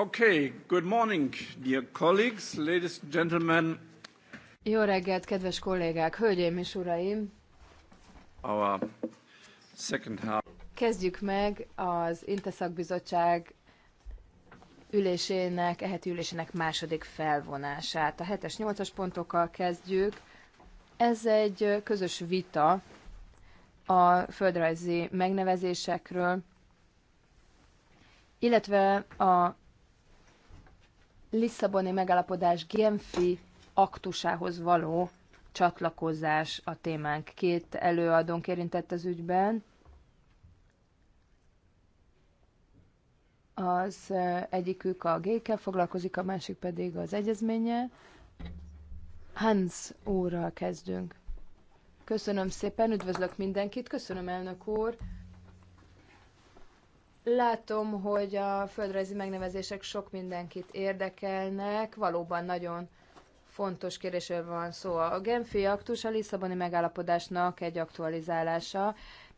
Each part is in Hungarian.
Okay, good morning, dear colleagues, ladies and gentlemen. Jó reggelt, kedves kollégák, hölgyeim és uraim! Our second half. Kezdjük meg az Inteszakbizottság ülésének, eheti ülésének második felvonását. A 7-es, 8-as pontokkal kezdjük. Ez egy közös vita a földrajzi megnevezésekről, illetve a Lisszaboni megállapodás Genfi aktusához való csatlakozás a témánk. Két előadónk érintett az ügyben. Az egyikük a gékkel foglalkozik, a másik pedig az egyezménye. Hans úrral kezdünk. Köszönöm szépen, üdvözlök mindenkit, köszönöm elnök úr. Látom, hogy a földrajzi megnevezések sok mindenkit érdekelnek, valóban nagyon fontos kérdésről van szó. A Genfi aktus a Lisszaboni megállapodásnak egy aktualizálása.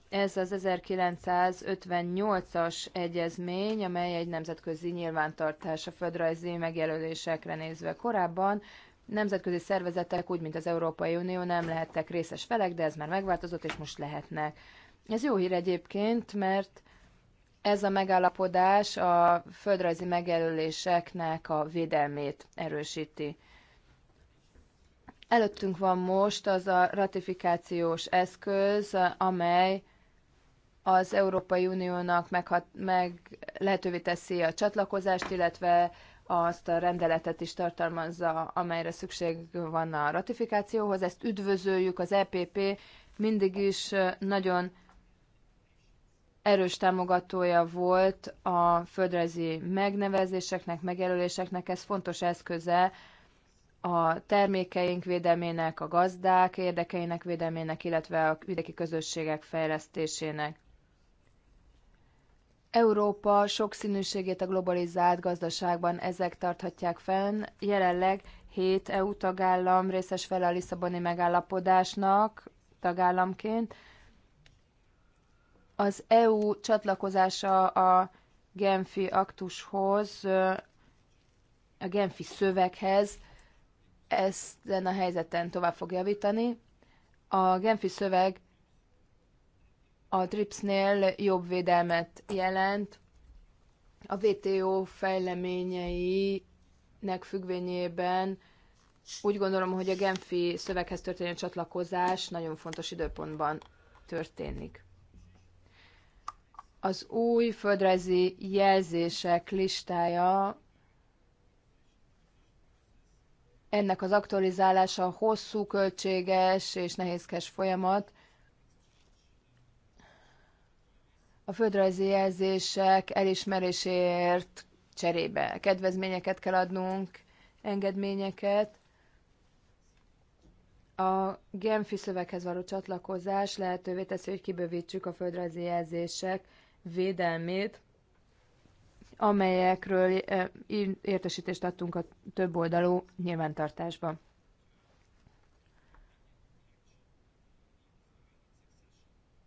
Ez az 1958-as egyezmény, amely egy nemzetközi nyilvántartás a földrajzi megjelölésekre nézve korábban. Nemzetközi szervezetek, úgy mint az Európai Unió nem lehettek részes felek, de ez már megváltozott, és most lehetnek. Ez jó hír egyébként, mert ez a megállapodás a földrajzi megjelöléseknek a védelmét erősíti. Előttünk van most az a ratifikációs eszköz, amely az Európai Uniónak meghat, meg lehetővé teszi a csatlakozást, illetve azt a rendeletet is tartalmazza, amelyre szükség van a ratifikációhoz. Ezt üdvözöljük, az EPP mindig is nagyon erős támogatója volt a földrajzi megnevezéseknek, megjelöléseknek, ez fontos eszköze a termékeink védelmének, a gazdák érdekeinek védelmének, illetve a vidéki közösségek fejlesztésének. Európa sokszínűségét a globalizált gazdaságban ezek tarthatják fenn. Jelenleg 7 EU tagállam részes fel a Lisszaboni megállapodásnak tagállamként, az EU csatlakozása a Genfi aktushoz, a Genfi szöveghez ezen a helyzeten tovább fog javítani. A Genfi szöveg a TRIPS-nél jobb védelmet jelent. A WTO fejleményeinek függvényében úgy gondolom, hogy a Genfi szöveghez történő csatlakozás nagyon fontos időpontban történik az új földrajzi jelzések listája ennek az aktualizálása hosszú, költséges és nehézkes folyamat. A földrajzi jelzések elismeréséért cserébe kedvezményeket kell adnunk, engedményeket. A Genfi szöveghez való csatlakozás lehetővé teszi, hogy kibővítsük a földrajzi jelzések védelmét, amelyekről eh, értesítést adtunk a több oldalú nyilvántartásban.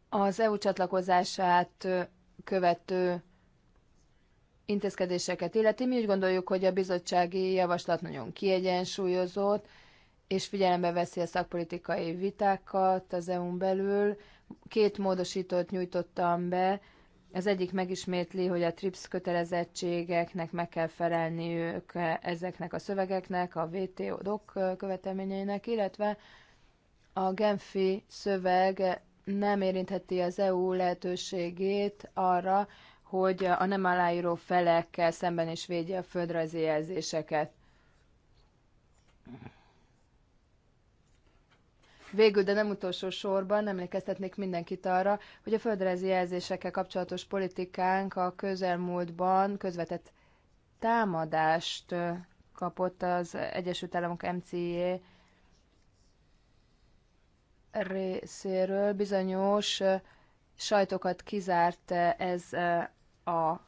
Az EU csatlakozását eh, követő intézkedéseket illeti. Mi úgy gondoljuk, hogy a bizottsági javaslat nagyon kiegyensúlyozott, és figyelembe veszi a szakpolitikai vitákat az EU-n belül. Két módosítót nyújtottam be, az egyik megismétli, hogy a TRIPS kötelezettségeknek meg kell felelniük ezeknek a szövegeknek, a WTO DOC követelményeinek, illetve a Genfi szöveg nem érintheti az EU lehetőségét arra, hogy a nem aláíró felekkel szemben is védje a földrajzi jelzéseket. Végül, de nem utolsó sorban emlékeztetnék mindenkit arra, hogy a földrajzi jelzésekkel kapcsolatos politikánk a közelmúltban közvetett támadást kapott az Egyesült Államok MCA részéről. Bizonyos sajtokat kizárt ez a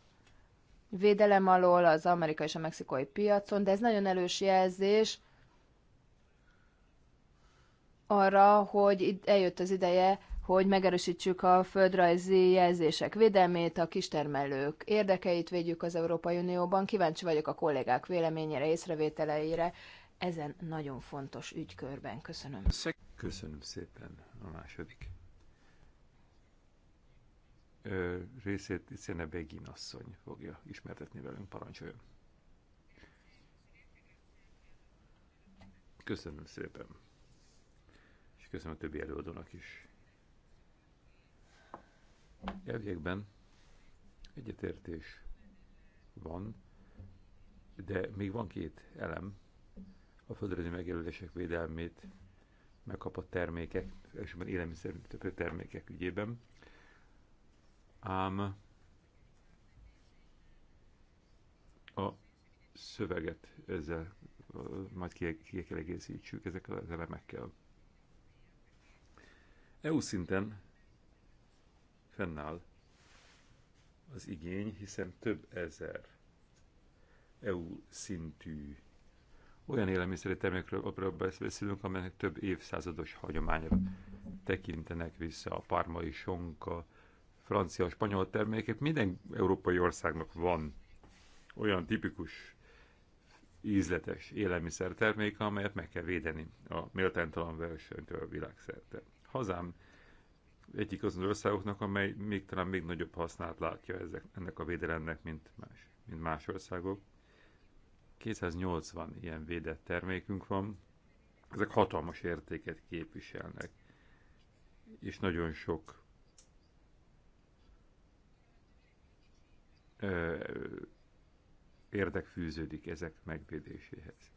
védelem alól az amerikai és a mexikói piacon, de ez nagyon elős jelzés, arra, hogy itt eljött az ideje, hogy megerősítsük a földrajzi jelzések védelmét, a kistermelők érdekeit védjük az Európai Unióban. Kíváncsi vagyok a kollégák véleményére, észrevételeire ezen nagyon fontos ügykörben. Köszönöm. Köszönöm szépen a második Ö, részét Szene Begin asszony fogja ismertetni velünk, parancsoljon. Köszönöm szépen és köszönöm a többi előadónak is. Elvégben egyetértés van, de még van két elem. A földrajzi megjelölések védelmét megkapott termékek, elsősorban élelmiszer termékek ügyében. Ám a szöveget ezzel majd ki, ezekkel az elemekkel. EU szinten fennáll az igény, hiszen több ezer EU szintű olyan élelmiszeri termékről beszélünk, amelynek több évszázados hagyományra tekintenek vissza a parmai sonka, francia, spanyol termékek. Minden európai országnak van olyan tipikus ízletes terméke, amelyet meg kell védeni a méltánytalan versenytől világszerte. Hazám egyik azon országoknak, amely még talán még nagyobb hasznát látja ezek, ennek a védelemnek, mint más, mint más országok. 280 ilyen védett termékünk van, ezek hatalmas értéket képviselnek, és nagyon sok ö, érdek fűződik ezek megvédéséhez.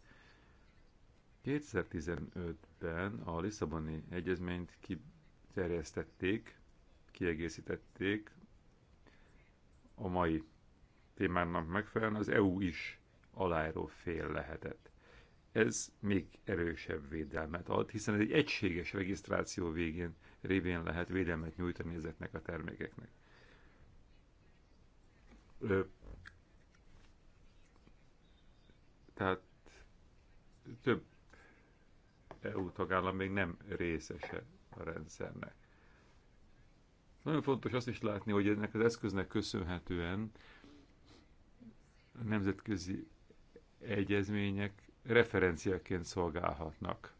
2015-ben a Lisszaboni egyezményt kiterjesztették, kiegészítették a mai témának megfelelően az EU is aláíró fél lehetett. Ez még erősebb védelmet ad, hiszen egy egységes regisztráció végén révén lehet védelmet nyújtani ezeknek a termékeknek. Ö, tehát több EU tagállam még nem részese a rendszernek. Nagyon fontos azt is látni, hogy ennek az eszköznek köszönhetően a nemzetközi egyezmények referenciaként szolgálhatnak.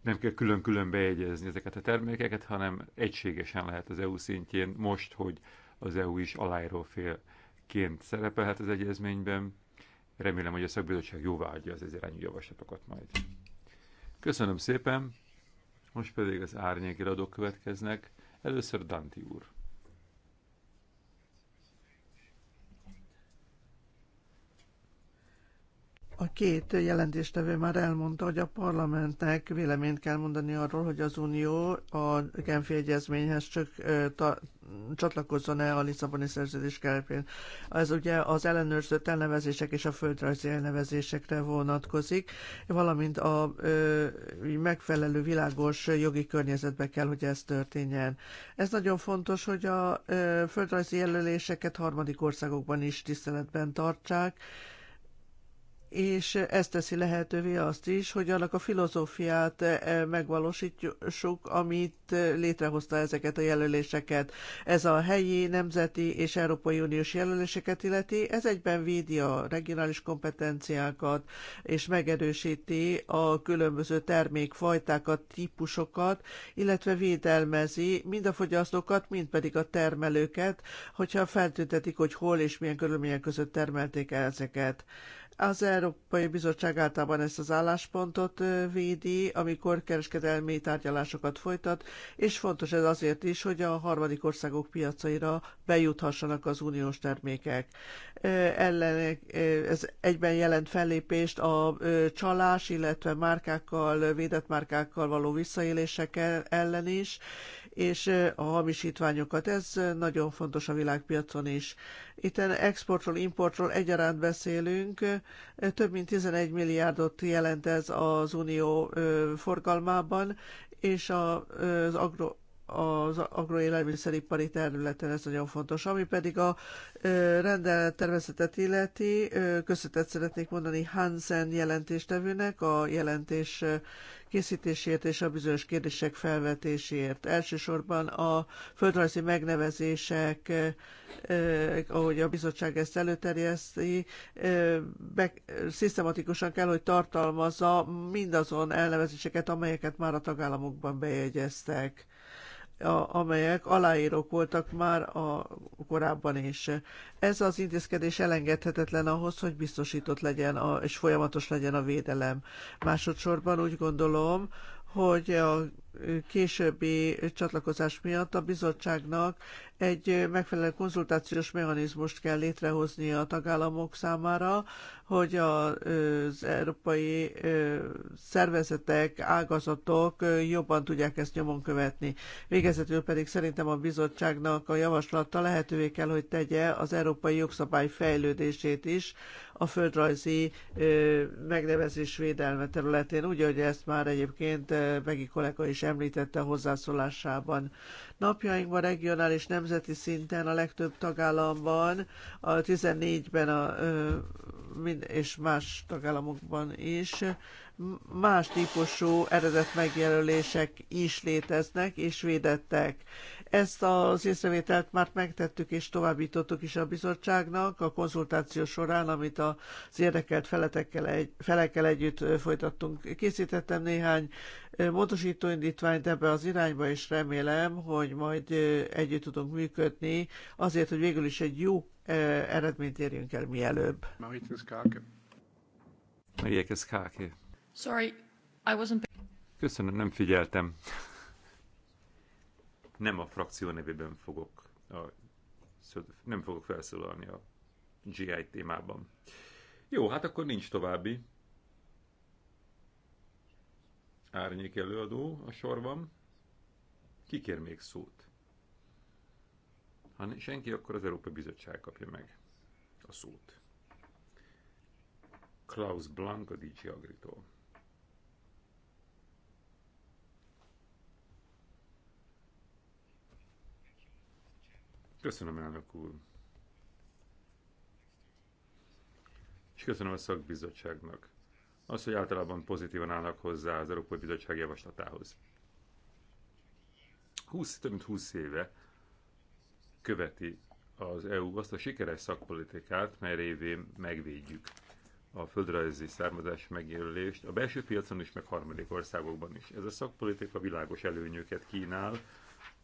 Nem kell külön-külön bejegyezni ezeket a termékeket, hanem egységesen lehet az EU szintjén most, hogy az EU is aláíró félként szerepelhet az egyezményben, Remélem, hogy a szakbizottság jóvá adja az ez irányú javaslatokat majd. Köszönöm szépen, most pedig az iradók következnek. Először Danti úr. A két jelentéstevő már elmondta, hogy a parlamentnek véleményt kell mondani arról, hogy az Unió a Genfi Egyezményhez csak ta, csatlakozzon-e a Lisszaboni szerződés keretén. Ez ugye az ellenőrzött elnevezések és a földrajzi elnevezésekre vonatkozik, valamint a ö, megfelelő világos jogi környezetbe kell, hogy ez történjen. Ez nagyon fontos, hogy a ö, földrajzi jelöléseket harmadik országokban is tiszteletben tartsák, és ez teszi lehetővé azt is, hogy annak a filozófiát eh, megvalósítsuk, amit eh, létrehozta ezeket a jelöléseket. Ez a helyi, nemzeti és Európai Uniós jelöléseket illeti, ez egyben védi a regionális kompetenciákat, és megerősíti a különböző termékfajtákat, típusokat, illetve védelmezi mind a fogyasztókat, mind pedig a termelőket, hogyha feltüntetik, hogy hol és milyen körülmények között termelték ezeket. Az Európai Bizottság általában ezt az álláspontot védi, amikor kereskedelmi tárgyalásokat folytat, és fontos ez azért is, hogy a harmadik országok piacaira bejuthassanak az uniós termékek. Ellenek, ez egyben jelent fellépést a csalás, illetve márkákkal, védett márkákkal való visszaélések ellen is, és a hamisítványokat. Ez nagyon fontos a világpiacon is. Itt exportról, importról egyaránt beszélünk. Több mint 11 milliárdot jelent ez az unió forgalmában, és az agro az agroélelmiszeripari területen ez nagyon fontos. Ami pedig a rendelet tervezetet illeti, köszönetet szeretnék mondani Hansen jelentéstevőnek a jelentés készítésért és a bizonyos kérdések felvetéséért. Elsősorban a földrajzi megnevezések, ahogy a bizottság ezt előterjeszti, be, szisztematikusan kell, hogy tartalmazza mindazon elnevezéseket, amelyeket már a tagállamokban bejegyeztek a, amelyek aláírók voltak már a korábban is. Ez az intézkedés elengedhetetlen ahhoz, hogy biztosított legyen a, és folyamatos legyen a védelem. Másodszorban úgy gondolom, hogy a későbbi csatlakozás miatt a bizottságnak egy megfelelő konzultációs mechanizmust kell létrehozni a tagállamok számára, hogy az európai szervezetek, ágazatok jobban tudják ezt nyomon követni. Végezetül pedig szerintem a bizottságnak a javaslata lehetővé kell, hogy tegye az európai jogszabály fejlődését is a földrajzi megnevezés védelme területén, úgy, hogy ezt már egyébként Megi kollega is említette hozzászólásában. Napjainkban regionális nemzeti szinten a legtöbb tagállamban, a 14-ben a, és más tagállamokban is más típusú eredet is léteznek és védettek. Ezt az észrevételt már megtettük és továbbítottuk is a bizottságnak a konzultáció során, amit az érdekelt feletekkel egy, felekkel együtt folytattunk. Készítettem néhány módosító indítványt ebbe az irányba, és remélem, hogy majd együtt tudunk működni azért, hogy végül is egy jó eredményt érjünk el mielőbb. Sorry, I wasn't... Köszönöm, nem figyeltem nem a frakció nevében fogok, a, nem fogok felszólalni a GI témában. Jó, hát akkor nincs további árnyék előadó a sorban. Ki kér még szót? Ha senki, akkor az Európai Bizottság kapja meg a szót. Klaus Blank a DJ Agritól. Köszönöm, elnök úr. És köszönöm a szakbizottságnak az, hogy általában pozitívan állnak hozzá az Európai Bizottság javaslatához. 20, több mint 20 éve követi az EU azt a sikeres szakpolitikát, mely révén megvédjük a földrajzi származás megjelölést a belső piacon is, meg harmadik országokban is. Ez a szakpolitika világos előnyöket kínál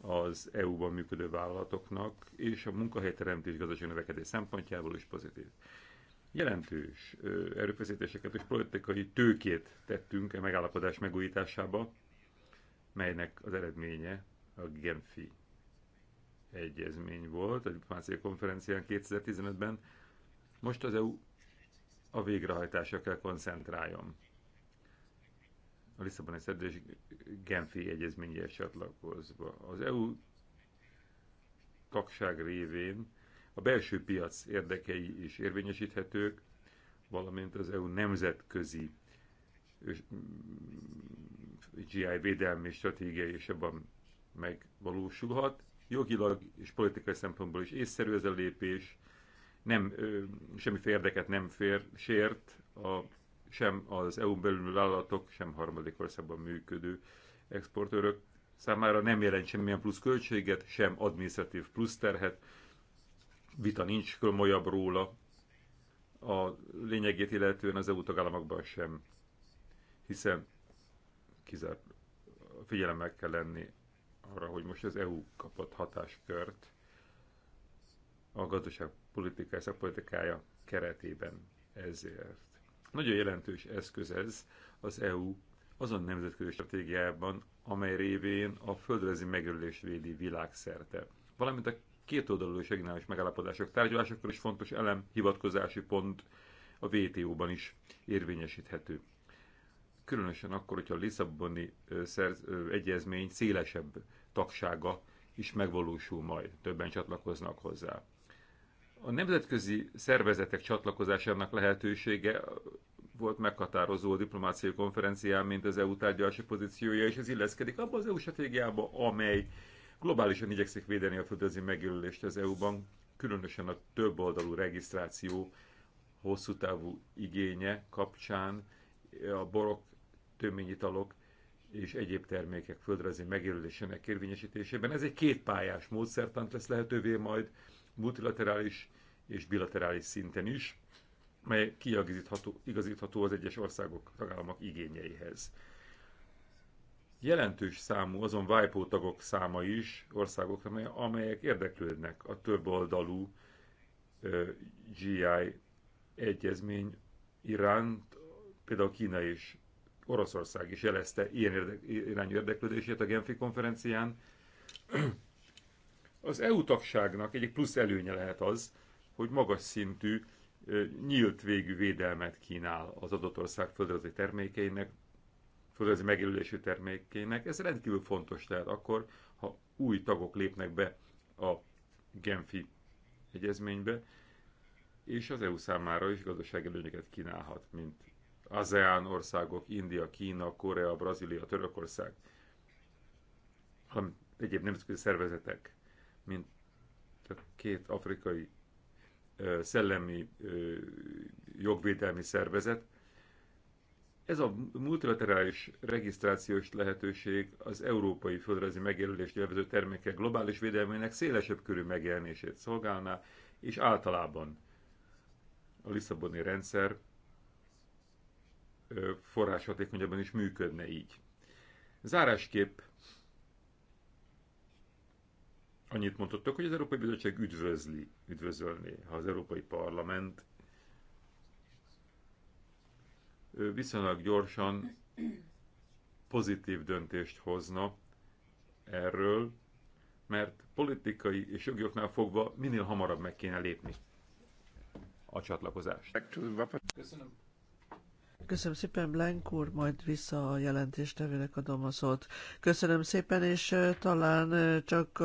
az EU-ban működő vállalatoknak, és a munkahelyteremtés gazdasági növekedés szempontjából is pozitív. Jelentős erőfeszítéseket és politikai tőkét tettünk a e megállapodás megújításába, melynek az eredménye a Genfi egyezmény volt, a diplomáciai konferencián 2015-ben. Most az EU a végrehajtásra kell koncentráljon a Lisszaboni szerződés Genfi egyezményhez csatlakozva. Az EU tagság révén a belső piac érdekei is érvényesíthetők, valamint az EU nemzetközi mm, GI védelmi stratégia is abban megvalósulhat. Jogilag és politikai szempontból is észszerű ez a lépés, nem, semmi semmiféle érdeket nem fér, sért a sem az EU-n belül vállalatok, sem harmadik országban működő exportőrök számára nem jelent semmilyen plusz költséget, sem adminisztratív plusz terhet, vita nincs komolyabb róla, a lényegét illetően az EU tagállamokban sem, hiszen kizár, figyelemmel kell lenni arra, hogy most az EU kapott hatáskört a gazdaságpolitikai szakpolitikája keretében ezért nagyon jelentős eszköz ez az EU azon nemzetközi stratégiában, amely révén a földrajzi megjelölés védi világszerte. Valamint a oldalú és regionális megállapodások tárgyalásokkor is fontos elem, hivatkozási pont a WTO-ban is érvényesíthető. Különösen akkor, hogyha a Lisszaboni egyezmény szélesebb tagsága is megvalósul majd, többen csatlakoznak hozzá. A nemzetközi szervezetek csatlakozásának lehetősége volt meghatározó a diplomáciai konferencián, mint az EU tárgyalási pozíciója, és ez illeszkedik abba az EU stratégiába, amely globálisan igyekszik védeni a földrajzi megjelölést az EU-ban, különösen a több oldalú regisztráció hosszú távú igénye kapcsán a borok, töményitalok és egyéb termékek földrajzi megjelölésének érvényesítésében. Ez egy kétpályás módszertant lesz lehetővé majd multilaterális és bilaterális szinten is, mely kiigazítható az egyes országok tagállamok igényeihez. Jelentős számú azon WIPO tagok száma is országok, amelyek érdeklődnek a több oldalú GI egyezmény iránt, például Kína és Oroszország is jelezte ilyen irányú érdeklődését a Genfi konferencián, az EU tagságnak egyik plusz előnye lehet az, hogy magas szintű, nyílt végű védelmet kínál az adott ország földrajzi termékeinek, földrajzi megjelölésű termékeinek. Ez rendkívül fontos lehet akkor, ha új tagok lépnek be a Genfi egyezménybe, és az EU számára is gazdasági előnyeket kínálhat, mint ASEAN országok, India, Kína, Korea, Brazília, Törökország, hanem egyéb nemzetközi szervezetek mint a két afrikai szellemi jogvédelmi szervezet. Ez a multilaterális regisztrációs lehetőség az európai földrajzi megjelölést élvező termékek globális védelmének szélesebb körű megjelenését szolgálná, és általában a Lisszaboni rendszer forráshatékonyabban is működne így. Zárásképp annyit mondottak, hogy az Európai Bizottság üdvözli, üdvözölni, ha az Európai Parlament viszonylag gyorsan pozitív döntést hozna erről, mert politikai és jogioknál fogva minél hamarabb meg kéne lépni a csatlakozást. Köszönöm. Köszönöm szépen, Blank úr, majd vissza a jelentéstevének adom a szót. Köszönöm szépen, és talán csak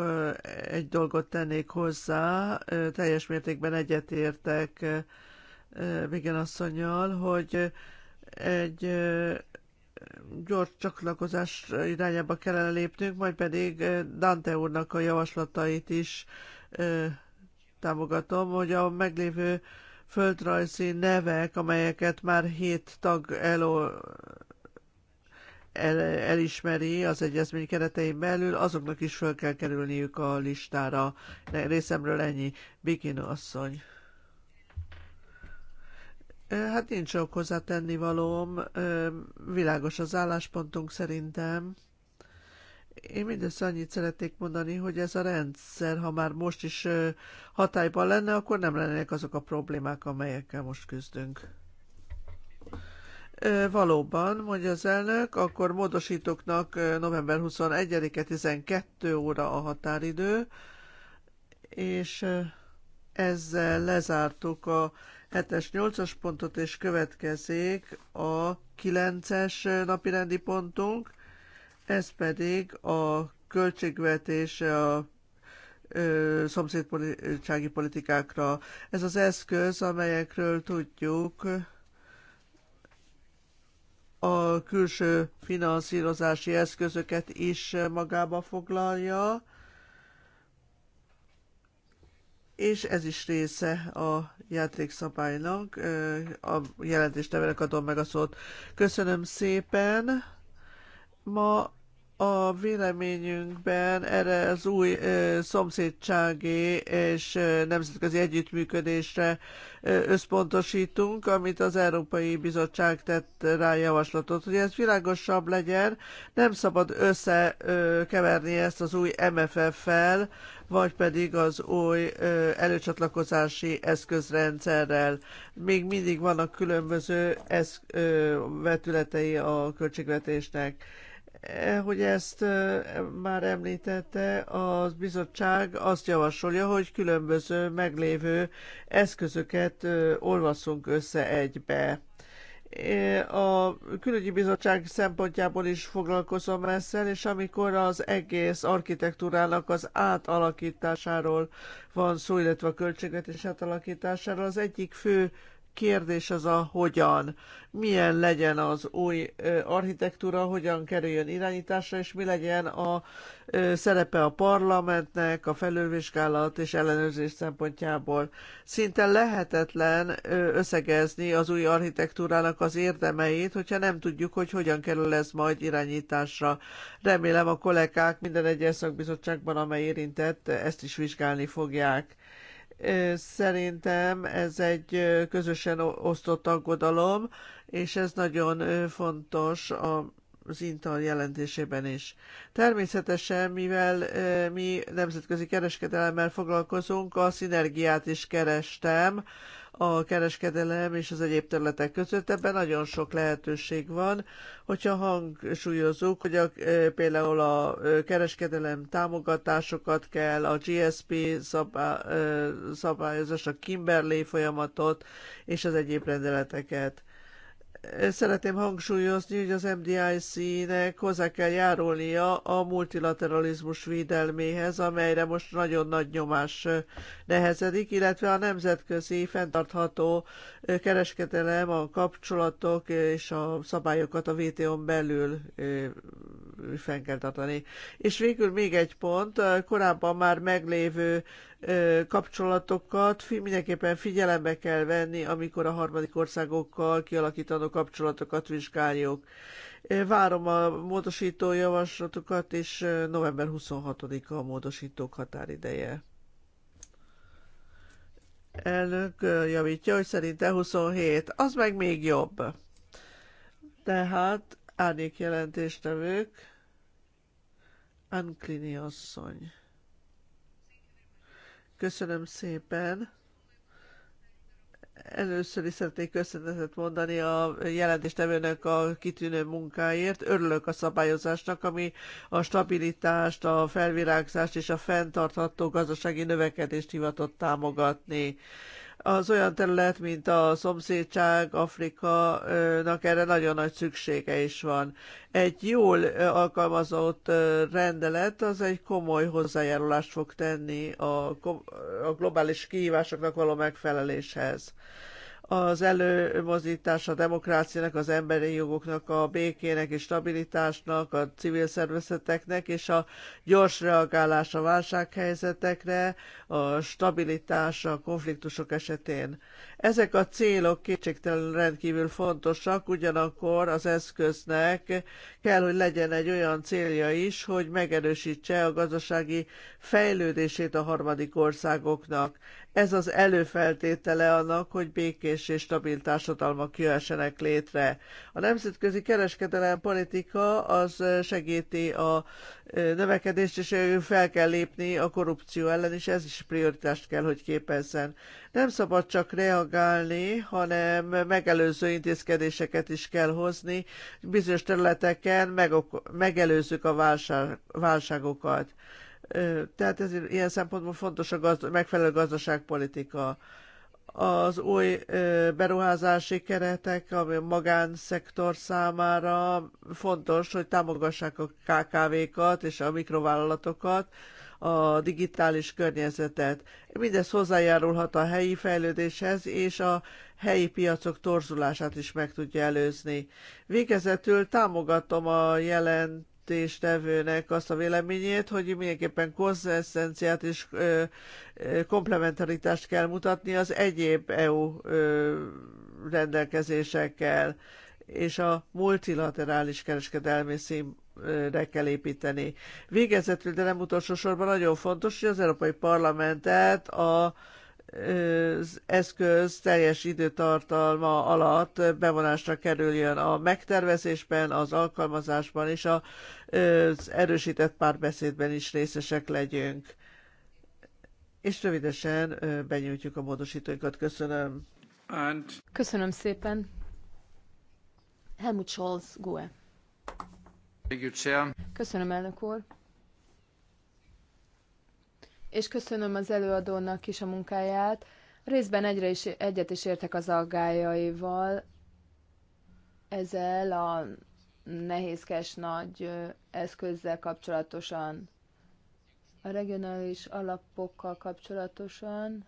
egy dolgot tennék hozzá, teljes mértékben egyetértek Vigen asszonyjal, hogy egy gyors csatlakozás irányába kellene lépnünk, majd pedig Dante úrnak a javaslatait is támogatom, hogy a meglévő földrajzi nevek, amelyeket már hét tag elő el, elismeri az egyezmény keretein belül, azoknak is föl kell kerülniük a listára. Részemről ennyi. Bikino asszony. Hát nincs sok hozzátennivalóm, világos az álláspontunk szerintem. Én mindössze annyit szeretnék mondani, hogy ez a rendszer, ha már most is hatályban lenne, akkor nem lennének azok a problémák, amelyekkel most küzdünk. Valóban, mondja az elnök, akkor módosítóknak november 21-e 12 óra a határidő, és ezzel lezártuk a 7-es, 8-as pontot, és következik a 9-es napirendi pontunk, ez pedig a költségvetés a szomszédsági politikákra. Ez az eszköz, amelyekről tudjuk, a külső finanszírozási eszközöket is magába foglalja, és ez is része a játékszabálynak. A jelentéstevelek adom meg a szót. Köszönöm szépen! Ma a véleményünkben erre az új ö, szomszédsági és ö, nemzetközi együttműködésre ö, összpontosítunk, amit az Európai Bizottság tett rá javaslatot, hogy ez világosabb legyen. Nem szabad összekeverni ezt az új MFF-fel, vagy pedig az új ö, előcsatlakozási eszközrendszerrel. Még mindig vannak különböző esz, ö, vetületei a költségvetésnek Eh, hogy ezt eh, már említette, a bizottság azt javasolja, hogy különböző meglévő eszközöket eh, olvasszunk össze egybe. A külügyi bizottság szempontjából is foglalkozom ezzel, és amikor az egész architektúrának az átalakításáról van szó, illetve a költségvetés átalakításáról, az egyik fő kérdés az a hogyan. Milyen legyen az új architektúra, hogyan kerüljön irányításra, és mi legyen a szerepe a parlamentnek, a felülvizsgálat és ellenőrzés szempontjából. Szinte lehetetlen összegezni az új architektúrának az érdemeit, hogyha nem tudjuk, hogy hogyan kerül ez majd irányításra. Remélem a kollégák minden egyes szakbizottságban, amely érintett, ezt is vizsgálni fogják Szerintem ez egy közösen osztott aggodalom, és ez nagyon fontos a az Intal jelentésében is. Természetesen, mivel mi nemzetközi kereskedelemmel foglalkozunk, a szinergiát is kerestem a kereskedelem és az egyéb területek között. Ebben nagyon sok lehetőség van, hogyha hangsúlyozunk, hogy a, e, például a e, kereskedelem támogatásokat kell, a GSP szabály, e, szabályozás, a Kimberley folyamatot és az egyéb rendeleteket szeretném hangsúlyozni, hogy az MDIC-nek hozzá kell járulnia a multilateralizmus védelméhez, amelyre most nagyon nagy nyomás nehezedik, illetve a nemzetközi fenntartható kereskedelem, a kapcsolatok és a szabályokat a vto n belül fenn kell tartani. És végül még egy pont, korábban már meglévő kapcsolatokat mindenképpen figyelembe kell venni, amikor a harmadik országokkal kialakítanó kapcsolatokat vizsgáljuk. Várom a módosító javaslatokat, és november 26-a a módosítók határideje. Elnök javítja, hogy szerinte 27, az meg még jobb. Tehát árnyék jelentéstevők, Anklini asszony. Köszönöm szépen. Először is szeretnék köszönetet mondani a jelentéstevőnek a kitűnő munkáért. Örülök a szabályozásnak, ami a stabilitást, a felvirágzást és a fenntartható gazdasági növekedést hivatott támogatni az olyan terület, mint a szomszédság, Afrikanak erre nagyon nagy szüksége is van. Egy jól alkalmazott rendelet az egy komoly hozzájárulást fog tenni a, a globális kihívásoknak való megfeleléshez az előmozdítás a demokráciának, az emberi jogoknak, a békének és stabilitásnak, a civil szervezeteknek és a gyors reagálás a válsághelyzetekre, a stabilitás a konfliktusok esetén. Ezek a célok kétségtelenül rendkívül fontosak, ugyanakkor az eszköznek kell, hogy legyen egy olyan célja is, hogy megerősítse a gazdasági fejlődését a harmadik országoknak. Ez az előfeltétele annak, hogy békés és stabil társadalmak jöhessenek létre. A nemzetközi kereskedelem politika az segíti a növekedést, és fel kell lépni a korrupció ellen, és ez is prioritást kell, hogy képezzen. Nem szabad csak reagálni, hanem megelőző intézkedéseket is kell hozni. Bizonyos területeken megelőzzük a válságokat tehát ez, ilyen szempontból fontos a gazd- megfelelő gazdaságpolitika. Az új beruházási keretek, ami a magánszektor számára fontos, hogy támogassák a KKV-kat és a mikrovállalatokat, a digitális környezetet. Mindez hozzájárulhat a helyi fejlődéshez, és a helyi piacok torzulását is meg tudja előzni. Végezetül támogatom a jelent jelentéstevőnek azt a véleményét, hogy mindenképpen konzenszenciát és ö, komplementaritást kell mutatni az egyéb EU ö, rendelkezésekkel, és a multilaterális kereskedelmi színre kell építeni. Végezetül, de nem utolsó sorban nagyon fontos, hogy az Európai Parlamentet a az eszköz teljes időtartalma alatt bevonásra kerüljön a megtervezésben, az alkalmazásban és az erősített párbeszédben is részesek legyünk. És rövidesen benyújtjuk a módosítóinkat. Köszönöm. And... Köszönöm szépen. Helmut Scholz, GUE. Köszönöm, elnök úr és köszönöm az előadónak is a munkáját. Részben egyre is egyet is értek az aggájaival, ezzel a nehézkes nagy eszközzel kapcsolatosan, a regionális alapokkal kapcsolatosan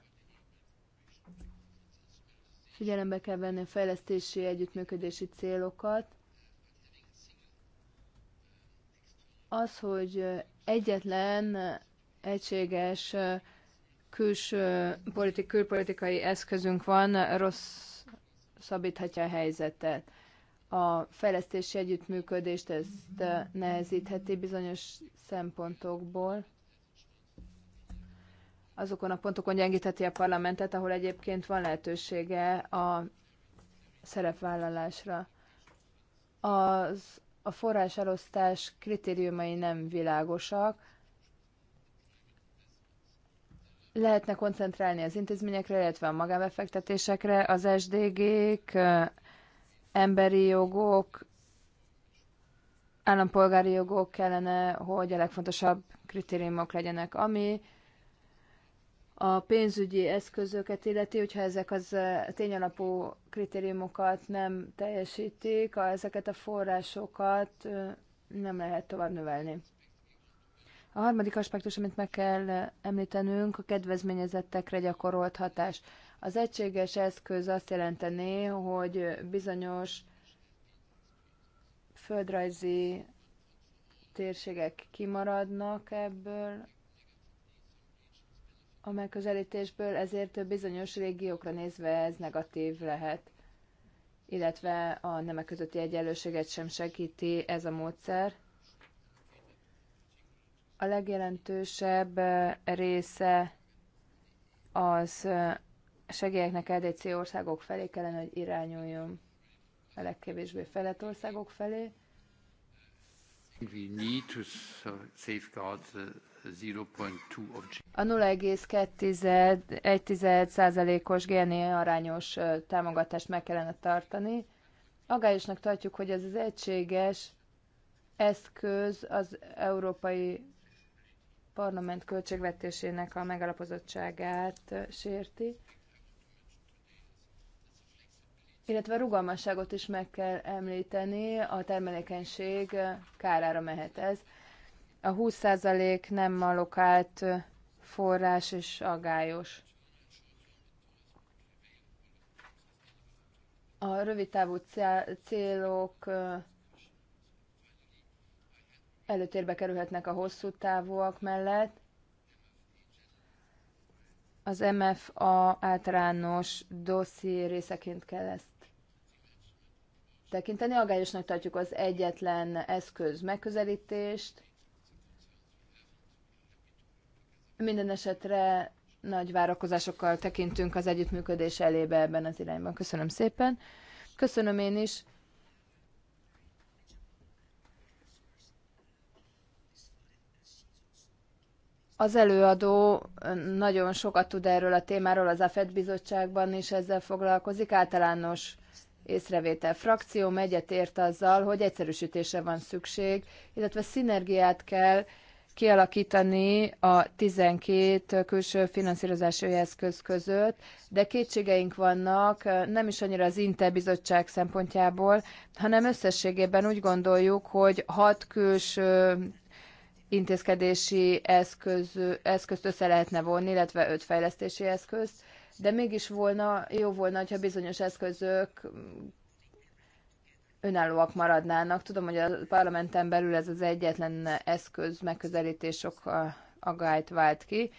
figyelembe kell venni a fejlesztési együttműködési célokat. Az, hogy egyetlen egységes külső politi- külpolitikai eszközünk van, rossz szabíthatja a helyzetet. A fejlesztési együttműködést ezt nehezítheti bizonyos szempontokból. Azokon a pontokon gyengítheti a parlamentet, ahol egyébként van lehetősége a szerepvállalásra. Az, a forráselosztás kritériumai nem világosak, lehetne koncentrálni az intézményekre, illetve a magábefektetésekre, az SDG-k, emberi jogok, állampolgári jogok kellene, hogy a legfontosabb kritériumok legyenek, ami a pénzügyi eszközöket illeti, hogyha ezek az tényalapú kritériumokat nem teljesítik, ezeket a forrásokat nem lehet tovább növelni. A harmadik aspektus, amit meg kell említenünk, a kedvezményezettekre gyakorolt hatás. Az egységes eszköz azt jelenteni, hogy bizonyos földrajzi térségek kimaradnak ebből a megközelítésből, ezért bizonyos régiókra nézve ez negatív lehet, illetve a nemek közötti egyenlőséget sem segíti ez a módszer. A legjelentősebb része az segélyeknek LDC országok felé kellene, hogy irányuljon a legkevésbé fejlett országok felé. A 0,1%-os GNI arányos támogatást meg kellene tartani. Agályosnak tartjuk, hogy ez az egységes eszköz az Európai parlament költségvetésének a megalapozottságát sérti, illetve a rugalmasságot is meg kell említeni, a termelékenység kárára mehet ez. A 20% nem alokált forrás és agályos. A rövidtávú célok előtérbe kerülhetnek a hosszú távúak mellett. Az MFA általános dosszié részeként kell ezt tekinteni. Agályosnak tartjuk az egyetlen eszköz megközelítést. Minden esetre nagy várakozásokkal tekintünk az együttműködés elébe ebben az irányban. Köszönöm szépen. Köszönöm én is. Az előadó nagyon sokat tud erről a témáról, az AFED bizottságban is ezzel foglalkozik. Általános észrevétel megyet ért azzal, hogy egyszerűsítése van szükség, illetve szinergiát kell kialakítani a 12 külső finanszírozási eszköz között, de kétségeink vannak nem is annyira az Inte bizottság szempontjából, hanem összességében úgy gondoljuk, hogy hat külső intézkedési eszköz, eszközt össze lehetne vonni, illetve öt fejlesztési eszközt, de mégis volna, jó volna, ha bizonyos eszközök önállóak maradnának. Tudom, hogy a parlamenten belül ez az egyetlen eszköz megközelítés sok agályt vált ki,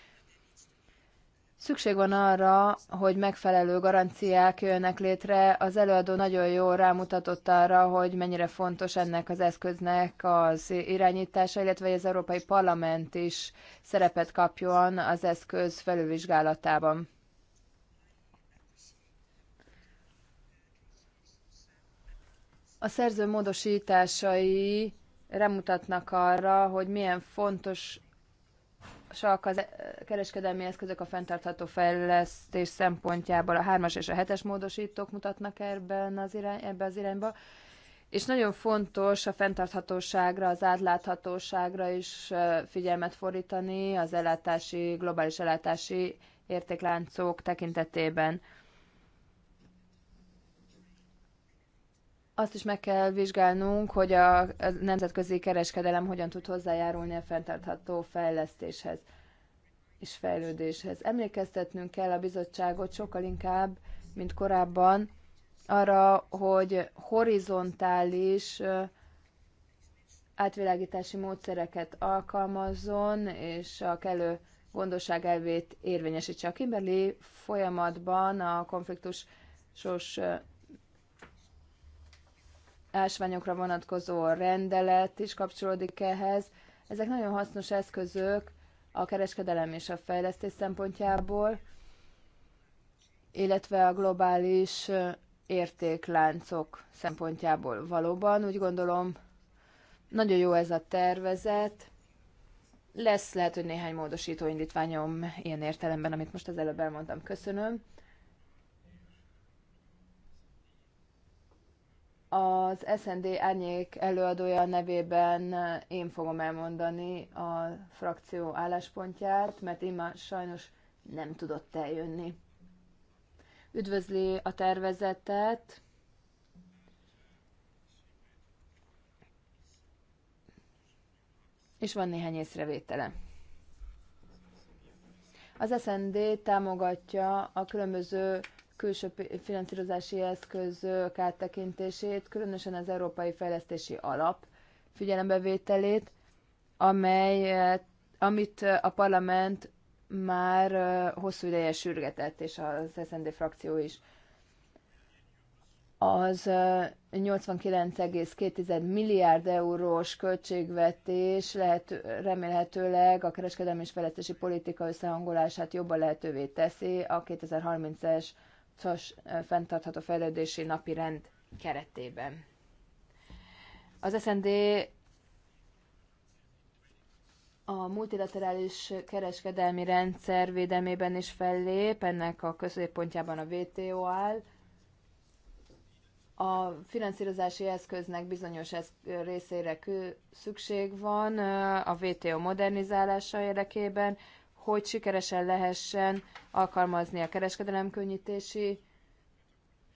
Szükség van arra, hogy megfelelő garanciák jönnek létre. Az előadó nagyon jól rámutatott arra, hogy mennyire fontos ennek az eszköznek az irányítása, illetve hogy az Európai Parlament is szerepet kapjon az eszköz felülvizsgálatában. A szerző módosításai remutatnak arra, hogy milyen fontos csak az eh, kereskedelmi eszközök a fenntartható fejlesztés szempontjából a hármas és a hetes módosítók mutatnak ebben az irány, ebbe az irányba. És nagyon fontos a fenntarthatóságra, az átláthatóságra is eh, figyelmet fordítani az ellátási, globális ellátási értékláncok tekintetében. Azt is meg kell vizsgálnunk, hogy a nemzetközi kereskedelem hogyan tud hozzájárulni a fenntartható fejlesztéshez és fejlődéshez. Emlékeztetnünk kell a bizottságot sokkal inkább, mint korábban, arra, hogy horizontális átvilágítási módszereket alkalmazzon, és a kellő gondosság elvét érvényesítse. A Kimberley folyamatban a konfliktusos ásványokra vonatkozó rendelet is kapcsolódik ehhez. Ezek nagyon hasznos eszközök a kereskedelem és a fejlesztés szempontjából, illetve a globális értékláncok szempontjából valóban. Úgy gondolom, nagyon jó ez a tervezet. Lesz lehet, hogy néhány módosító indítványom ilyen értelemben, amit most az előbb elmondtam. Köszönöm. Az SND árnyék előadója nevében én fogom elmondani a frakció álláspontját, mert én sajnos nem tudott eljönni. Üdvözli a tervezetet, és van néhány észrevétele. Az SND támogatja a különböző külső finanszírozási eszközök áttekintését, különösen az Európai Fejlesztési Alap figyelembevételét, amely, eh, amit eh, a parlament már eh, hosszú ideje sürgetett, és az SND frakció is. Az 89,2 milliárd eurós költségvetés lehet, remélhetőleg a kereskedelmi és fejlesztési politika összehangolását jobban lehetővé teszi a 2030-es 2030-as fenntartható fejlődési napi rend keretében. Az SND a multilaterális kereskedelmi rendszer védelmében is fellép, ennek a középpontjában a WTO áll. A finanszírozási eszköznek bizonyos részére szükség van a WTO modernizálása érdekében, hogy sikeresen lehessen alkalmazni a könnyítési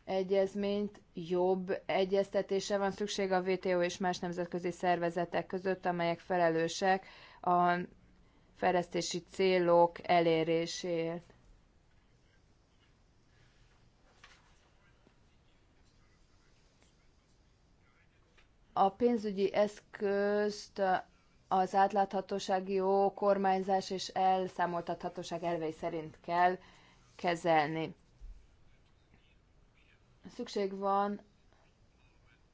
egyezményt, jobb egyeztetése van szükség a WTO és más nemzetközi szervezetek között, amelyek felelősek a fejlesztési célok eléréséért. A pénzügyi eszközt az átláthatóság jó kormányzás és elszámoltathatóság elvei szerint kell kezelni. Szükség van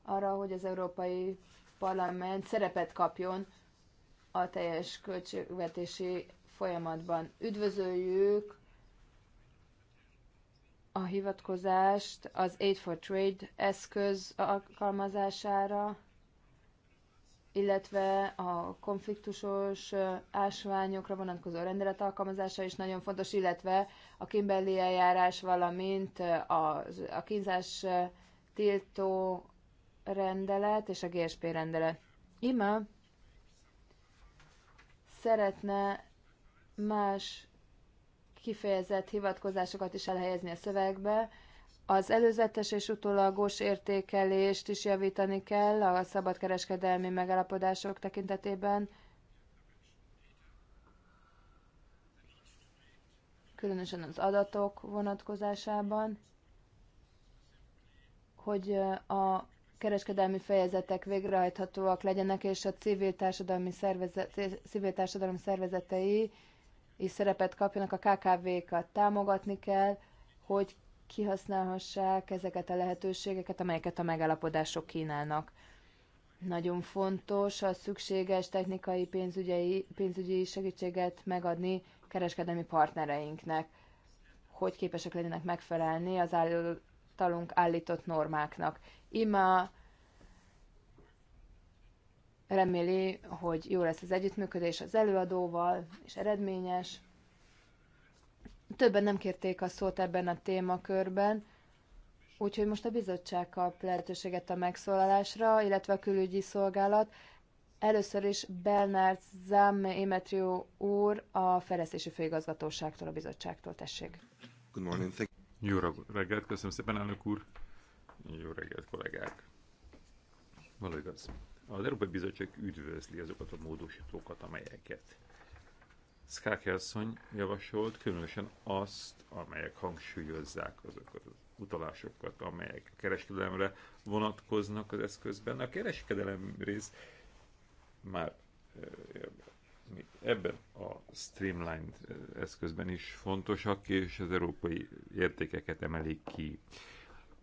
arra, hogy az Európai Parlament szerepet kapjon a teljes költségvetési folyamatban. Üdvözöljük a hivatkozást az Aid for Trade eszköz alkalmazására, illetve a konfliktusos ásványokra vonatkozó rendelet alkalmazása is nagyon fontos, illetve a Kimberley eljárás, valamint a, a kínzás tiltó rendelet és a GSP rendelet. Ima szeretne más kifejezett hivatkozásokat is elhelyezni a szövegbe, az előzetes és utólagos értékelést is javítani kell a szabadkereskedelmi megállapodások tekintetében, különösen az adatok vonatkozásában, hogy a kereskedelmi fejezetek végrehajthatóak legyenek, és a civil társadalmi, szervezet, civil társadalmi szervezetei is szerepet kapjanak, a KKV-kat támogatni kell, hogy kihasználhassák ezeket a lehetőségeket, amelyeket a megállapodások kínálnak. Nagyon fontos a szükséges technikai pénzügyi, pénzügyi segítséget megadni kereskedelmi partnereinknek, hogy képesek legyenek megfelelni az általunk állított normáknak. Ima reméli, hogy jó lesz az együttműködés az előadóval, és eredményes. Többen nem kérték a szót ebben a témakörben, úgyhogy most a bizottság kap lehetőséget a megszólalásra, illetve a külügyi szolgálat. Először is Bernard Zám Emetrió úr a Fejlesztési Főigazgatóságtól, a bizottságtól. Tessék. Good morning. Thank Jó reggelt, köszönöm szépen, elnök úr. Jó reggelt, kollégák. Való Az Európai Bizottság üdvözli azokat a módosítókat, amelyeket Skáke asszony javasolt, különösen azt, amelyek hangsúlyozzák azokat az utalásokat, amelyek a kereskedelemre vonatkoznak az eszközben. A kereskedelem rész már ebben a streamlined eszközben is fontosak, és az európai értékeket emelik ki.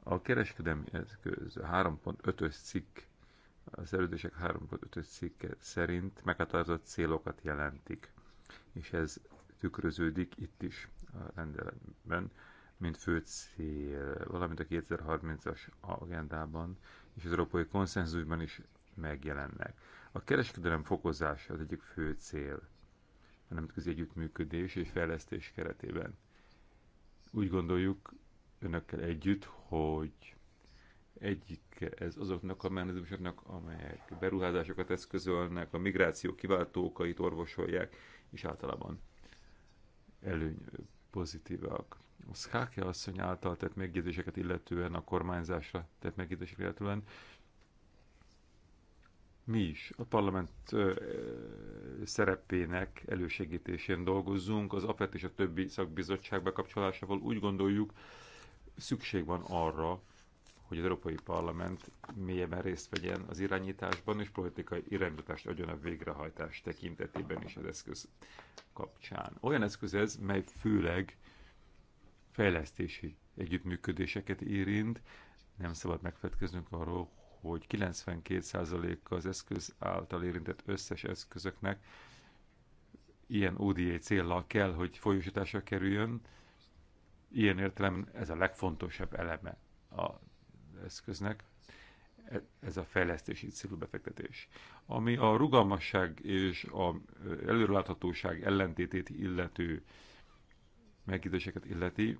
A kereskedelmi eszköz 3.5-ös cikk a szerződések 3.5-ös cikke szerint meghatározott célokat jelentik és ez tükröződik itt is a rendeletben, mint fő cél, valamint a 2030-as agendában és az európai konszenzusban is megjelennek. A kereskedelem fokozása az egyik fő cél a nemzetközi együttműködés és fejlesztés keretében. Úgy gondoljuk önökkel együtt, hogy egyik ez azoknak a mechanizmusoknak, amelyek beruházásokat eszközölnek, a migráció kiváltókait orvosolják, és általában előny pozitívak. A Szkákja asszony által tett megjegyzéseket illetően, a kormányzásra tett megjegyzéseket illetően, mi is a parlament ö, szerepének elősegítésén dolgozzunk, az APET és a többi szakbizottság bekapcsolásával úgy gondoljuk, szükség van arra, hogy az Európai Parlament mélyebben részt vegyen az irányításban, és politikai irányítást adjon a végrehajtás tekintetében is az eszköz kapcsán. Olyan eszköz ez, mely főleg fejlesztési együttműködéseket érint. Nem szabad megfetkeznünk arról, hogy 92%-a az eszköz által érintett összes eszközöknek ilyen ODA célnal kell, hogy folyósításra kerüljön. Ilyen értelemben ez a legfontosabb eleme a eszköznek, ez a fejlesztési célú befektetés. Ami a rugalmasság és a előreláthatóság ellentétét illető megkérdéseket illeti,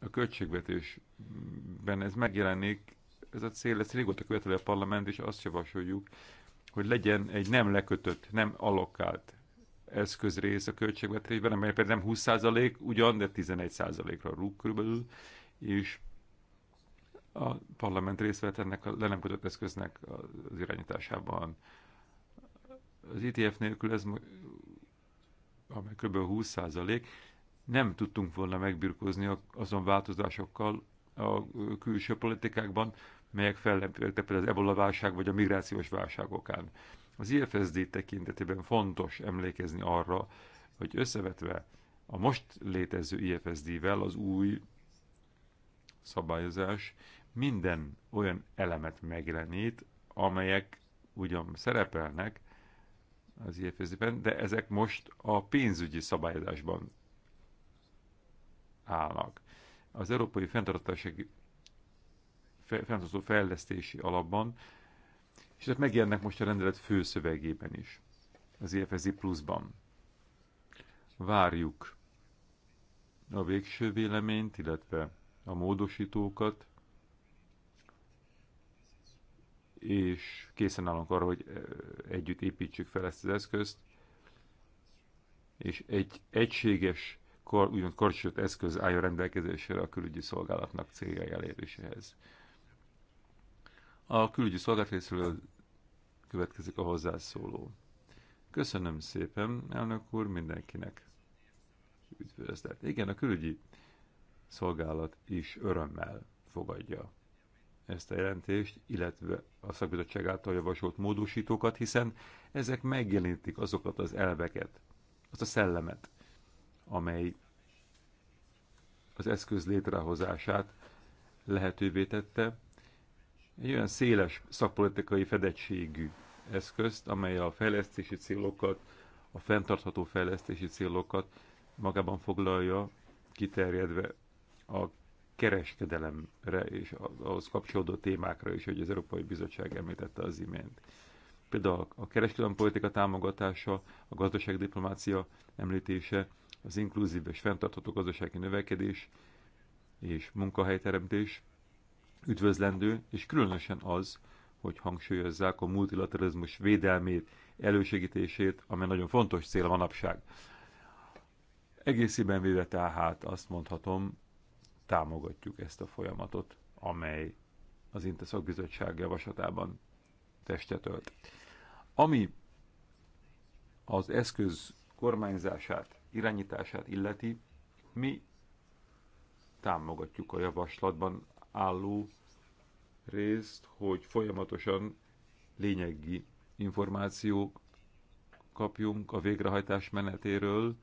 a költségvetésben ez megjelenik, ez a cél, ezt régóta követeli a parlament, és azt javasoljuk, hogy legyen egy nem lekötött, nem allokált eszközrész a költségvetésben, amely például nem 20% ugyan, de 11%-ra rúg körülbelül, és a parlament részt vett ennek a le eszköznek az irányításában. Az ETF nélkül ez, amely kb. 20 százalék, nem tudtunk volna megbirkózni azon változásokkal a külső politikákban, melyek fellepültek például az ebola válság vagy a migrációs válság okán. Az IFSD tekintetében fontos emlékezni arra, hogy összevetve a most létező IFSD-vel az új szabályozás minden olyan elemet megjelenít, amelyek ugyan szerepelnek az IFSZ-ben, de ezek most a pénzügyi szabályozásban állnak. Az Európai Fenntartatási Fentartó Fejlesztési Alapban, és ezek megjelennek most a rendelet főszövegében is, az IFSZ pluszban. Várjuk a végső véleményt, illetve a módosítókat, és készen állunk arra, hogy együtt építsük fel ezt az eszközt, és egy egységes, kor, úgymond karcsot eszköz állja rendelkezésre a külügyi szolgálatnak céljai eléréséhez. A külügyi szolgálat részéről következik a hozzászóló. Köszönöm szépen, elnök úr, mindenkinek. Üdvözlet. Igen, a külügyi szolgálat is örömmel fogadja ezt a jelentést, illetve a szakbizottság által javasolt módosítókat, hiszen ezek megjelenítik azokat az elveket, azt a szellemet, amely az eszköz létrehozását lehetővé tette. Egy olyan széles szakpolitikai fedettségű eszközt, amely a fejlesztési célokat, a fenntartható fejlesztési célokat magában foglalja, kiterjedve a kereskedelemre és ahhoz kapcsolódó témákra is, hogy az Európai Bizottság említette az imént. Például a kereskedelempolitika támogatása, a gazdaságdiplomácia említése, az inkluzív és fenntartható gazdasági növekedés és munkahelyteremtés üdvözlendő, és különösen az, hogy hangsúlyozzák a multilateralizmus védelmét, elősegítését, amely nagyon fontos cél manapság. Egészében véve tehát azt mondhatom, támogatjuk ezt a folyamatot, amely az Inte szakbizottság javaslatában testet ölt. Ami az eszköz kormányzását, irányítását illeti, mi támogatjuk a javaslatban álló részt, hogy folyamatosan lényegi információk kapjunk a végrehajtás menetéről,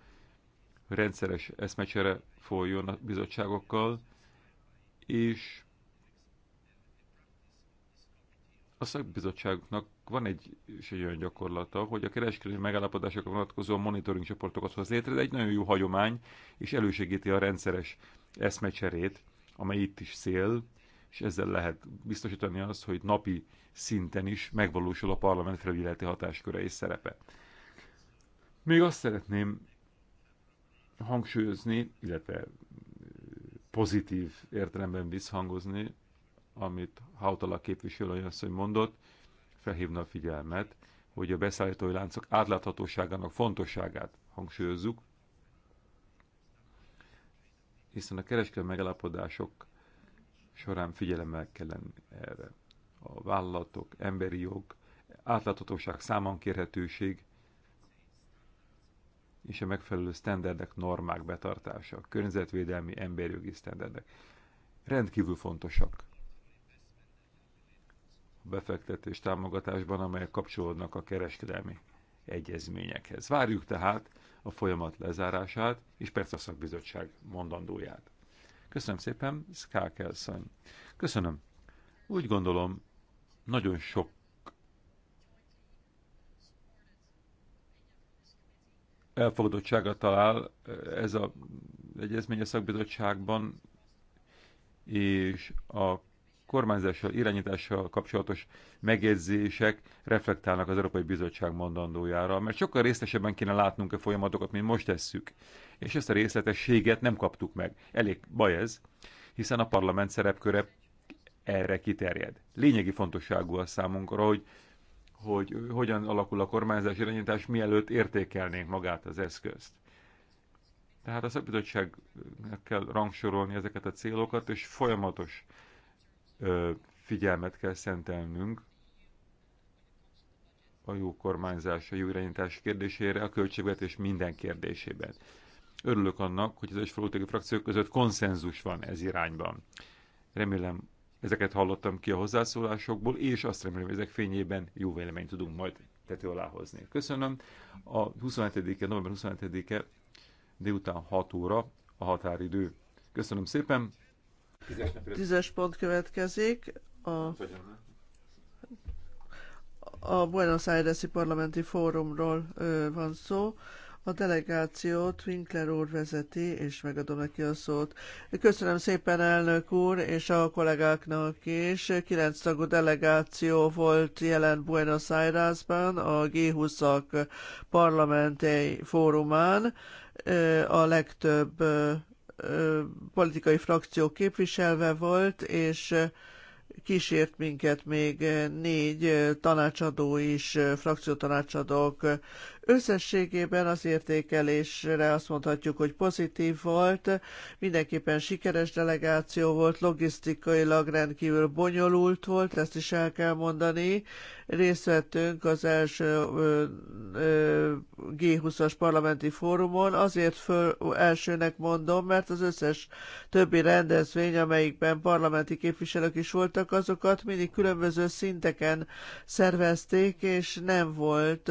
rendszeres eszmecsere folyjon a bizottságokkal, és a szakbizottságoknak van egy, és egy olyan gyakorlata, hogy a kereskedelmi megállapodásokra vonatkozó monitoring csoportokat hoz létre, de egy nagyon jó hagyomány, és elősegíti a rendszeres eszmecserét, amely itt is szél, és ezzel lehet biztosítani azt, hogy napi szinten is megvalósul a parlament felügyeleti hatásköre és szerepe. Még azt szeretném hangsúlyozni, illetve pozitív értelemben visszhangozni, amit Hautala képviselő olyan hogy mondott, felhívna a figyelmet, hogy a beszállítói láncok átláthatóságának fontosságát hangsúlyozzuk, hiszen a kereskedelmi megállapodások során figyelemmel kell lenni erre. A vállalatok, emberi jog, átláthatóság, kérhetőség, és a megfelelő sztenderdek, normák betartása, környezetvédelmi, emberjogi sztenderdek rendkívül fontosak a befektetés támogatásban, amelyek kapcsolódnak a kereskedelmi egyezményekhez. Várjuk tehát a folyamat lezárását és persze a szakbizottság mondandóját. Köszönöm szépen, Skákelszony. Köszönöm. Úgy gondolom, nagyon sok elfogadottsága talál eh, ez a egyezmény a szakbizottságban, és a kormányzással, irányítással kapcsolatos megjegyzések reflektálnak az Európai Bizottság mondandójára, mert sokkal részletesebben kéne látnunk a folyamatokat, mint most tesszük. És ezt a részletességet nem kaptuk meg. Elég baj ez, hiszen a parlament szerepköre erre kiterjed. Lényegi fontosságú a számunkra, hogy hogy hogyan alakul a kormányzás irányítás, mielőtt értékelnénk magát az eszközt. Tehát a szakbizottságnak kell rangsorolni ezeket a célokat, és folyamatos ö, figyelmet kell szentelnünk a jó kormányzás, a jó irányítás kérdésére, a költségvetés minden kérdésében. Örülök annak, hogy az egyes frakciók között konszenzus van ez irányban. Remélem Ezeket hallottam ki a hozzászólásokból, és azt remélem, hogy ezek fényében jó véleményt tudunk majd tető alá hozni. Köszönöm. A 27-e, november 27-e délután 6 óra a határidő. Köszönöm szépen. Tízes pont következik. A, a Buenos Aires-i parlamenti fórumról van szó. A delegációt Winkler úr vezeti, és megadom neki a szót. Köszönöm szépen, elnök úr, és a kollégáknak is. Kilenc tagú delegáció volt jelen Buenos Airesben, a G20-ak parlamenti fórumán. A legtöbb politikai frakció képviselve volt, és kísért minket még négy tanácsadó is, frakciótanácsadók Összességében az értékelésre azt mondhatjuk, hogy pozitív volt, mindenképpen sikeres delegáció volt, logisztikailag rendkívül bonyolult volt, ezt is el kell mondani. Részt vettünk az első G20-as parlamenti fórumon, azért föl, elsőnek mondom, mert az összes többi rendezvény, amelyikben parlamenti képviselők is voltak, azokat mindig különböző szinteken szervezték, és nem volt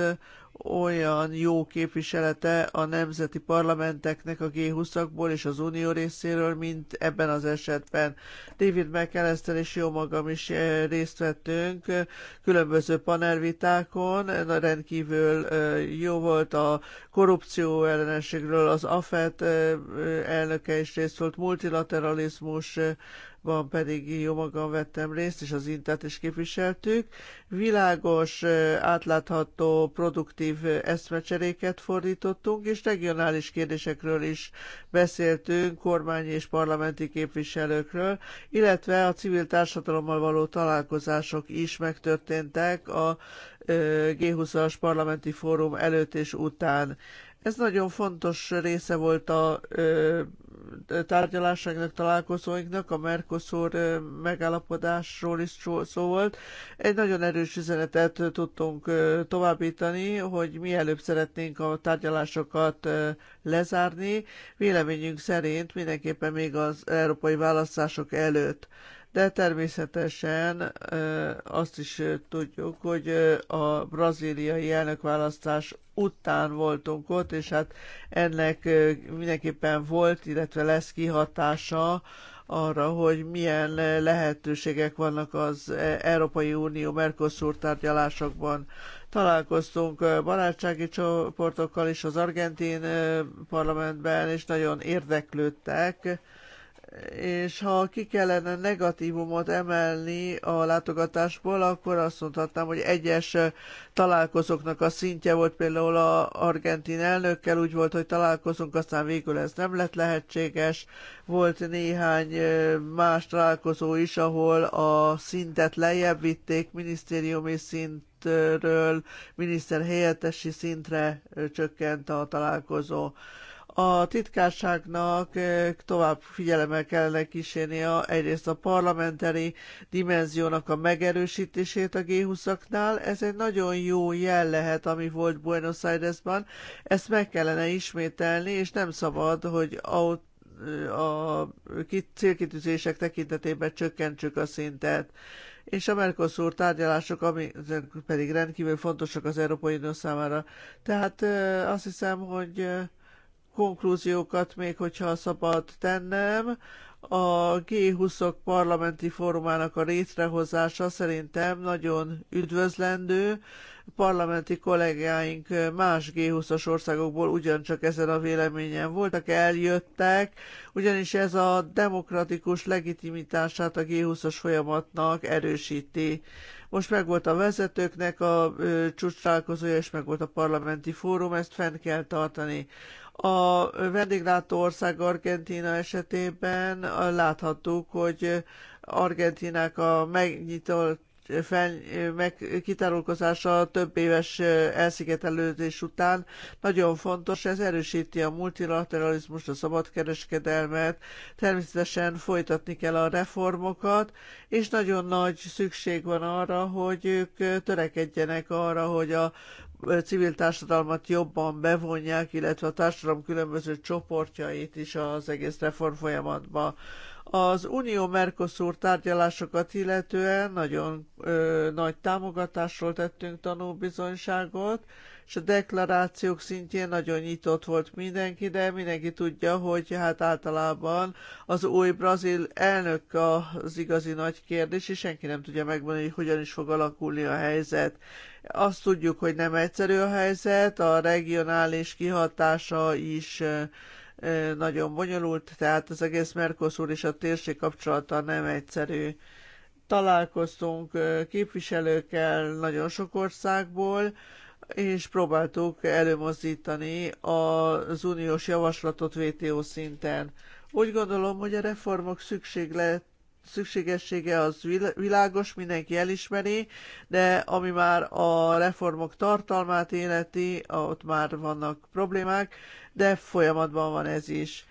olyan jó képviselete a nemzeti parlamenteknek a G20-akból és az Unió részéről, mint ebben az esetben. David McAllister és jó magam is eh, részt vettünk eh, különböző panelvitákon, Na, rendkívül eh, jó volt a korrupció ellenességről, az AFET elnöke is részt volt, multilateralizmus van pedig jó magam vettem részt, és az Intet is képviseltük. Világos, átlátható, produktív eszmecseréket fordítottunk, és regionális kérdésekről is beszéltünk, kormány és parlamenti képviselőkről, illetve a civil társadalommal való találkozások is megtörténtek a G20-as parlamenti fórum előtt és után. Ez nagyon fontos része volt a tárgyalásainknak, találkozóinknak, a Mercosur megállapodásról is szó volt. Egy nagyon erős üzenetet tudtunk továbbítani, hogy mielőbb szeretnénk a tárgyalásokat lezárni. Véleményünk szerint mindenképpen még az európai választások előtt de természetesen azt is tudjuk, hogy a braziliai elnökválasztás után voltunk ott, és hát ennek mindenképpen volt, illetve lesz kihatása arra, hogy milyen lehetőségek vannak az Európai Unió Mercosur tárgyalásokban. Találkoztunk barátsági csoportokkal is az argentin parlamentben, és nagyon érdeklődtek és ha ki kellene negatívumot emelni a látogatásból, akkor azt mondhatnám, hogy egyes találkozóknak a szintje volt például a argentin elnökkel, úgy volt, hogy találkozunk, aztán végül ez nem lett lehetséges. Volt néhány más találkozó is, ahol a szintet lejjebb vitték minisztériumi szintről, miniszter helyettesi szintre csökkent a találkozó. A titkárságnak eh, tovább figyelemmel kellene kísérni a, egyrészt a parlamenteri dimenziónak a megerősítését a G20-aknál. Ez egy nagyon jó jel lehet, ami volt Buenos Airesban. Ezt meg kellene ismételni, és nem szabad, hogy aut a célkitűzések tekintetében csökkentsük a szintet és a Mercosur tárgyalások, ami pedig rendkívül fontosak az Európai Unió számára. Tehát eh, azt hiszem, hogy eh, konklúziókat még, hogyha szabad tennem, a g 20 parlamenti fórumának a létrehozása szerintem nagyon üdvözlendő. Parlamenti kollégáink más G20-as országokból ugyancsak ezen a véleményen voltak, eljöttek, ugyanis ez a demokratikus legitimitását a G20-as folyamatnak erősíti. Most megvolt a vezetőknek a csúcs és megvolt a parlamenti fórum, ezt fenn kell tartani. A vendéglátó ország Argentina esetében láthattuk, hogy Argentinák a megnyitott fel, meg, kitárulkozása több éves elszigetelődés után nagyon fontos, ez erősíti a multilateralizmust, a szabadkereskedelmet, természetesen folytatni kell a reformokat, és nagyon nagy szükség van arra, hogy ők törekedjenek arra, hogy a civil társadalmat jobban bevonják, illetve a társadalom különböző csoportjait is az egész reform folyamatba. Az Unió-Mercosur tárgyalásokat illetően nagyon ö, nagy támogatásról tettünk tanúbizonyságot, és a deklarációk szintjén nagyon nyitott volt mindenki, de mindenki tudja, hogy hát általában az új brazil elnök az igazi nagy kérdés, és senki nem tudja megmondani, hogy hogyan is fog alakulni a helyzet. Azt tudjuk, hogy nem egyszerű a helyzet, a regionális kihatása is nagyon bonyolult, tehát az egész Mercosur és a térség kapcsolata nem egyszerű. Találkoztunk képviselőkkel nagyon sok országból, és próbáltuk előmozdítani az uniós javaslatot VTO szinten. Úgy gondolom, hogy a reformok szükséglet szükségessége az világos, mindenki elismeri, de ami már a reformok tartalmát életi, ott már vannak problémák, de folyamatban van ez is.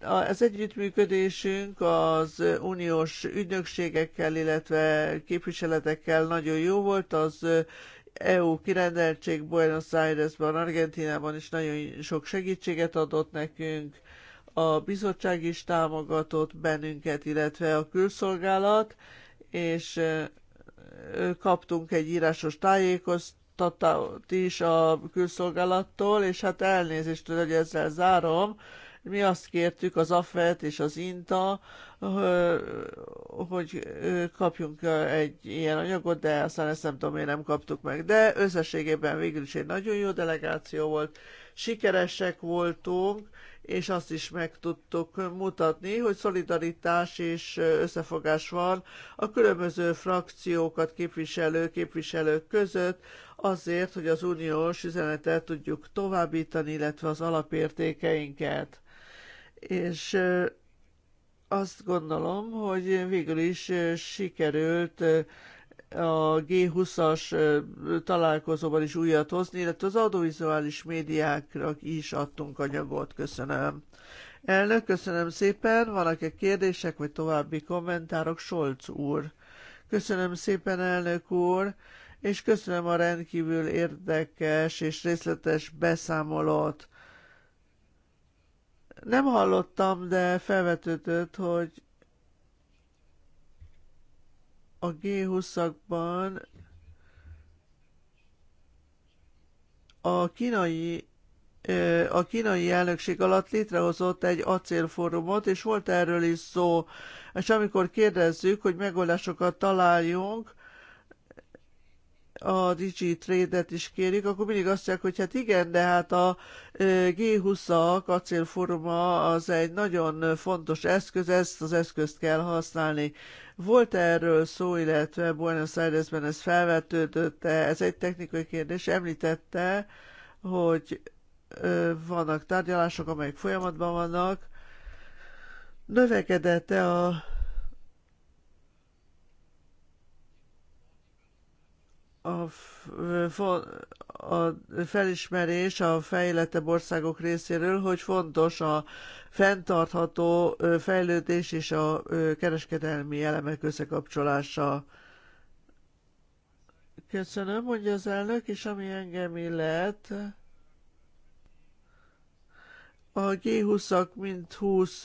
Az együttműködésünk az uniós ügynökségekkel, illetve képviseletekkel nagyon jó volt, az EU kirendeltség Buenos Airesban, Argentinában is nagyon sok segítséget adott nekünk, a bizottság is támogatott bennünket, illetve a külszolgálat, és kaptunk egy írásos tájékoztatást is a külszolgálattól, és hát elnézést, hogy ezzel zárom, mi azt kértük az AFET és az INTA, hogy kapjunk egy ilyen anyagot, de aztán ezt nem tudom, miért nem kaptuk meg. De összességében végül is egy nagyon jó delegáció volt, sikeresek voltunk, és azt is meg tudtuk mutatni, hogy szolidaritás és összefogás van a különböző frakciókat képviselő képviselők között, azért, hogy az uniós üzenetet tudjuk továbbítani, illetve az alapértékeinket. És azt gondolom, hogy végül is sikerült a G20-as találkozóban is újat hozni, illetve az audiovizuális médiákra is adtunk anyagot. Köszönöm. Elnök, köszönöm szépen. Vannak-e kérdések vagy további kommentárok? Solc úr. Köszönöm szépen, elnök úr, és köszönöm a rendkívül érdekes és részletes beszámolót. Nem hallottam, de felvetődött, hogy a G20-akban a kínai a kínai elnökség alatt létrehozott egy acélforumot, és volt erről is szó. És amikor kérdezzük, hogy megoldásokat találjunk, a Digi Trade-et is kérik, akkor mindig azt mondják, hogy hát igen, de hát a G20-ak acélforuma az egy nagyon fontos eszköz, ezt az eszközt kell használni. Volt -e erről szó, illetve Buenos Airesben ez felvetődött -e? Ez egy technikai kérdés. Említette, hogy vannak tárgyalások, amelyek folyamatban vannak. Növekedette a a, a felismerés a fejlettebb országok részéről, hogy fontos a fenntartható fejlődés és a kereskedelmi elemek összekapcsolása. Köszönöm, mondja az elnök, és ami engem illet, a G20-ak mint 20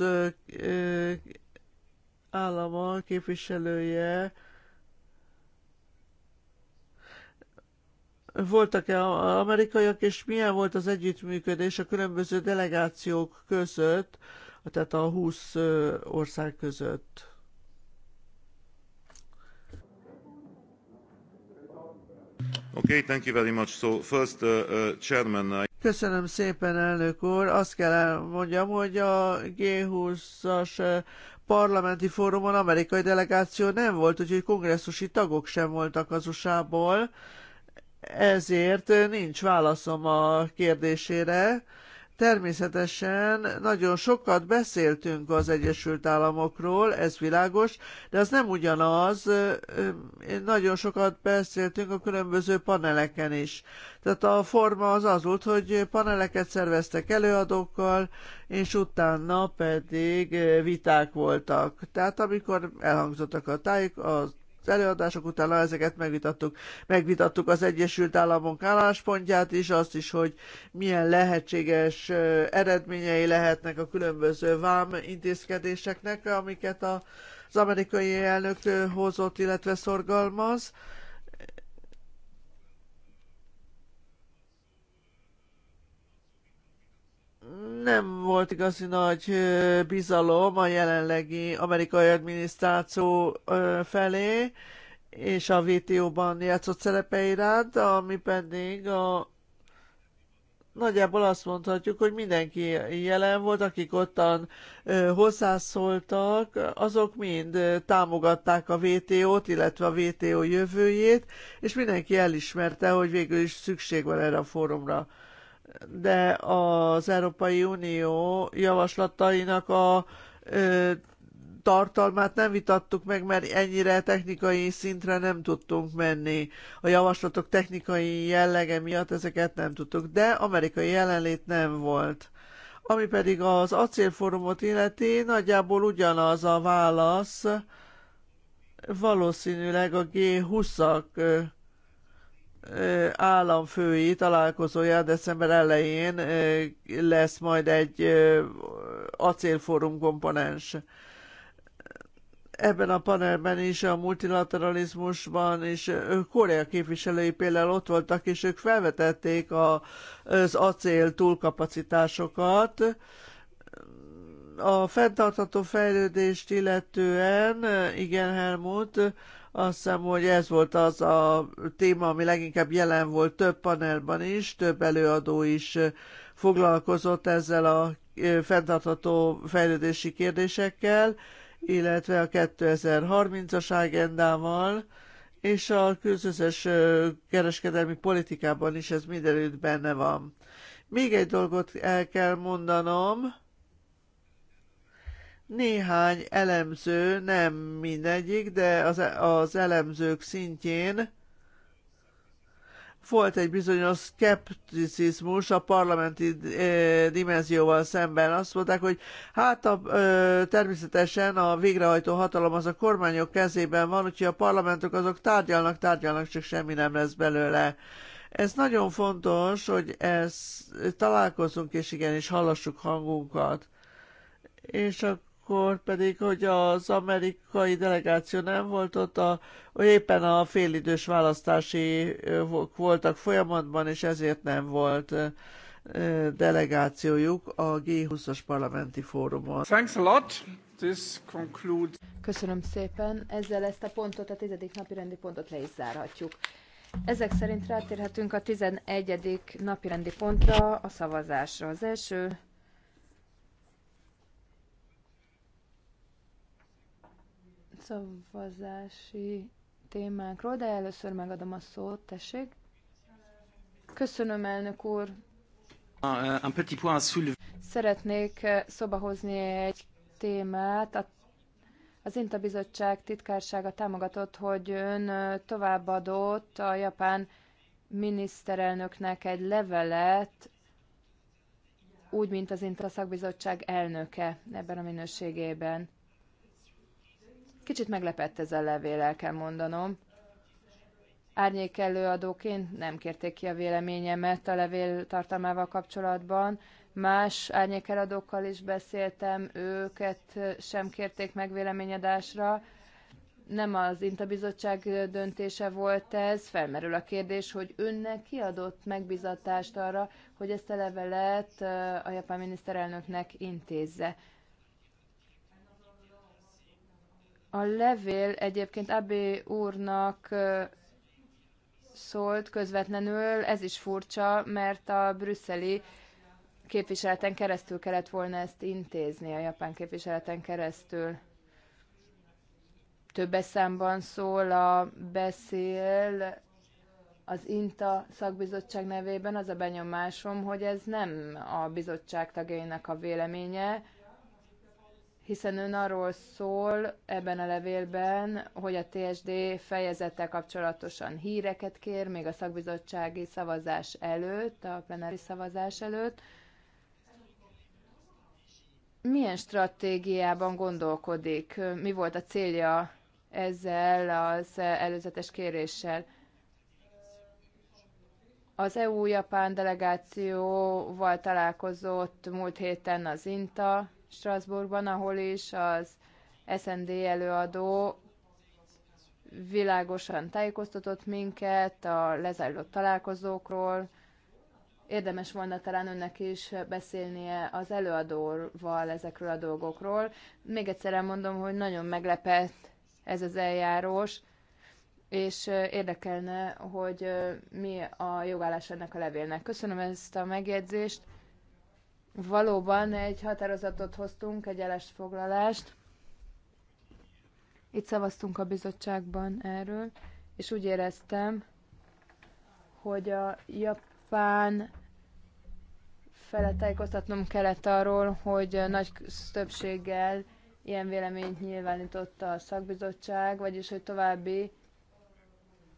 állama képviselője, voltak-e amerikaiak, és milyen volt az együttműködés a különböző delegációk között, tehát a 20 ország között? Okay, thank you very much. So first, uh, uh, chairman, I... Köszönöm szépen, elnök úr. Azt kell mondjam, hogy a G20-as parlamenti fórumon amerikai delegáció nem volt, úgyhogy kongresszusi tagok sem voltak az USA-ból ezért nincs válaszom a kérdésére. Természetesen nagyon sokat beszéltünk az Egyesült Államokról, ez világos, de az nem ugyanaz, nagyon sokat beszéltünk a különböző paneleken is. Tehát a forma az az volt, hogy paneleket szerveztek előadókkal, és utána pedig viták voltak. Tehát amikor elhangzottak a tájék, az előadások után ezeket megvitattuk. Megvitattuk az Egyesült Államok álláspontját is, azt is, hogy milyen lehetséges eredményei lehetnek a különböző vám intézkedéseknek, amiket a, az amerikai elnök hozott, illetve szorgalmaz nem volt igazi nagy bizalom a jelenlegi amerikai adminisztráció felé és a VTO-ban játszott szerepe iránt, ami pedig a nagyjából azt mondhatjuk, hogy mindenki jelen volt, akik ottan ö, hozzászóltak, azok mind támogatták a VTO-t, illetve a VTO jövőjét, és mindenki elismerte, hogy végül is szükség van erre a fórumra de az Európai Unió javaslatainak a ö, tartalmát nem vitattuk meg, mert ennyire technikai szintre nem tudtunk menni. A javaslatok technikai jellege miatt ezeket nem tudtuk, de amerikai jelenlét nem volt. Ami pedig az acélforumot illeti, nagyjából ugyanaz a válasz, valószínűleg a G20-ak államfői találkozója december elején lesz majd egy acélforum komponens. Ebben a panelben is a multilateralizmusban és Korea képviselői például ott voltak, és ők felvetették a, az acél túlkapacitásokat, a fenntartható fejlődést illetően, igen Helmut, azt hiszem, hogy ez volt az a téma, ami leginkább jelen volt több panelban is, több előadó is foglalkozott ezzel a fenntartható fejlődési kérdésekkel, illetve a 2030-as agendával, és a közös kereskedelmi politikában is ez mindenütt benne van. Még egy dolgot el kell mondanom, néhány elemző, nem mindegyik, de az, az elemzők szintjén volt egy bizonyos szkepticizmus a parlamenti eh, dimenzióval szemben. Azt mondták, hogy hát a, e, természetesen a végrehajtó hatalom az a kormányok kezében van, úgyhogy a parlamentok azok tárgyalnak, tárgyalnak, csak semmi nem lesz belőle. Ez nagyon fontos, hogy ezt találkozunk, és igenis hallassuk hangunkat. És akkor akkor pedig, hogy az amerikai delegáció nem volt ott, a, hogy éppen a félidős választási voltak folyamatban, és ezért nem volt delegációjuk a G20-as parlamenti fórumon. Thanks a lot. This concludes. Köszönöm szépen. Ezzel ezt a pontot, a tizedik napi rendi pontot le is zárhatjuk. Ezek szerint rátérhetünk a 11. napi rendi pontra, a szavazásra. Az első szavazási témákról, de először megadom a szót, tessék. Köszönöm, elnök úr. Szeretnék eh, szobahozni egy témát. az INTA bizottság titkársága támogatott, hogy ön eh, továbbadott a japán miniszterelnöknek egy levelet, úgy, mint az INTA szakbizottság elnöke ebben a minőségében. Kicsit meglepett ez a levél, el kell mondanom. Árnyék előadóként nem kérték ki a véleményemet a levél tartalmával kapcsolatban. Más árnyék előadókkal is beszéltem, őket sem kérték meg véleményedásra nem az intabizottság döntése volt ez, felmerül a kérdés, hogy önnek kiadott megbizatást arra, hogy ezt a levelet a japán miniszterelnöknek intézze. A levél egyébként Abbé úrnak szólt közvetlenül, ez is furcsa, mert a brüsszeli képviseleten keresztül kellett volna ezt intézni, a japán képviseleten keresztül. Többes számban szól a beszél az INTA szakbizottság nevében, az a benyomásom, hogy ez nem a bizottság tagjainak a véleménye, hiszen ön arról szól ebben a levélben, hogy a TSD fejezettel kapcsolatosan híreket kér, még a szakbizottsági szavazás előtt, a plenári szavazás előtt. Milyen stratégiában gondolkodik? Mi volt a célja ezzel az előzetes kéréssel? Az EU-Japán delegációval találkozott múlt héten az INTA, Strasbourgban, ahol is az SND előadó világosan tájékoztatott minket a lezajlott találkozókról. Érdemes volna talán önnek is beszélnie az előadóval ezekről a dolgokról. Még egyszer elmondom, hogy nagyon meglepett ez az eljárós, és érdekelne, hogy mi a jogállás ennek a levélnek. Köszönöm ezt a megjegyzést valóban egy határozatot hoztunk, egy foglalást. Itt szavaztunk a bizottságban erről, és úgy éreztem, hogy a japán fele kellett arról, hogy nagy többséggel ilyen véleményt nyilvánította a szakbizottság, vagyis hogy további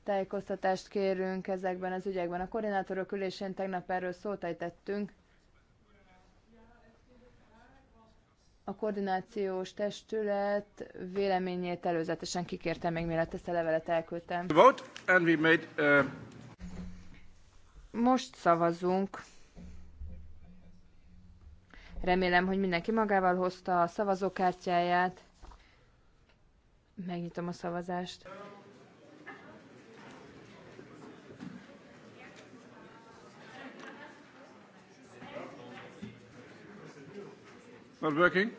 tájékoztatást kérünk ezekben az ügyekben. A koordinátorok ülésén tegnap erről szót ejtettünk, a koordinációs testület véleményét előzetesen kikértem még mielőtt ezt a levelet elküldtem. Uh, Most szavazunk. Remélem, hogy mindenki magával hozta a szavazókártyáját. Megnyitom a szavazást. Not working?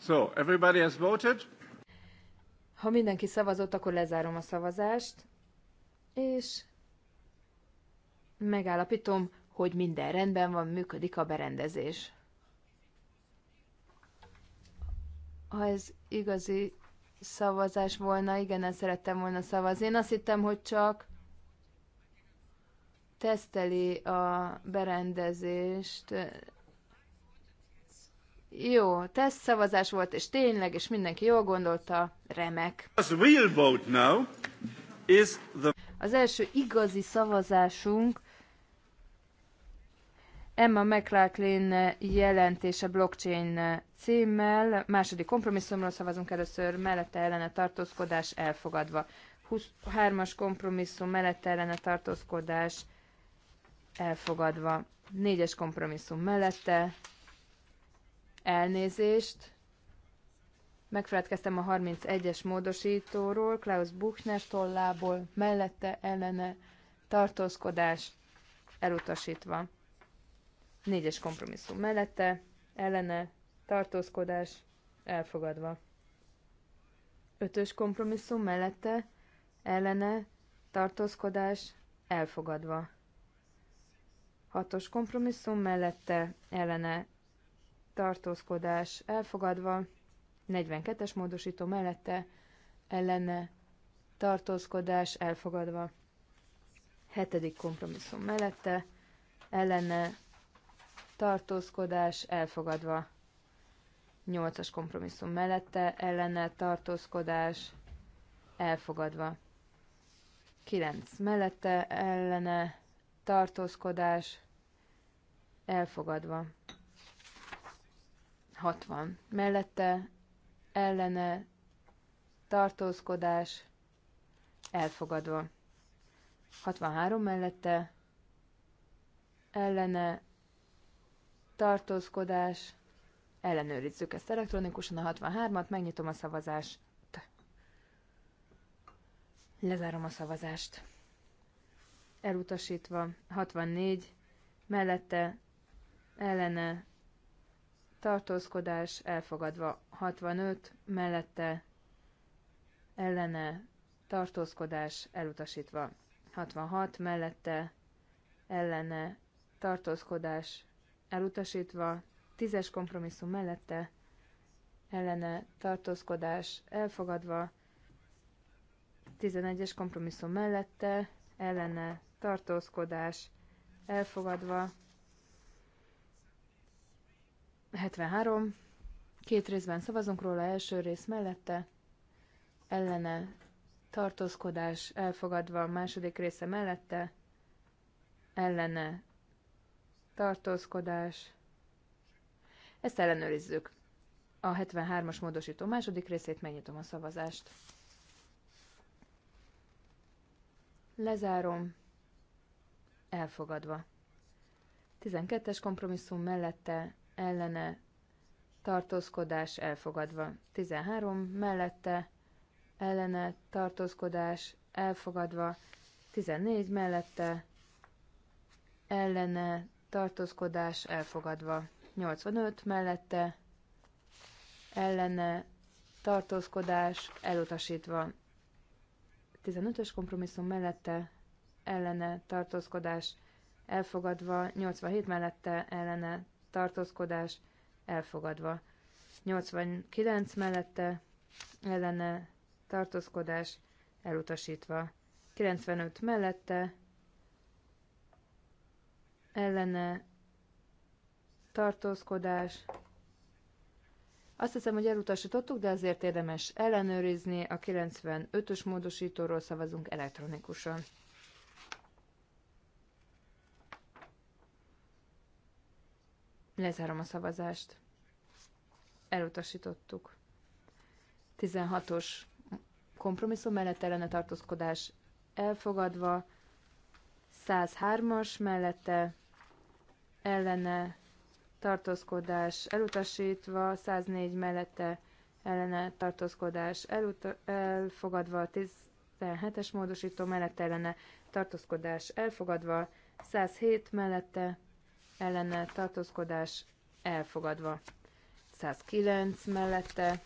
So, everybody has voted? Ha mindenki szavazott, akkor lezárom a szavazást és megállapítom, hogy minden rendben van, működik a berendezés. Ha ez igazi szavazás volna, igen, el szerettem volna szavazni. Én azt hittem, hogy csak teszteli a berendezést. Jó, teszt szavazás volt, és tényleg, és mindenki jól gondolta, remek. The real vote now is the az első igazi szavazásunk Emma McLaughlin jelentése blockchain címmel. Második kompromisszumról szavazunk először, mellette ellene tartózkodás elfogadva. 23-as kompromisszum mellette ellene tartózkodás elfogadva. 4-es kompromisszum mellette elnézést. Megfeledkeztem a 31-es módosítóról, Klaus Buchner tollából, mellette ellene tartózkodás elutasítva. Négyes kompromisszum mellette, ellene tartózkodás elfogadva. Ötös kompromisszum mellette, ellene tartózkodás elfogadva. Hatos kompromisszum mellette, ellene tartózkodás elfogadva. 42-es módosító mellette ellene tartózkodás elfogadva. Hetedik kompromisszum mellette ellene tartózkodás elfogadva. Nyolcas kompromisszum mellette ellene tartózkodás elfogadva. 9. Mellette ellene tartózkodás elfogadva. 60. Mellette ellene tartózkodás elfogadva. 63 mellette ellene tartózkodás ellenőrizzük ezt elektronikusan a 63-at, megnyitom a szavazást. Lezárom a szavazást. Elutasítva 64, mellette ellene tartózkodás elfogadva 65, mellette ellene tartózkodás elutasítva 66, mellette ellene tartózkodás elutasítva, 10-es kompromisszum mellette ellene tartózkodás elfogadva, 11-es kompromisszum mellette ellene tartózkodás elfogadva, 73. Két részben szavazunk róla, első rész mellette, ellene tartózkodás elfogadva, második része mellette, ellene tartózkodás. Ezt ellenőrizzük. A 73-as módosító második részét megnyitom a szavazást. Lezárom. Elfogadva. 12-es kompromisszum mellette ellene tartózkodás elfogadva. 13 mellette ellene tartózkodás elfogadva. 14 mellette ellene tartózkodás elfogadva. 85 mellette ellene tartózkodás elutasítva. 15-ös kompromisszum mellette ellene tartózkodás elfogadva, 87 mellette ellene tartózkodás elfogadva. 89 mellette ellene tartózkodás elutasítva. 95 mellette ellene tartózkodás. Azt hiszem, hogy elutasítottuk, de azért érdemes ellenőrizni. A 95-ös módosítóról szavazunk elektronikusan. Lezárom a szavazást. Elutasítottuk. 16-os kompromisszum mellett ellene tartózkodás elfogadva. 103-as mellette ellene tartózkodás elutasítva, 104 mellette ellene tartózkodás eluta- elfogadva, 17-es módosító mellette ellene tartózkodás elfogadva, 107 mellette ellene tartózkodás elfogadva. 109 mellette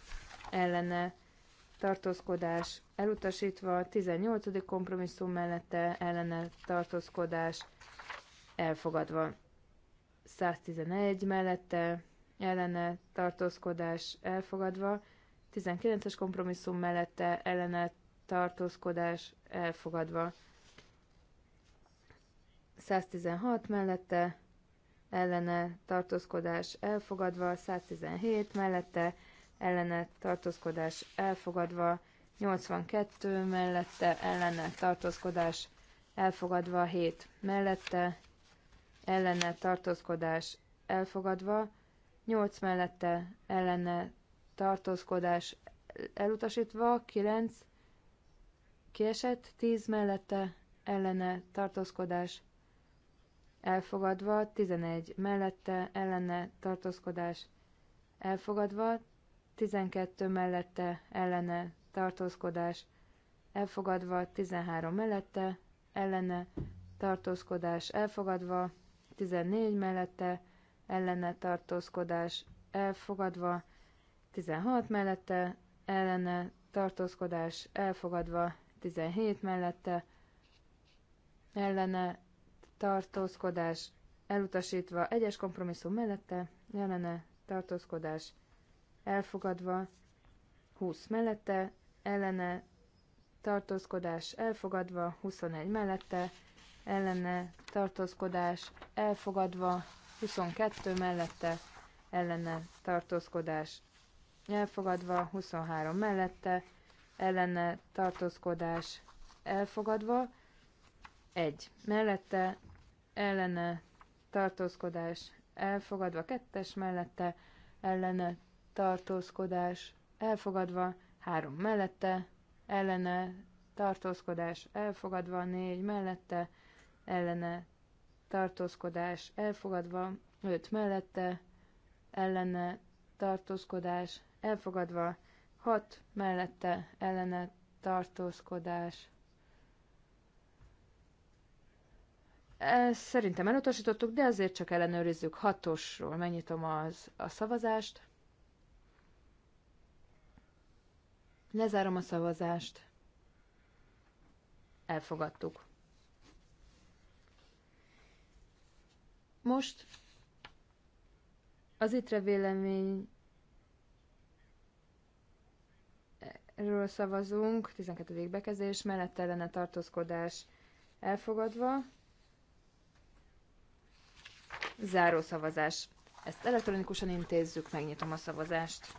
ellene tartózkodás elutasítva, 18. kompromisszum mellette ellene tartózkodás elfogadva. 111 mellette ellene tartózkodás elfogadva, 19-es kompromisszum mellette ellene tartózkodás elfogadva. 116 mellette ellene tartózkodás elfogadva, 117 mellette ellene tartózkodás elfogadva, 82 mellette ellene tartózkodás elfogadva, 7 mellette ellene tartózkodás elfogadva, 8 mellette ellene tartózkodás elutasítva, 9 kiesett, 10 mellette ellene tartózkodás elfogadva, 11 mellette ellene tartózkodás elfogadva, 12 mellette ellene tartózkodás elfogadva, 13 mellette ellene tartózkodás elfogadva, 14 mellette ellene tartózkodás elfogadva, 16 mellette ellene tartózkodás elfogadva, 17 mellette ellene tartózkodás elutasítva, egyes kompromisszum mellette, ellene tartózkodás elfogadva, 20 mellette, ellene tartózkodás elfogadva, 21 mellette, ellene tartózkodás elfogadva, 22 mellette, ellene tartózkodás elfogadva, 23 mellette, ellene tartózkodás elfogadva, 1 mellette, ellene tartózkodás elfogadva, kettes mellette ellene tartózkodás elfogadva, három mellette ellene tartózkodás elfogadva, négy mellette ellene tartózkodás elfogadva, öt mellette ellene tartózkodás elfogadva, hat mellette ellene tartózkodás Ezt szerintem elutasítottuk, de azért csak ellenőrizzük hatosról. Megnyitom az, a szavazást. Lezárom a szavazást. Elfogadtuk. Most az itre vélemény ről szavazunk, 12. bekezés, mellett ellene tartózkodás elfogadva. Záró szavazás. Ezt elektronikusan intézzük, megnyitom a szavazást.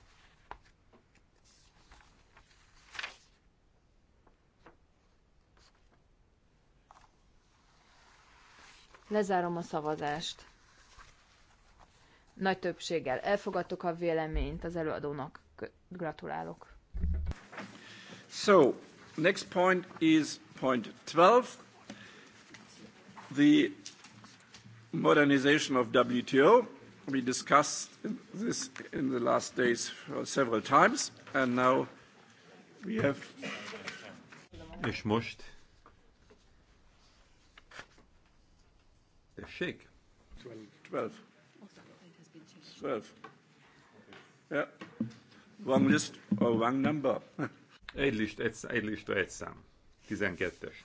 Lezárom a szavazást. Nagy többséggel elfogadtuk a véleményt az előadónak. Gratulálok. So, next point is point 12. The modernization of WTO. We discussed this in the last days uh, several times, and now we have. És most. Tessék? 12. 12. Yeah. One list or one number. egy, list, egy, egy lista, egy szám. 12-es.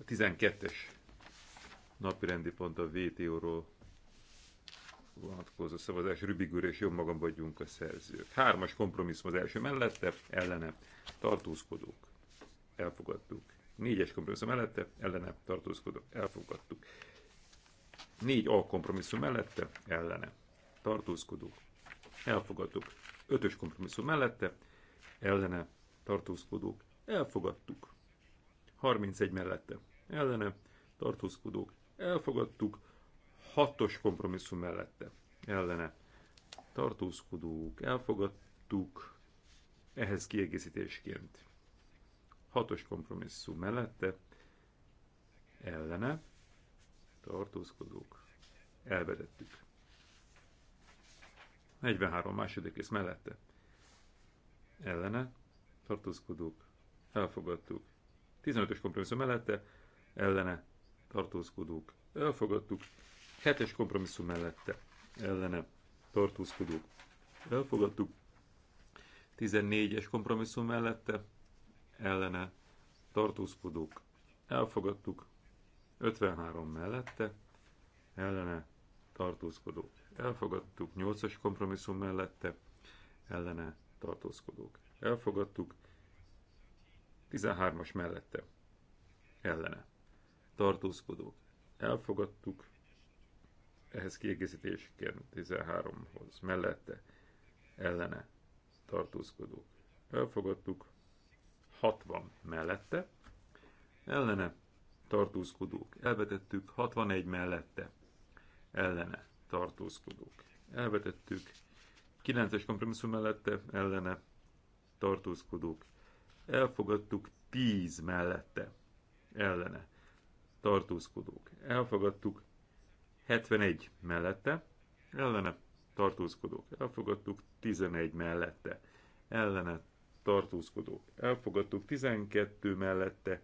A 12-es napirendi pont a VTO-ról vonatkozó szavazás, Rübig úr és magam vagyunk a szerzők. Hármas kompromisszum az első mellette, ellene tartózkodók. Elfogadtuk. Négyes kompromisszum mellette, ellene tartózkodók. Elfogadtuk. Négy A kompromisszum mellette, ellene tartózkodók. Elfogadtuk. Ötös kompromisszum mellette, ellene tartózkodók. Elfogadtuk. 31 mellette, ellene tartózkodók elfogadtuk, hatos kompromisszum mellette, ellene tartózkodók, elfogadtuk, ehhez kiegészítésként. Hatos kompromisszum mellette, ellene tartózkodók, elvedettük. 43 második rész mellette, ellene tartózkodók, elfogadtuk. 15-ös kompromisszum mellette, ellene tartózkodók elfogadtuk, hetes kompromisszum mellette ellene tartózkodók elfogadtuk, 14-es kompromisszum mellette ellene tartózkodók elfogadtuk, 53 mellette ellene tartózkodók elfogadtuk, 8-as kompromisszum mellette ellene tartózkodók elfogadtuk, 13-as mellette ellene tartózkodók. Elfogadtuk ehhez kiegészítésként 13-hoz, mellette, ellene, tartózkodók. Elfogadtuk 60 mellette, ellene, tartózkodók. Elvetettük 61 mellette, ellene, tartózkodók. Elvetettük 9-es kompromisszum mellette, ellene, tartózkodók. Elfogadtuk 10 mellette, ellene, tartózkodók. Elfogadtuk 71 mellette, ellene tartózkodók. Elfogadtuk 11 mellette, ellene tartózkodók. Elfogadtuk 12 mellette,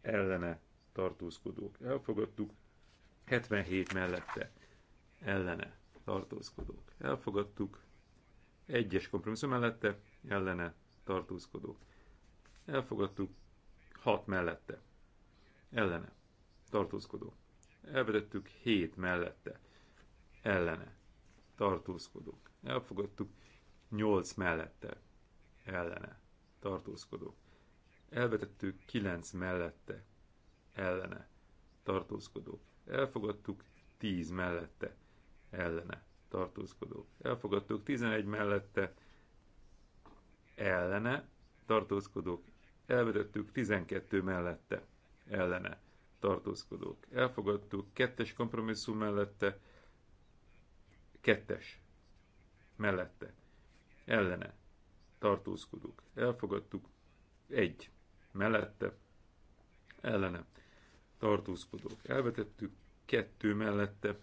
ellene tartózkodók. Elfogadtuk 77 mellette, ellene tartózkodók. Elfogadtuk egyes kompromisszum mellette, ellene tartózkodók. Elfogadtuk 6 mellette, ellene tartózkodó. Elvetettük hét mellette, ellene, tartózkodó. Elfogadtuk nyolc mellette, ellene, tartózkodó. Elvetettük kilenc mellette, ellene, tartózkodó. Elfogadtuk tíz mellette, ellene, tartózkodó. Elfogadtuk tizenegy mellette, ellene, tartózkodók. Elvetettük 12 mellette, ellene, tartózkodók. Elfogadtuk kettes kompromisszum mellette, kettes mellette, ellene tartózkodók. Elfogadtuk egy mellette, ellene tartózkodók. Elvetettük kettő mellette,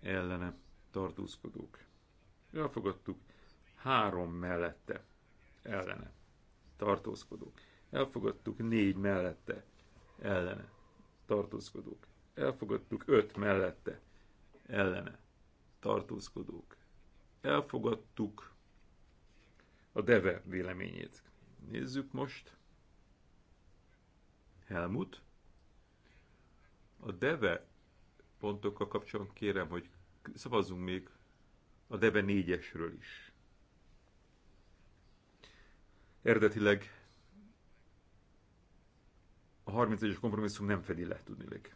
ellene tartózkodók. Elfogadtuk három mellette, ellene tartózkodók. Elfogadtuk négy mellette, ellene tartózkodók. Elfogadtuk öt mellette, ellene, tartózkodók. Elfogadtuk a Deve véleményét. Nézzük most. Helmut. A Deve pontokkal kapcsolatban kérem, hogy szavazzunk még a Deve négyesről is. Eredetileg a 31-es kompromisszum nem fedi le, tudnilik.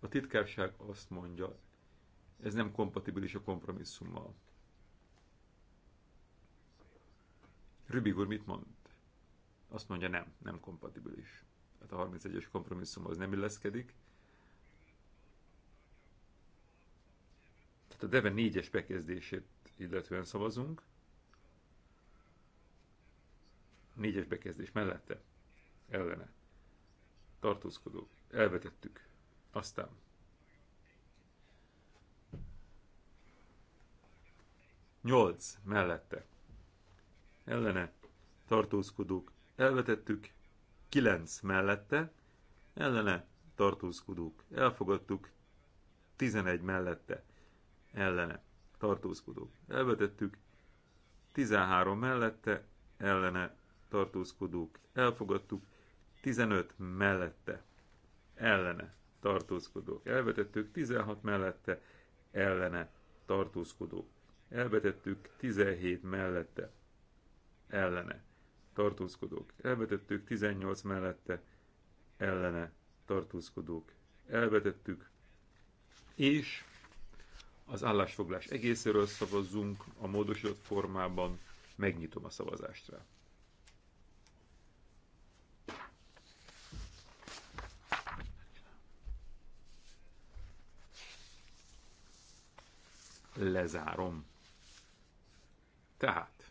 A titkárság azt mondja, ez nem kompatibilis a kompromisszummal. Rübig úr mit mond? Azt mondja, nem, nem kompatibilis. Hát a 31-es kompromisszum az nem illeszkedik. Tehát a Deve 4-es bekezdését illetően szavazunk. 4-es bekezdés mellette ellene Tartózkodó. elvetettük. Aztán nyolc mellette ellene tartózkodók elvetettük, kilenc mellette ellene tartózkodók elfogadtuk, tizenegy mellette ellene tartózkodók elvetettük, Tizenhárom mellette ellene tartózkodók elfogadtuk, 15 mellette ellene tartózkodók elvetettük, 16 mellette ellene tartózkodók elvetettük, 17 mellette ellene tartózkodók elvetettük, 18 mellette ellene tartózkodók elvetettük, és az állásfoglás egészéről szavazzunk a módosított formában, megnyitom a szavazást rá. lezárom. Tehát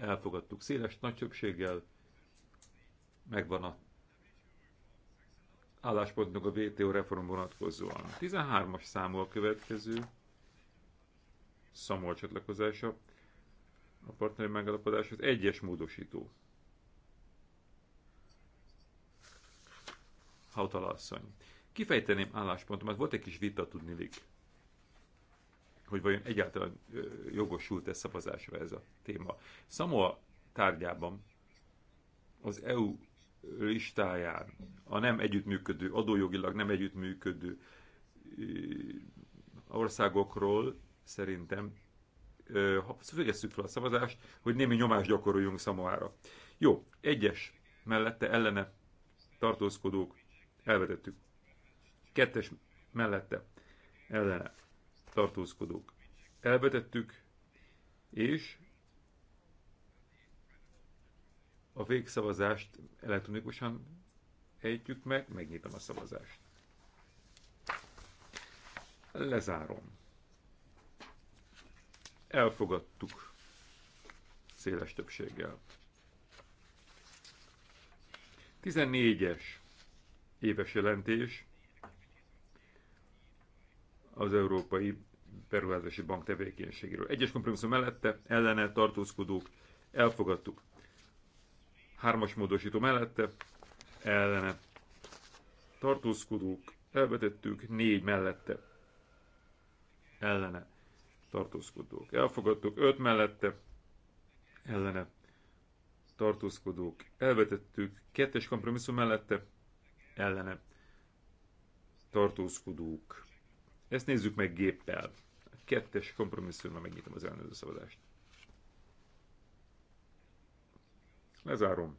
elfogadtuk széles nagy többséggel, megvan a álláspontnak a VTO reform vonatkozóan. 13-as számú a következő, Szamol csatlakozása, a partneri megállapodás az egyes módosító. Hautala asszony. Kifejteném álláspontomat, volt egy kis vita tudnilik hogy vajon egyáltalán jogosult-e szavazásra ez a téma. Samoa tárgyában az EU listáján a nem együttműködő, adójogilag nem együttműködő országokról szerintem függesszük fel a szavazást, hogy némi nyomást gyakoroljunk Samoára. Jó, egyes mellette ellene tartózkodók elvetettük. Kettes mellette ellene tartózkodók. Elvetettük, és a végszavazást elektronikusan ejtjük meg, megnyitom a szavazást. Lezárom. Elfogadtuk széles többséggel. 14-es éves jelentés az Európai Beruházási Bank tevékenységéről. Egyes kompromisszum mellette ellene tartózkodók elfogadtuk. Hármas módosító mellette ellene tartózkodók elvetettük, négy mellette ellene tartózkodók elfogadtuk, öt mellette ellene tartózkodók elvetettük, kettes kompromisszum mellette ellene tartózkodók ezt nézzük meg géppel. A kettes kompromisszumra megnyitom az elnöző szabadást. Lezárom.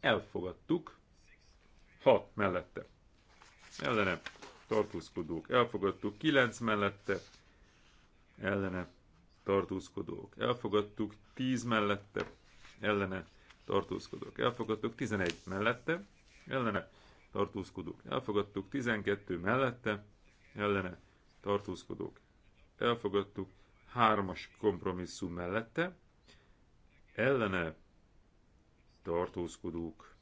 Elfogadtuk. 6 mellette. Ellene tartózkodók. Elfogadtuk. 9 mellette. Ellene tartózkodók. Elfogadtuk. 10 mellette. Ellene tartózkodók. Elfogadtuk. 11 mellette. Ellene tartózkodók elfogadtuk, 12 mellette ellene tartózkodók elfogadtuk, 3-as kompromisszum mellette ellene tartózkodók.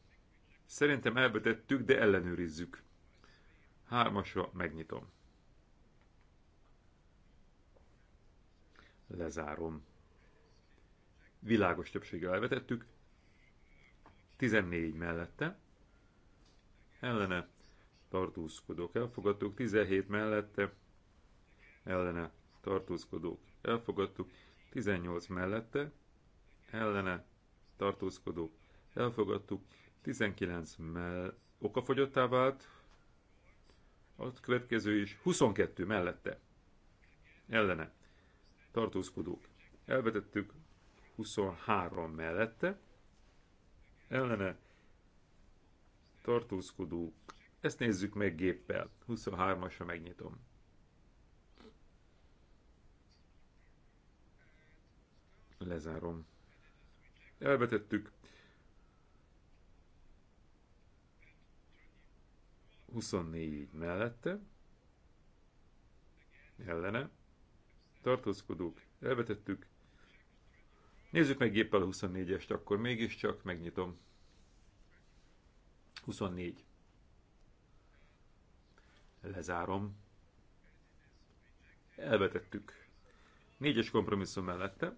Szerintem elbetettük, de ellenőrizzük. Hármasra megnyitom. Lezárom. Világos többséggel elvetettük. 14 mellette ellene tartózkodók elfogadtuk, 17 mellette ellene tartózkodók elfogadtuk, 18 mellette ellene tartózkodók elfogadtuk, 19 mell okafogyottá vált, a következő is 22 mellette ellene tartózkodók elvetettük 23 mellette ellene tartózkodók. Ezt nézzük meg géppel. 23-asra megnyitom. Lezárom. Elvetettük. 24 mellette. Ellene. Tartózkodók. Elvetettük. Nézzük meg géppel a 24-est, akkor mégiscsak megnyitom. 24. Lezárom. Elvetettük. Négyes kompromisszum mellette.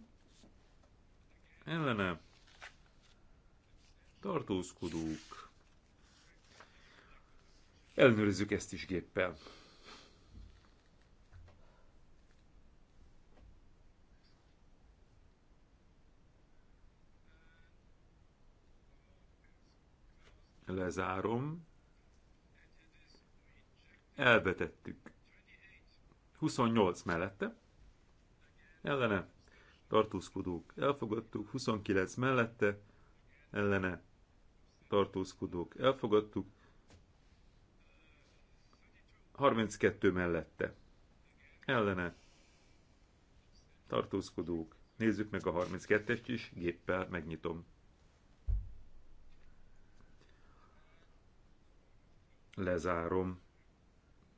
Ellene. Tartózkodók. Ellenőrizzük ezt is géppel. Lezárom. Elvetettük. 28 mellette. Ellene. Tartózkodók. Elfogadtuk. 29 mellette. Ellene. Tartózkodók. Elfogadtuk. 32 mellette. Ellene. Tartózkodók. Nézzük meg a 32-est is, géppel megnyitom. Lezárom.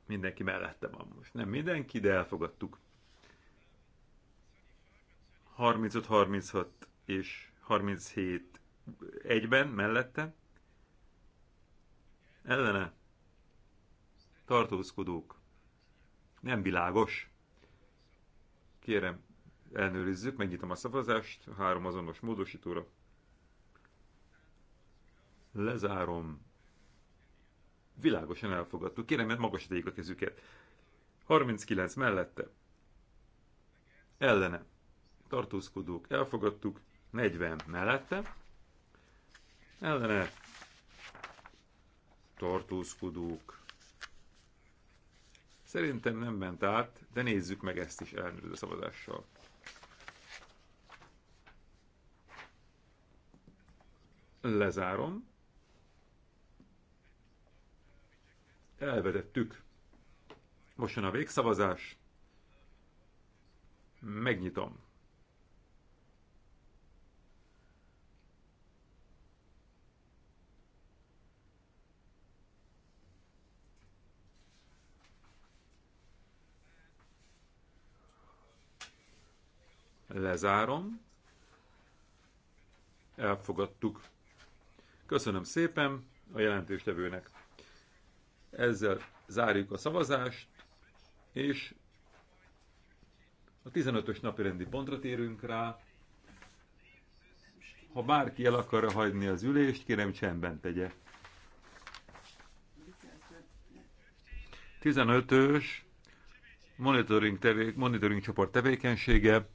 Mindenki mellette van most. Nem mindenki, de elfogadtuk. 35-36 és 37 egyben mellette. Ellene tartózkodók. Nem világos. Kérem, elnőrizzük, megnyitom a szavazást, három azonos módosítóra. Lezárom világosan elfogadtuk. Kérem, mert magas tegyék a kezüket. 39 mellette. Ellene. Tartózkodók. Elfogadtuk. 40 mellette. Ellene. Tartózkodók. Szerintem nem ment át, de nézzük meg ezt is ellenőrző szavazással. Lezárom. elvetettük. Most jön a végszavazás. Megnyitom. Lezárom. Elfogadtuk. Köszönöm szépen a jelentéstevőnek. Ezzel zárjuk a szavazást, és a 15-ös napi rendi pontra térünk rá. Ha bárki el akar hagyni az ülést, kérem csendben tegye. 15-ös monitoring, tevé, monitoring csoport tevékenysége.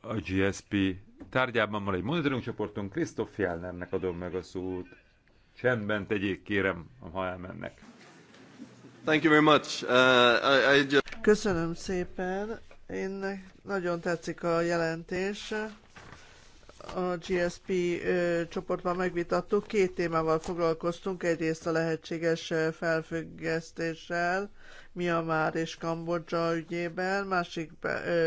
A GSP tárgyában van egy monitoring csoportunk, Krisztof Fjellnernek adom meg a szót. Csendben tegyék, kérem, ha elmennek. Thank you very much. Uh, I, I just... Köszönöm szépen. Én nagyon tetszik a jelentés a GSP csoportban megvitattuk, két témával foglalkoztunk, egyrészt a lehetséges felfüggesztéssel, Myanmar és Kambodzsa ügyében, másik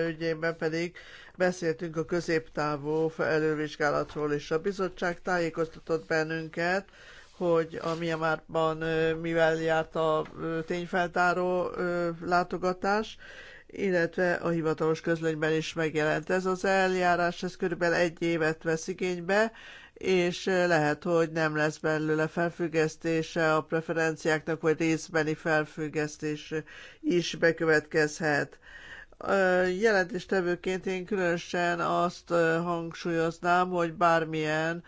ügyében pedig beszéltünk a középtávú elővizsgálatról is. A bizottság tájékoztatott bennünket, hogy a Myanmarban mivel járt a tényfeltáró látogatás, illetve a hivatalos közlönyben is megjelent. Ez az eljárás, ez körülbelül egy évet vesz igénybe, és lehet, hogy nem lesz belőle felfüggesztése a preferenciáknak, vagy részbeni felfüggesztés is bekövetkezhet. Jelentéstevőként én különösen azt hangsúlyoznám, hogy bármilyen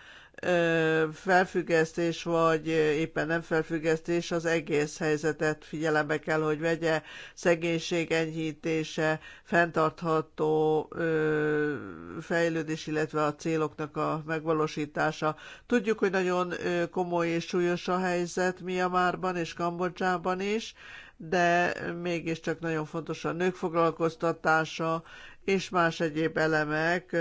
felfüggesztés, vagy éppen nem felfüggesztés az egész helyzetet figyelembe kell, hogy vegye, szegénység enyhítése, fenntartható fejlődés, illetve a céloknak a megvalósítása. Tudjuk, hogy nagyon komoly és súlyos a helyzet Miamárban és Kambodzsában is, de mégiscsak nagyon fontos a nők foglalkoztatása és más egyéb elemek,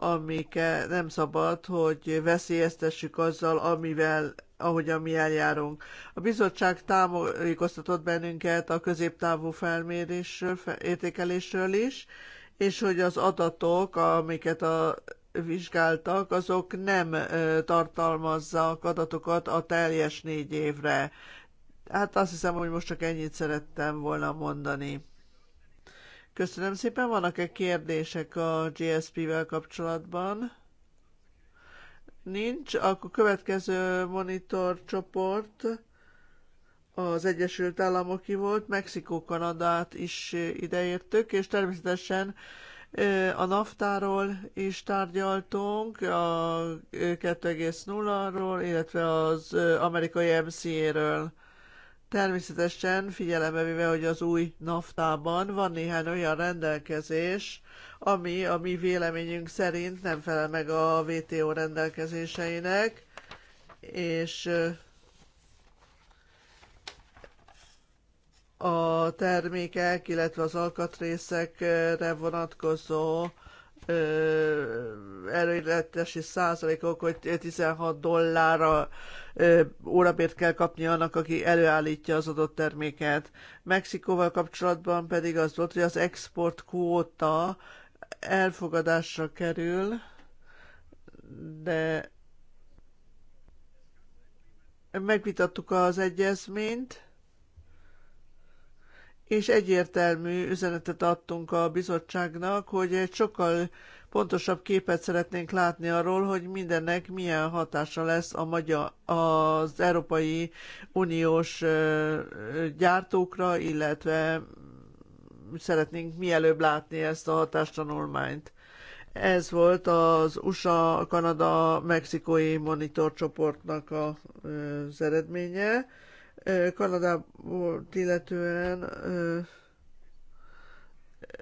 amik eh, nem szabad, hogy veszélyeztessük azzal, amivel ahogy mi eljárunk. A bizottság támogatott bennünket a középtávú felmérésről, értékelésről is, és hogy az adatok, amiket a vizsgáltak, azok nem eh, tartalmazzak adatokat a teljes négy évre. Hát azt hiszem, hogy most csak ennyit szerettem volna mondani. Köszönöm szépen. Vannak-e kérdések a GSP-vel kapcsolatban? Nincs. Akkor következő monitor csoport az Egyesült Államoki volt, Mexikó, Kanadát is ideértük, és természetesen a naftáról is tárgyaltunk, a 2,0-ról, illetve az amerikai MCA-ről. Természetesen figyelembe véve, hogy az új naftában van néhány olyan rendelkezés, ami a mi véleményünk szerint nem felel meg a WTO rendelkezéseinek, és a termékek, illetve az alkatrészekre vonatkozó előítési százalékok, hogy 16 dollárra órabért kell kapni annak, aki előállítja az adott terméket. Mexikóval kapcsolatban pedig az volt, hogy az export kvóta elfogadásra kerül, de megvitattuk az egyezményt, és egyértelmű üzenetet adtunk a bizottságnak, hogy egy sokkal pontosabb képet szeretnénk látni arról, hogy mindennek milyen hatása lesz a magyar, az Európai Uniós gyártókra, illetve szeretnénk mielőbb látni ezt a hatástanulmányt. Ez volt az USA, Kanada, Mexikói monitorcsoportnak az eredménye Kanadából illetően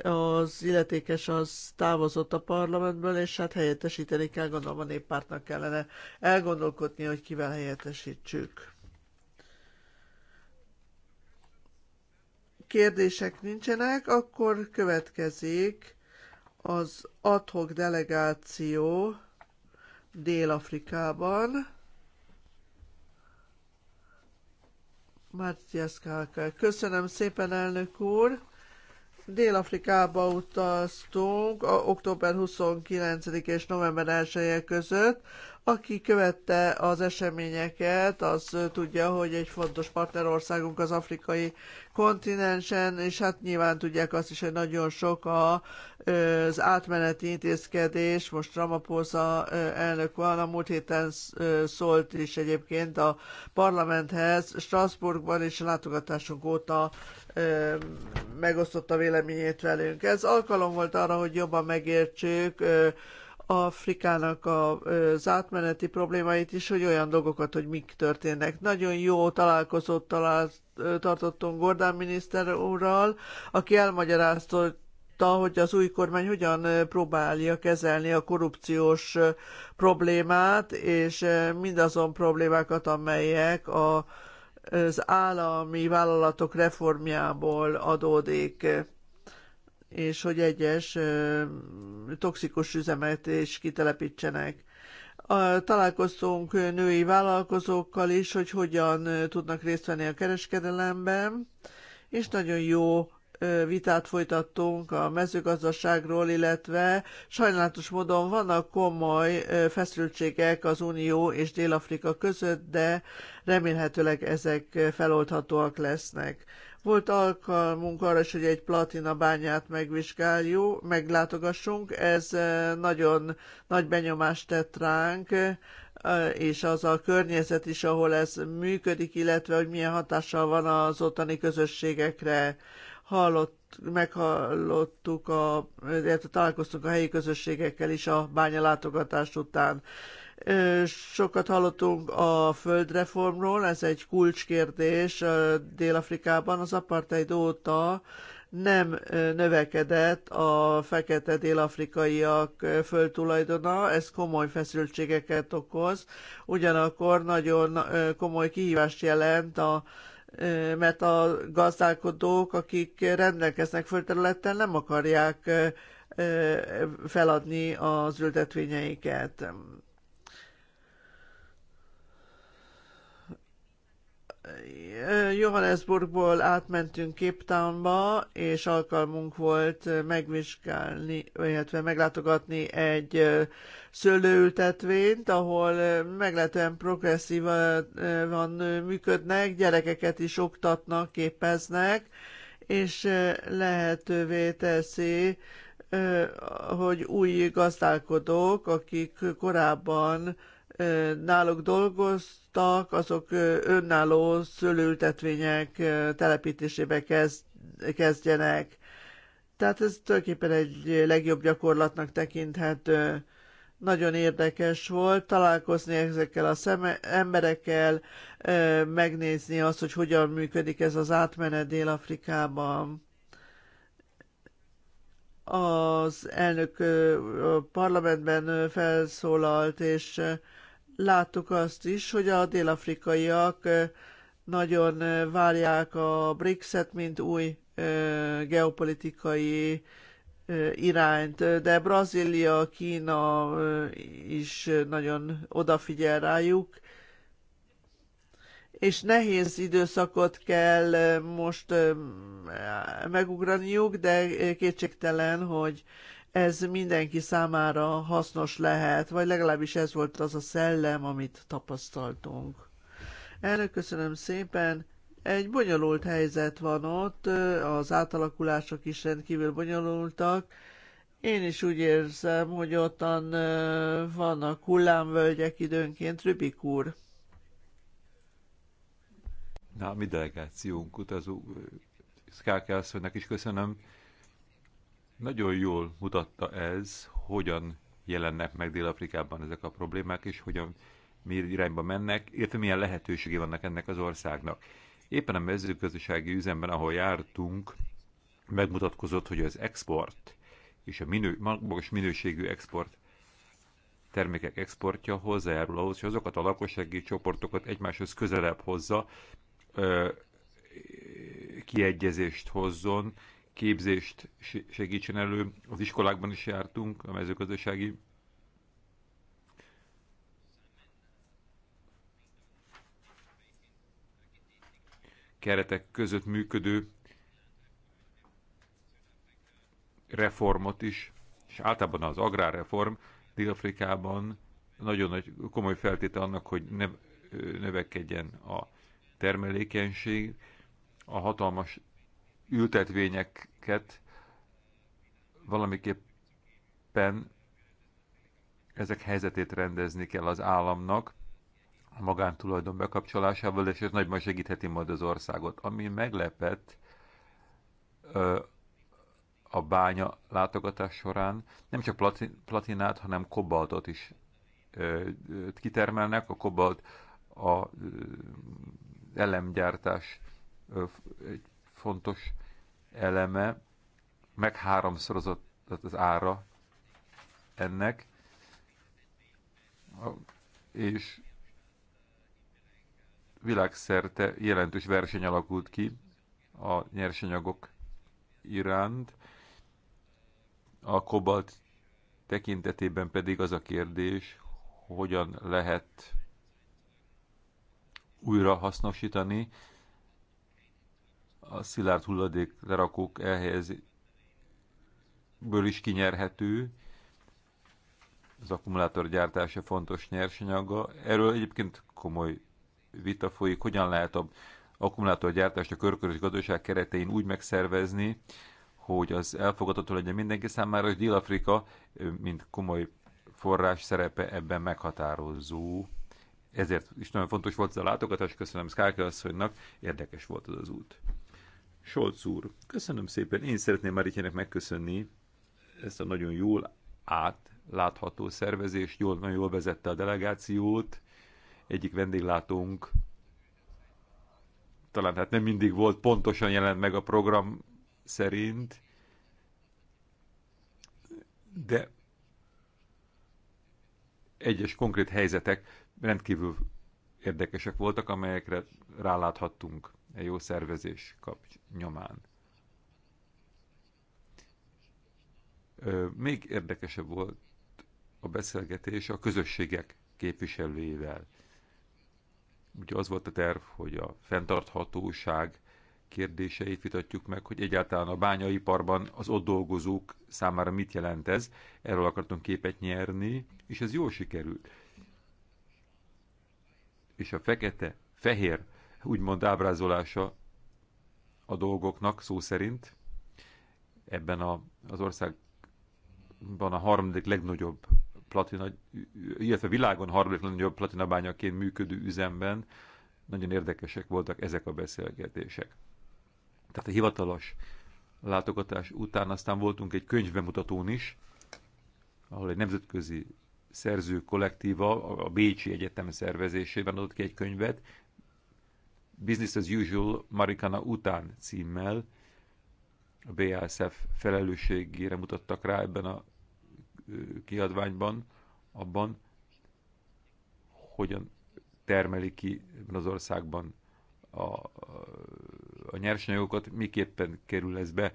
az illetékes az távozott a parlamentből, és hát helyettesíteni kell, gondolom a néppártnak kellene elgondolkodni, hogy kivel helyettesítsük. Kérdések nincsenek, akkor következik az adhok delegáció Dél-Afrikában. Mártiás Kálka. Köszönöm szépen, elnök úr! Dél-Afrikába utaztunk a október 29 és november 1 -e között aki követte az eseményeket, az tudja, hogy egy fontos partnerországunk az afrikai kontinensen, és hát nyilván tudják azt is, hogy nagyon sok a, az átmeneti intézkedés. Most Ramaphosa elnök van, a múlt héten szólt is egyébként a parlamenthez. Strasbourgban és a látogatásunk óta megosztotta véleményét velünk. Ez alkalom volt arra, hogy jobban megértsük, Afrikának az átmeneti problémáit is, hogy olyan dolgokat, hogy mik történnek. Nagyon jó találkozót tartottunk Gordán miniszter úrral, aki elmagyarázta, hogy az új kormány hogyan próbálja kezelni a korrupciós problémát, és mindazon problémákat, amelyek a, az állami vállalatok reformjából adódik és hogy egyes toxikus üzemet is kitelepítsenek. Találkoztunk női vállalkozókkal is, hogy hogyan tudnak részt venni a kereskedelemben, és nagyon jó vitát folytattunk a mezőgazdaságról, illetve sajnálatos módon vannak komoly feszültségek az Unió és Dél-Afrika között, de remélhetőleg ezek feloldhatóak lesznek. Volt alkalmunk arra is, hogy egy platina bányát megvizsgáljuk, meglátogassunk. Ez eh, nagyon nagy benyomást tett ránk, eh, és az a környezet is, ahol ez működik, illetve hogy milyen hatással van az ottani közösségekre hallott, meghallottuk, a, illetve találkoztunk a helyi közösségekkel is a bányalátogatás után. Sokat hallottunk a földreformról, ez egy kulcskérdés Dél-Afrikában. Az apartheid óta nem növekedett a fekete dél-afrikaiak földtulajdona, ez komoly feszültségeket okoz, ugyanakkor nagyon komoly kihívást jelent a mert a gazdálkodók, akik rendelkeznek földterülettel, nem akarják feladni az ültetvényeiket. Johannesburgból átmentünk Cape Townba, és alkalmunk volt megvizsgálni, illetve meglátogatni egy szőlőültetvényt, ahol meglehetően progresszívan működnek, gyerekeket is oktatnak, képeznek, és lehetővé teszi, hogy új gazdálkodók, akik korábban náluk dolgoztak, kaptak, azok önálló szőlőültetvények telepítésébe kezd, kezdjenek. Tehát ez tulajdonképpen egy legjobb gyakorlatnak tekinthető. Nagyon érdekes volt találkozni ezekkel az emberekkel, megnézni azt, hogy hogyan működik ez az átmenet Dél-Afrikában az elnök parlamentben felszólalt, és láttuk azt is, hogy a délafrikaiak nagyon várják a BRICS-et, mint új geopolitikai irányt, de Brazília, Kína is nagyon odafigyel rájuk, és nehéz időszakot kell most megugraniuk, de kétségtelen, hogy ez mindenki számára hasznos lehet, vagy legalábbis ez volt az a szellem, amit tapasztaltunk. Elnök, köszönöm szépen. Egy bonyolult helyzet van ott, az átalakulások is rendkívül bonyolultak. Én is úgy érzem, hogy ottan vannak hullámvölgyek időnként. Rübik úr. Na, mi delegációnk utazó Szkáke asszonynak is köszönöm nagyon jól mutatta ez, hogyan jelennek meg Dél-Afrikában ezek a problémák, és hogyan mi irányba mennek, illetve milyen lehetőségi vannak ennek az országnak. Éppen a mezőgazdasági üzemben, ahol jártunk, megmutatkozott, hogy az export és a minő, magas minőségű export termékek exportja hozzájárul ahhoz, hogy azokat a lakossági csoportokat egymáshoz közelebb hozza, kiegyezést hozzon, képzést segítsen elő. Az iskolákban is jártunk, a mezőgazdasági keretek között működő reformot is, és általában az agrárreform Dél-Afrikában nagyon nagy, komoly feltétel annak, hogy ne, növekedjen a termelékenység, a hatalmas ültetvényeket valamiképpen ezek helyzetét rendezni kell az államnak, a magántulajdon bekapcsolásával, és ez nagyban segítheti majd az országot. Ami meglepett a bánya látogatás során, nem csak platinát, hanem kobaltot is kitermelnek. A kobalt a elemgyártás egy fontos eleme, háromszorozott az ára ennek, és világszerte jelentős verseny alakult ki a nyersanyagok iránt. A kobalt tekintetében pedig az a kérdés, hogyan lehet újra hasznosítani a szilárd hulladék lerakók elhelyezésből is kinyerhető, az akkumulátor gyártása fontos nyersanyaga. Erről egyébként komoly vita folyik, hogyan lehet a gyártást a körkörös gazdaság keretein úgy megszervezni, hogy az elfogadható legyen mindenki számára, és Dél-Afrika, mint komoly forrás szerepe ebben meghatározó. Ezért is nagyon fontos volt ez a látogatás, köszönöm Szkárke asszonynak, érdekes volt az az út. Solc úr, köszönöm szépen. Én szeretném Maritjának megköszönni ezt a nagyon jól átlátható szervezést, jól, nagyon jól vezette a delegációt. Egyik vendéglátónk talán hát nem mindig volt pontosan jelent meg a program szerint, de egyes konkrét helyzetek rendkívül érdekesek voltak, amelyekre ráláthattunk e jó szervezés kap nyomán. Még érdekesebb volt a beszélgetés a közösségek képviselőivel. Ugye az volt a terv, hogy a fenntarthatóság kérdéseit vitatjuk meg, hogy egyáltalán a bányaiparban az ott dolgozók számára mit jelent ez. Erről akartunk képet nyerni, és ez jól sikerült. És a fekete, fehér úgymond ábrázolása a dolgoknak, szó szerint. Ebben a, az országban a harmadik legnagyobb platina, illetve világon harmadik legnagyobb platinabányaként működő üzemben nagyon érdekesek voltak ezek a beszélgetések. Tehát a hivatalos látogatás után aztán voltunk egy könyvbemutatón is, ahol egy nemzetközi szerző kollektíva a Bécsi Egyetem szervezésében adott ki egy könyvet, Business as Usual Marikana után címmel a BASF felelősségére mutattak rá ebben a kiadványban, abban, hogyan termelik ki az országban a, a, a nyersanyagokat, miképpen kerül ez be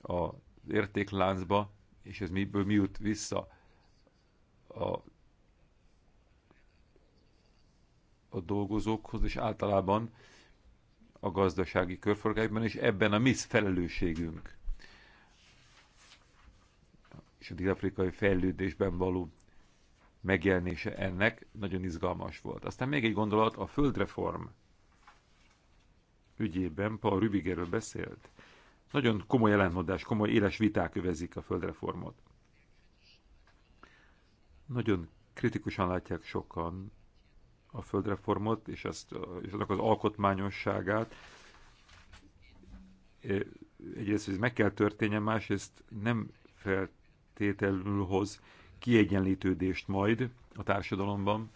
az értékláncba, és ez miből mi jut vissza a, a dolgozókhoz, és általában a gazdasági körforgásban, és ebben a mi felelősségünk és a dél-afrikai fejlődésben való megjelenése ennek nagyon izgalmas volt. Aztán még egy gondolat, a földreform ügyében Paul Rübigerről beszélt. Nagyon komoly ellentmondás, komoly éles viták övezik a földreformot. Nagyon kritikusan látják sokan a földreformot és, ezt, és annak az alkotmányosságát. E, egyrészt, hogy ez meg kell történjen, másrészt nem feltételül hoz kiegyenlítődést majd a társadalomban.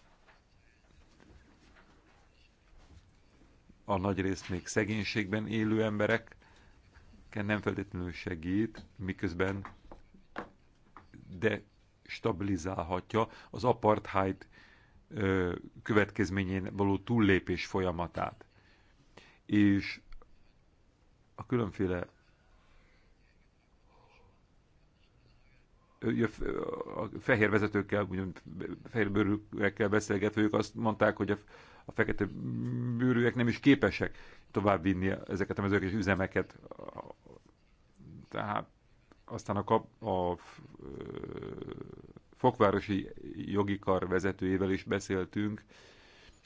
A nagy részt még szegénységben élő emberek nem feltétlenül segít, miközben de stabilizálhatja az apartheid következményén való túllépés folyamatát. És a különféle a fehér vezetőkkel, úgymond fehér bőrűekkel beszélgetve, ők azt mondták, hogy a, a fekete bőrűek nem is képesek tovább vinni ezeket a mezőkés üzemeket. Tehát aztán a, kap, a, a fokvárosi jogi kar vezetőjével is beszéltünk,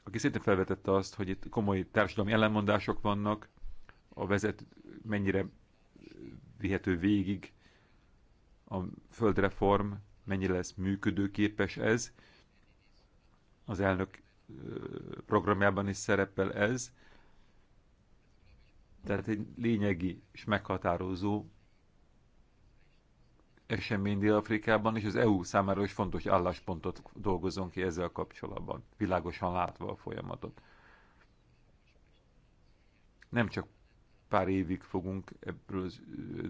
aki szintén felvetette azt, hogy itt komoly társadalmi ellenmondások vannak, a vezet mennyire vihető végig a földreform, mennyire lesz működőképes ez. Az elnök programjában is szerepel ez. Tehát egy lényegi és meghatározó esemény Dél-Afrikában, és az EU számára is fontos álláspontot dolgozunk ki ezzel kapcsolatban, világosan látva a folyamatot. Nem csak pár évig fogunk ebből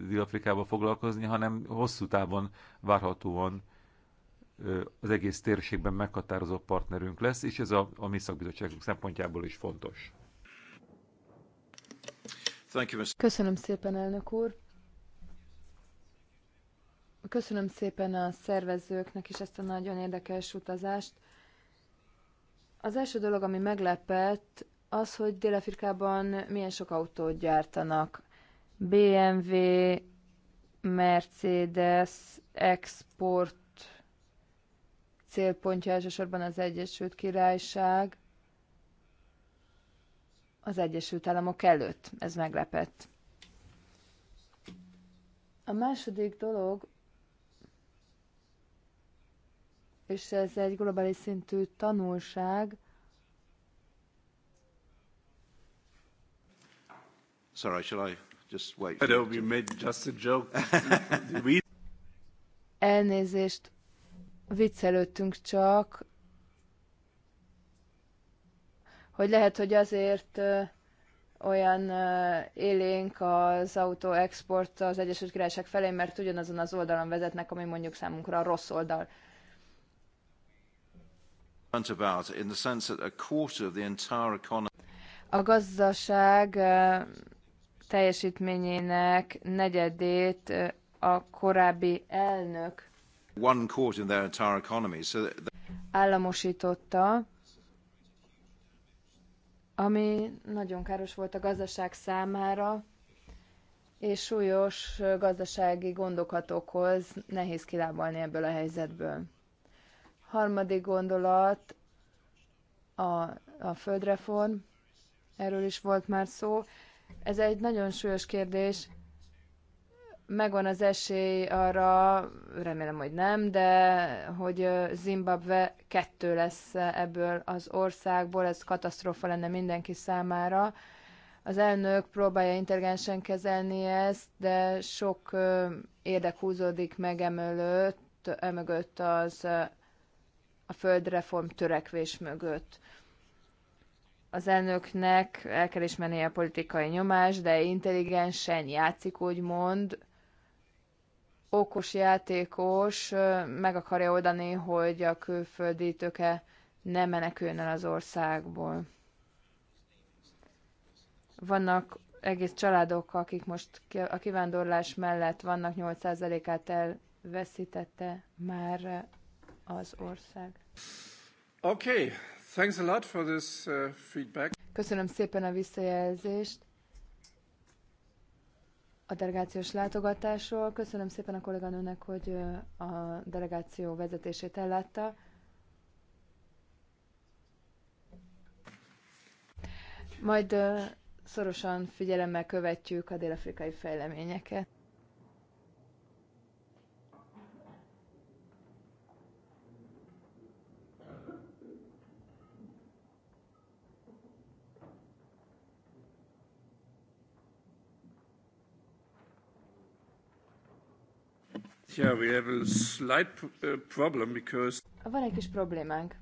Dél-Afrikával foglalkozni, hanem hosszú távon várhatóan az egész térségben meghatározó partnerünk lesz, és ez a, a mi szakbizottságunk szempontjából is fontos. Köszönöm szépen, elnök úr! Köszönöm szépen a szervezőknek is ezt a nagyon érdekes utazást. Az első dolog, ami meglepett, az, hogy Dél-Afrikában milyen sok autót gyártanak. BMW, Mercedes, export célpontja elsősorban az Egyesült Királyság, az Egyesült Államok előtt. Ez meglepett. A második dolog, és ez egy globális szintű tanulság. Sorry, shall I just wait? I know you made just a joke. Elnézést, viccelődtünk csak, hogy lehet, hogy azért olyan élénk az autóexport az Egyesült Királyság felé, mert ugyanazon az oldalon vezetnek, ami mondjuk számunkra a rossz oldal. A gazdaság teljesítményének negyedét a korábbi elnök one quarter in their entire economy. So államosította, ami nagyon káros volt a gazdaság számára, és súlyos gazdasági gondokat okoz, nehéz kilábalni ebből a helyzetből. Harmadik gondolat a, a földreform, erről is volt már szó. Ez egy nagyon súlyos kérdés. Megvan az esély arra, remélem, hogy nem, de hogy Zimbabwe kettő lesz ebből az országból, ez katasztrófa lenne mindenki számára az elnök próbálja intelligensen kezelni ezt, de sok érdek húzódik meg emögött, emögött az a földreform törekvés mögött. Az elnöknek el kell ismernie a politikai nyomás, de intelligensen játszik, úgymond, okos játékos meg akarja oldani, hogy a külföldi töke ne meneküljön el az országból. Vannak egész családok, akik most a kivándorlás mellett vannak, 8%-át elveszítette már az ország. Okay, thanks a lot for this uh, feedback. Köszönöm szépen a visszajelzést a delegációs látogatásról. Köszönöm szépen a kolléganőnek, hogy a delegáció vezetését ellátta. Majd szorosan figyelemmel követjük a dél-afrikai fejleményeket. Yeah, we have a slight uh, problem because... Van egy kis problémánk.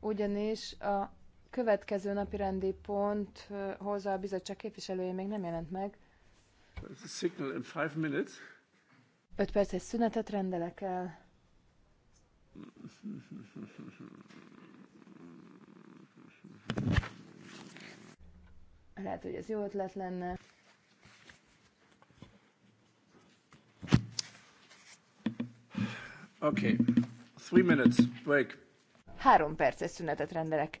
Ugyanis a következő napi rendi ponthoz a bizottság képviselője még nem jelent meg. A signal in five minutes. Öt perces szünetet rendelek el. Lehet, hogy ez jó ötlet lenne. Okay. Three minutes break. Három perces szünetet rendelek.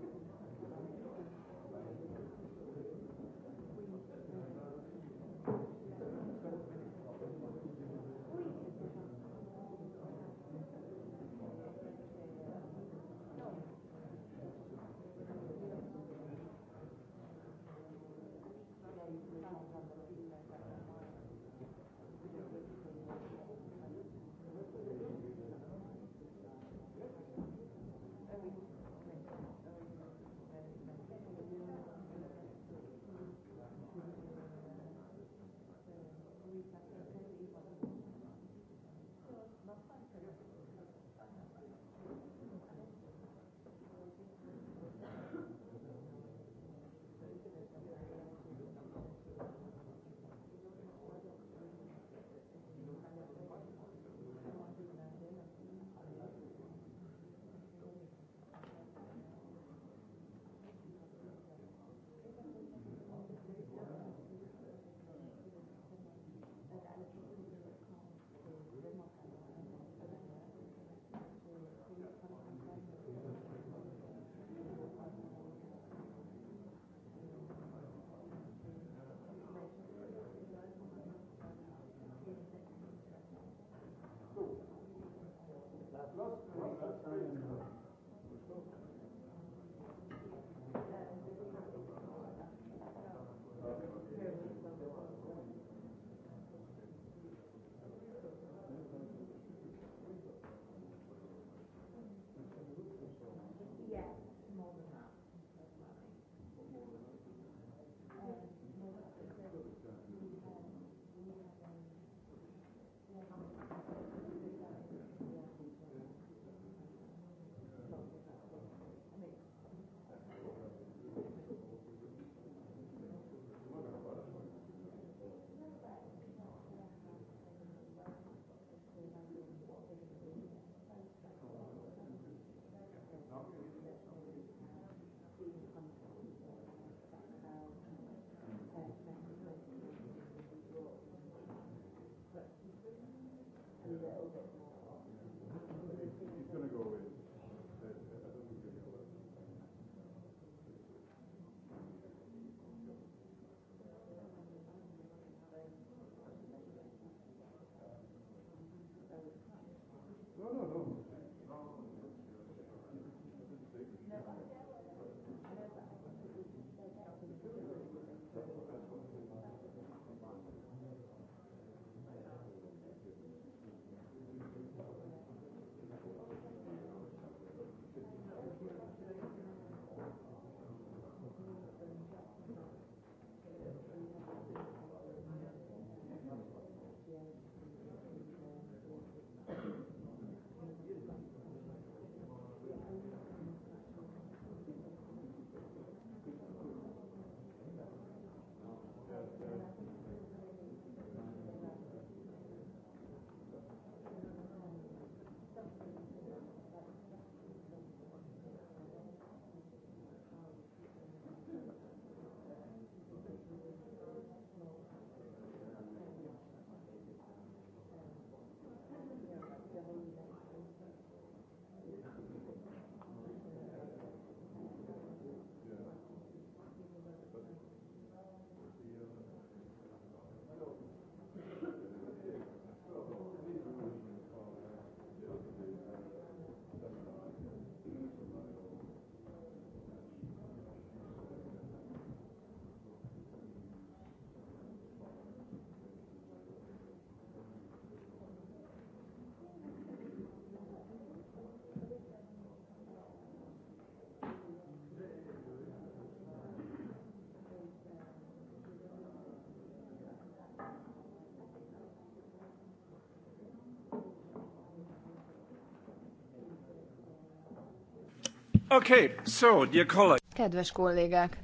Okay, so, dear colleague. Kedves kollégák,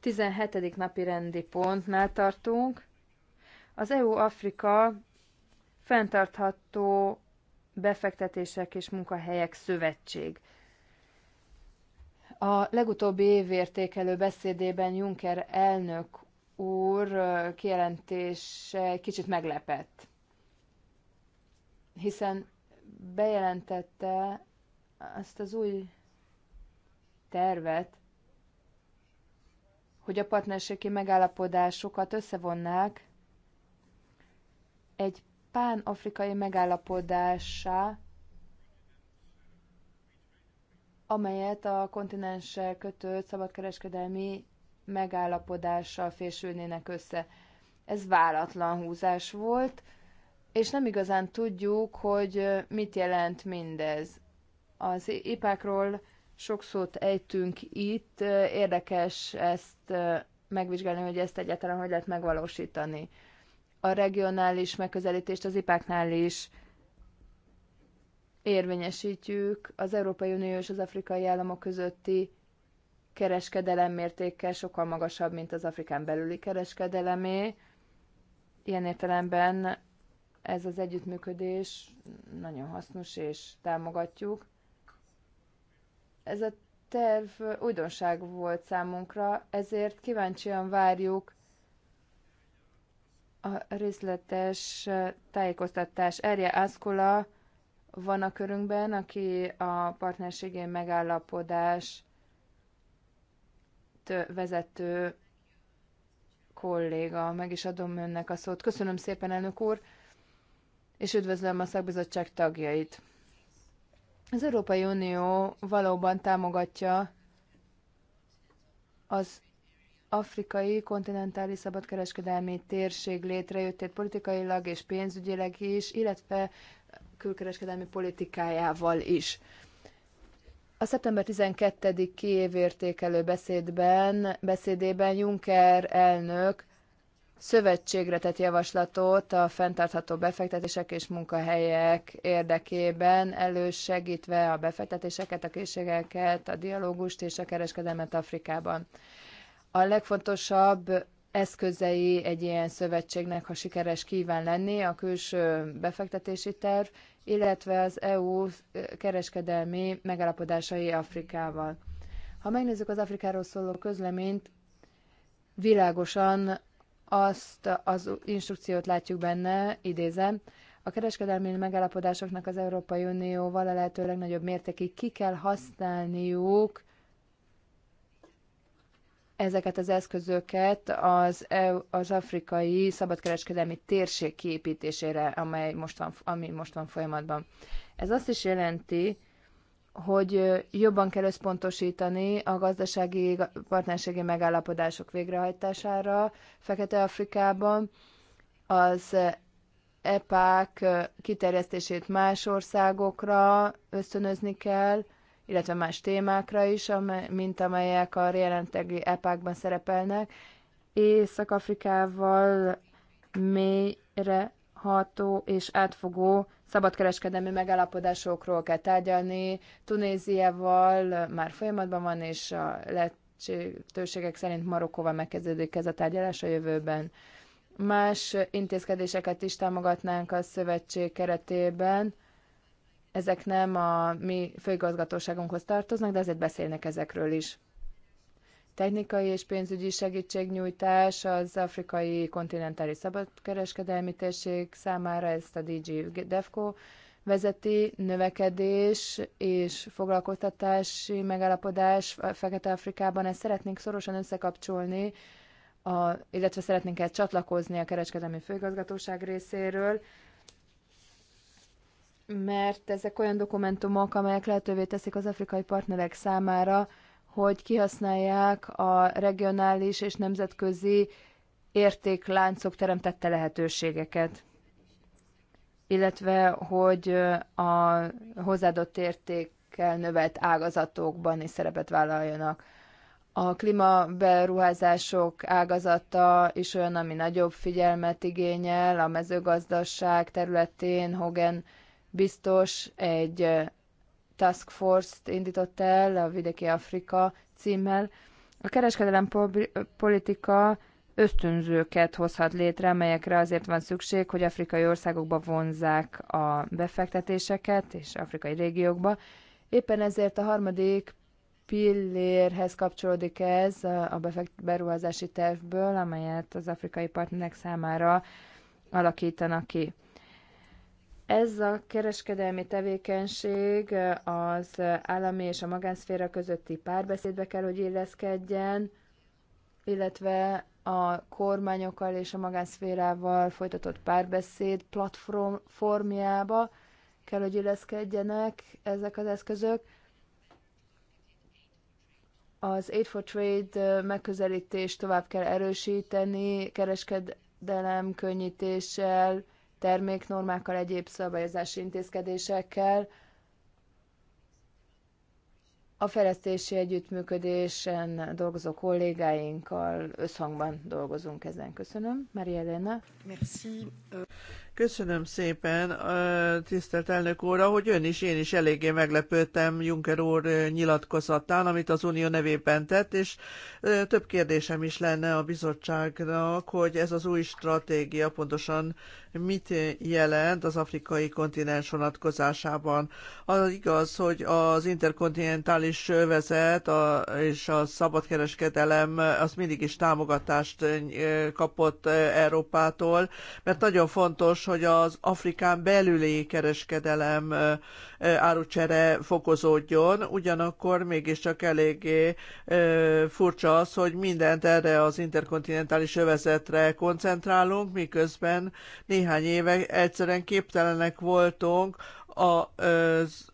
17. napi rendi pontnál tartunk. Az EU-Afrika fenntartható befektetések és munkahelyek szövetség. A legutóbbi évértékelő beszédében Juncker elnök úr kijelentése kicsit meglepett, hiszen bejelentette azt az új tervet, hogy a partnerségi megállapodásokat összevonnák egy pán-afrikai megállapodássá, amelyet a kontinenssel kötött szabadkereskedelmi megállapodással fésülnének össze. Ez váratlan húzás volt, és nem igazán tudjuk, hogy mit jelent mindez. Az ipákról sok szót ejtünk itt, érdekes ezt megvizsgálni, hogy ezt egyáltalán hogy lehet megvalósítani. A regionális megközelítést az ipáknál is érvényesítjük az Európai Unió és az afrikai államok közötti kereskedelem mértéke sokkal magasabb, mint az Afrikán belüli kereskedelemé. Ilyen értelemben ez az együttműködés nagyon hasznos, és támogatjuk. Ez a terv újdonság volt számunkra, ezért kíváncsian várjuk a részletes tájékoztatás. Erje Ászkola van a körünkben, aki a partnerségén megállapodás vezető kolléga. Meg is adom önnek a szót. Köszönöm szépen, elnök úr, és üdvözlöm a szakbizottság tagjait. Az Európai Unió valóban támogatja az afrikai kontinentális szabadkereskedelmi térség létrejöttét politikailag és pénzügyileg is, illetve külkereskedelmi politikájával is. A szeptember 12-i évértékelő beszédben, beszédében Juncker elnök szövetségre tett javaslatot a fenntartható befektetések és munkahelyek érdekében, elősegítve a befektetéseket, a készségeket, a dialógust és a kereskedelmet Afrikában. A legfontosabb eszközei egy ilyen szövetségnek, ha sikeres kíván lenni, a külső befektetési terv, illetve az EU kereskedelmi megállapodásai Afrikával. Ha megnézzük az Afrikáról szóló közleményt, világosan azt az instrukciót látjuk benne, idézem, a kereskedelmi megállapodásoknak az Európai Unióval a lehető legnagyobb mértékig ki kell használniuk ezeket az eszközöket az, EU, az afrikai szabadkereskedelmi térség kiépítésére, amely most van, ami most van folyamatban. Ez azt is jelenti, hogy jobban kell összpontosítani a gazdasági partnerségi megállapodások végrehajtására Fekete-Afrikában, az EPÁK kiterjesztését más országokra ösztönözni kell, illetve más témákra is, mint amelyek a jelentegi EPÁK-ban szerepelnek. Észak-Afrikával mélyre ható és átfogó szabadkereskedelmi megállapodásokról kell tárgyalni. Tunéziával már folyamatban van, és a lehetőségek szerint Marokkóval megkezdődik ez a tárgyalás a jövőben. Más intézkedéseket is támogatnánk a szövetség keretében. Ezek nem a mi főigazgatóságunkhoz tartoznak, de azért beszélnek ezekről is technikai és pénzügyi segítségnyújtás az afrikai kontinentális szabadkereskedelmi térség számára, ezt a DG DEFCO vezeti, növekedés és foglalkoztatási megállapodás Fekete-Afrikában. Ezt szeretnénk szorosan összekapcsolni, a, illetve szeretnénk ezt csatlakozni a kereskedelmi főigazgatóság részéről, mert ezek olyan dokumentumok, amelyek lehetővé teszik az afrikai partnerek számára, hogy kihasználják a regionális és nemzetközi értékláncok teremtette lehetőségeket, illetve hogy a hozzáadott értékkel növelt ágazatokban is szerepet vállaljanak. A klímaberuházások ágazata is olyan, ami nagyobb figyelmet igényel a mezőgazdaság területén. Hogan biztos egy Task Force-t indított el a Vidéki Afrika címmel. A kereskedelem politika ösztönzőket hozhat létre, amelyekre azért van szükség, hogy afrikai országokba vonzák a befektetéseket és afrikai régiókba. Éppen ezért a harmadik pillérhez kapcsolódik ez a beruházási tervből, amelyet az afrikai partnerek számára alakítanak ki. Ez a kereskedelmi tevékenység az állami és a magánszféra közötti párbeszédbe kell, hogy illeszkedjen, illetve a kormányokkal és a magánszférával folytatott párbeszéd platformjába kell, hogy illeszkedjenek ezek az eszközök. Az Aid for Trade megközelítést tovább kell erősíteni, kereskedelem könnyítéssel, terméknormákkal, egyéb szabályozási intézkedésekkel, a fejlesztési együttműködésen dolgozó kollégáinkkal összhangban dolgozunk ezen. Köszönöm. Maria Elena. Merci. Köszönöm szépen, tisztelt elnök úr, hogy ön is, én is eléggé meglepődtem Juncker úr nyilatkozatán, amit az Unió nevében tett, és több kérdésem is lenne a bizottságnak, hogy ez az új stratégia pontosan mit jelent az afrikai kontinens vonatkozásában. Az igaz, hogy az interkontinentális övezet a, és a szabadkereskedelem az mindig is támogatást kapott Európától, mert nagyon fontos fontos, hogy az Afrikán belüli kereskedelem árucsere fokozódjon, ugyanakkor mégiscsak eléggé furcsa az, hogy mindent erre az interkontinentális övezetre koncentrálunk, miközben néhány éve egyszerűen képtelenek voltunk az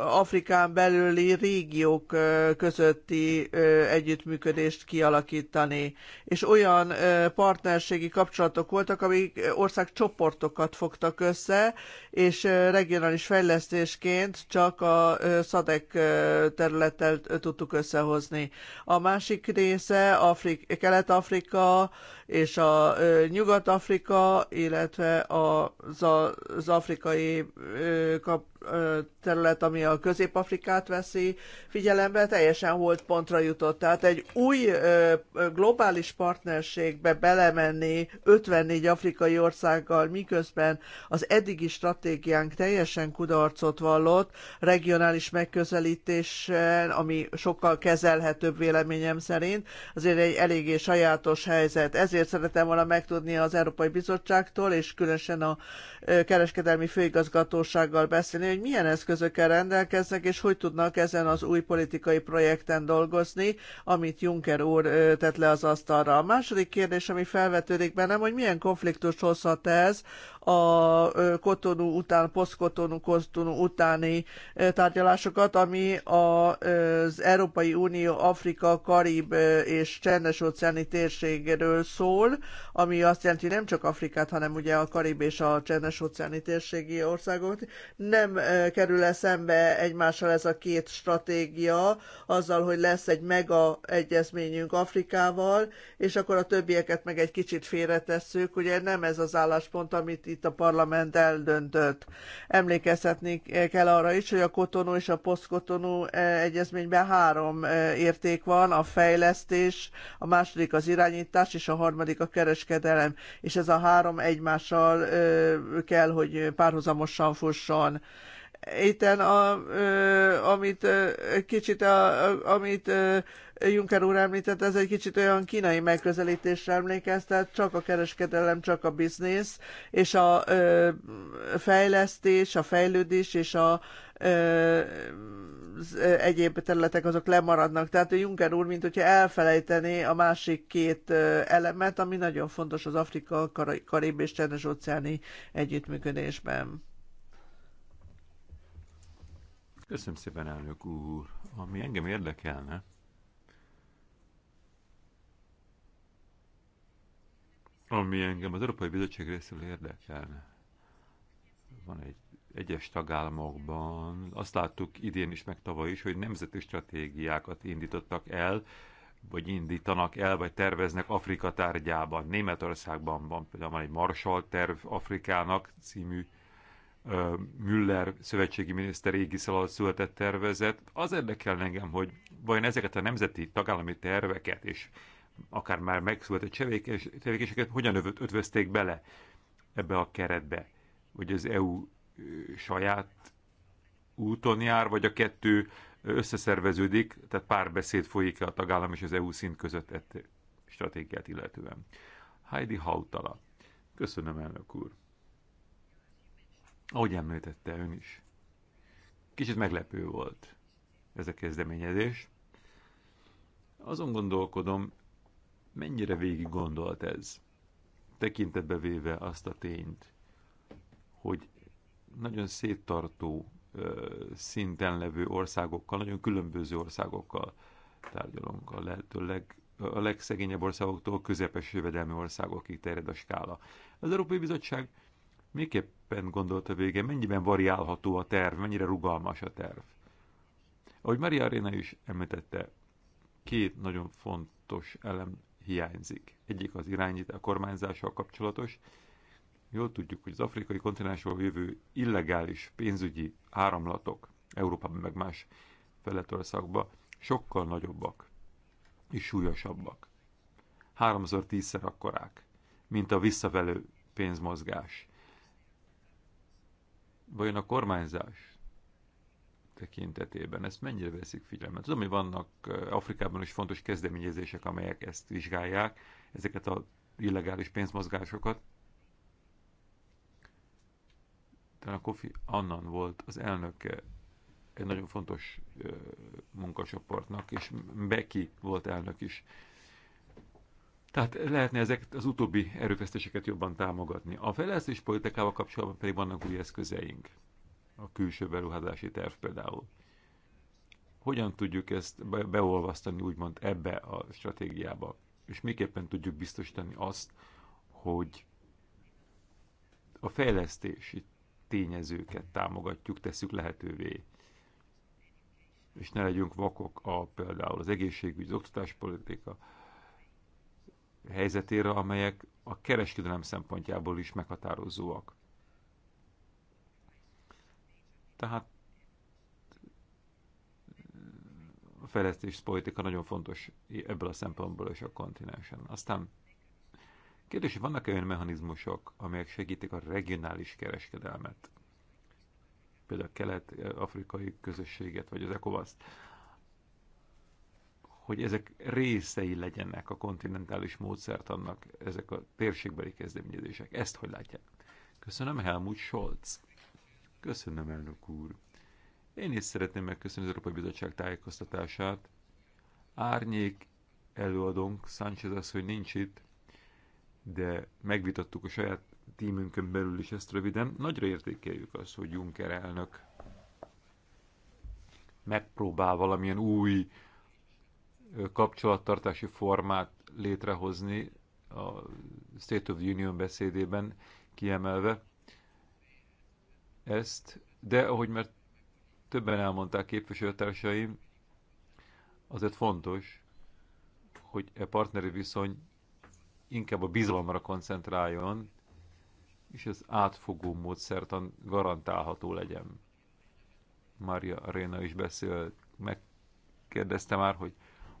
Afrikán belüli régiók közötti együttműködést kialakítani, és olyan partnerségi kapcsolatok voltak, amik országcsoportokat fogtak össze, és regionális fejlesztésként csak a SZADEK területtel tudtuk összehozni. A másik része Afrik- Kelet-Afrika és a Nyugat-Afrika, illetve az, az afrikai kap- terület, ami a Közép-Afrikát veszi figyelembe, teljesen pontra jutott. Tehát egy új globális partnerségbe belemenni 54 afrikai országgal, miközben az eddigi stratégiánk teljesen kudarcot vallott, regionális megközelítésen, ami sokkal kezelhetőbb véleményem szerint, azért egy eléggé sajátos helyzet. Ezért szeretem volna megtudni az Európai Bizottságtól, és különösen a kereskedelmi főigazgatósággal beszélni, hogy milyen eszközökkel rendelkeznek, és hogy tudnak ezen az új politikai projekten dolgozni, amit Juncker úr tett le az asztalra. A második kérdés, ami felvetődik bennem, hogy milyen konfliktus hozhat ez a kotonú után, posztkotonú, kotonú utáni tárgyalásokat, ami az Európai Unió, Afrika, Karib és Csendes-óceáni térségről szól, ami azt jelenti nem csak Afrikát, hanem ugye a Karib és a Csendes-óceáni térségi országot. Nem kerül -e szembe egymással ez a két stratégia, azzal, hogy lesz egy mega egyezményünk Afrikával, és akkor a többieket meg egy kicsit félretesszük. Ugye nem ez az álláspont, amit itt a parlament eldöntött. Emlékezhetni kell arra is, hogy a kotonó és a posztkotonó eh, egyezményben három eh, érték van, a fejlesztés, a második az irányítás, és a harmadik a kereskedelem, és ez a három egymással eh, kell, hogy párhuzamosan fusson Éten, a, amit kicsit, a, amit Juncker úr említett, ez egy kicsit olyan kínai megközelítésre emlékeztet, csak a kereskedelem, csak a biznisz, és a ö, fejlesztés, a fejlődés és a ö, az egyéb területek azok lemaradnak. Tehát Juncker úr, mint hogyha elfelejteni a másik két elemet, ami nagyon fontos az Afrika, Karib és Csendes óceáni együttműködésben. Köszönöm szépen, elnök úr. Ami engem érdekelne, ami engem az Európai Bizottság részéről érdekelne, van egy egyes tagállamokban, azt láttuk idén is, meg tavaly is, hogy nemzeti stratégiákat indítottak el, vagy indítanak el, vagy terveznek Afrika tárgyában. Németországban van például van egy Marshall terv Afrikának című Müller szövetségi miniszter égisz alatt született tervezet. Az érdekel engem, hogy vajon ezeket a nemzeti tagállami terveket és akár már megszületett tevékenységeket hogyan ötvözték bele ebbe a keretbe? Hogy az EU saját úton jár, vagy a kettő összeszerveződik, tehát párbeszéd folyik a tagállam és az EU szint között ett stratégiát illetően. Heidi Hautala. Köszönöm, elnök úr. Ahogy említette ön is. Kicsit meglepő volt ez a kezdeményezés. Azon gondolkodom, mennyire végig gondolt ez, tekintetbe véve azt a tényt, hogy nagyon széttartó szinten levő országokkal, nagyon különböző országokkal tárgyalunk a lehetőleg a legszegényebb országoktól közepes jövedelmi országokig terjed a skála. Az Európai Bizottság Miképpen gondolta vége, mennyiben variálható a terv, mennyire rugalmas a terv? Ahogy Maria Arena is említette, két nagyon fontos elem hiányzik. Egyik az irányít, a kormányzással kapcsolatos. Jól tudjuk, hogy az afrikai kontinensről jövő illegális pénzügyi áramlatok Európában meg más feletországban sokkal nagyobbak és súlyosabbak. Háromszor tízszer akkorák, mint a visszavelő pénzmozgás vajon a kormányzás tekintetében ezt mennyire veszik figyelembe? Tudom, hogy vannak Afrikában is fontos kezdeményezések, amelyek ezt vizsgálják, ezeket a illegális pénzmozgásokat. Talán a Kofi Annan volt az elnöke egy nagyon fontos munkasoportnak, és beki volt elnök is tehát lehetne ezeket az utóbbi erőfesztéseket jobban támogatni. A fejlesztés politikával kapcsolatban pedig vannak új eszközeink. A külső beruházási terv például. Hogyan tudjuk ezt beolvasztani úgymond ebbe a stratégiába? És miképpen tudjuk biztosítani azt, hogy a fejlesztési tényezőket támogatjuk, tesszük lehetővé. És ne legyünk vakok a például az egészségügy, az oktatáspolitika, politika, helyzetére, amelyek a kereskedelem szempontjából is meghatározóak. Tehát a fejlesztés politika nagyon fontos ebből a szempontból és a kontinensen. Aztán kérdés, hogy vannak-e olyan mechanizmusok, amelyek segítik a regionális kereskedelmet? Például a kelet-afrikai közösséget, vagy az ECOWAS-t hogy ezek részei legyenek a kontinentális annak ezek a térségbeli kezdeményezések. Ezt hogy látják? Köszönöm, Helmut Scholz. Köszönöm, elnök úr. Én is szeretném megköszönni az Európai Bizottság tájékoztatását. Árnyék előadónk, Sánchez az, hogy nincs itt, de megvitattuk a saját tímünkön belül is ezt röviden. Nagyra értékeljük azt, hogy Juncker elnök megpróbál valamilyen új kapcsolattartási formát létrehozni a State of the Union beszédében kiemelve ezt, de ahogy már többen elmondták képviselőtársaim, azért fontos, hogy e partneri viszony inkább a bizalomra koncentráljon, és az átfogó módszertan garantálható legyen. Maria Arena is beszél, megkérdezte már, hogy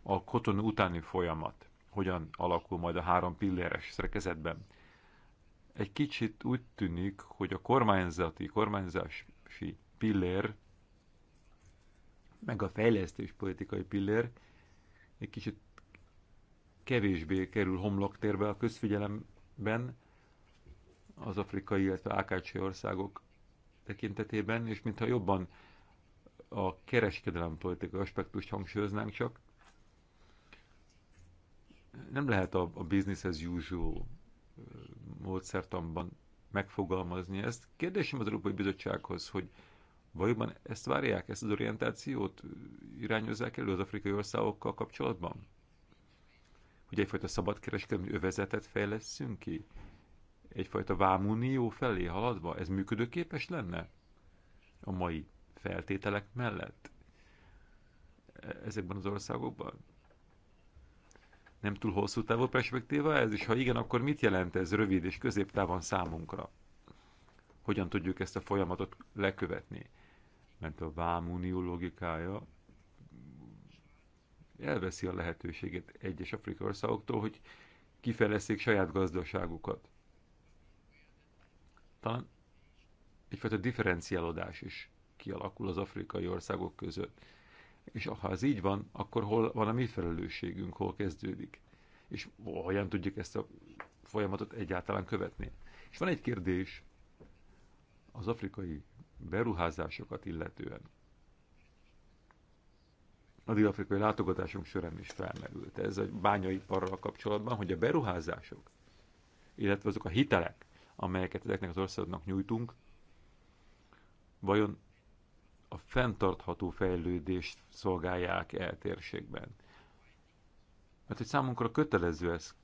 a koton utáni folyamat hogyan alakul majd a három pilléres szerkezetben. Egy kicsit úgy tűnik, hogy a kormányzati, kormányzási pillér, meg a fejlesztés politikai pillér egy kicsit kevésbé kerül homloktérbe a közfigyelemben az afrikai, illetve ákácsi országok tekintetében, és mintha jobban a kereskedelem politikai aspektust hangsúlyoznánk csak, nem lehet a, a business as usual módszertamban megfogalmazni ezt. Kérdésem az Európai Bizottsághoz, hogy valójában ezt várják, ezt az orientációt irányozzák elő az afrikai országokkal kapcsolatban? Hogy egyfajta szabadkereskedelmi övezetet fejleszünk ki? Egyfajta vámunió felé haladva? Ez működőképes lenne? A mai feltételek mellett? E, ezekben az országokban? nem túl hosszú távú perspektíva ez, és ha igen, akkor mit jelent ez rövid és középtávon számunkra? Hogyan tudjuk ezt a folyamatot lekövetni? Mert a vámunió logikája elveszi a lehetőséget egyes afrikai országoktól, hogy kifejleszték saját gazdaságukat. Talán egyfajta differenciálódás is kialakul az afrikai országok között és ha ez így van, akkor hol van a mi felelősségünk, hol kezdődik? És hogyan tudjuk ezt a folyamatot egyáltalán követni? És van egy kérdés az afrikai beruházásokat illetően. A dél-afrikai látogatásunk során is felmerült ez a bányaiparral kapcsolatban, hogy a beruházások, illetve azok a hitelek, amelyeket ezeknek az országoknak nyújtunk, vajon a fenntartható fejlődést szolgálják el térségben. Mert hogy számunkra kötelező ez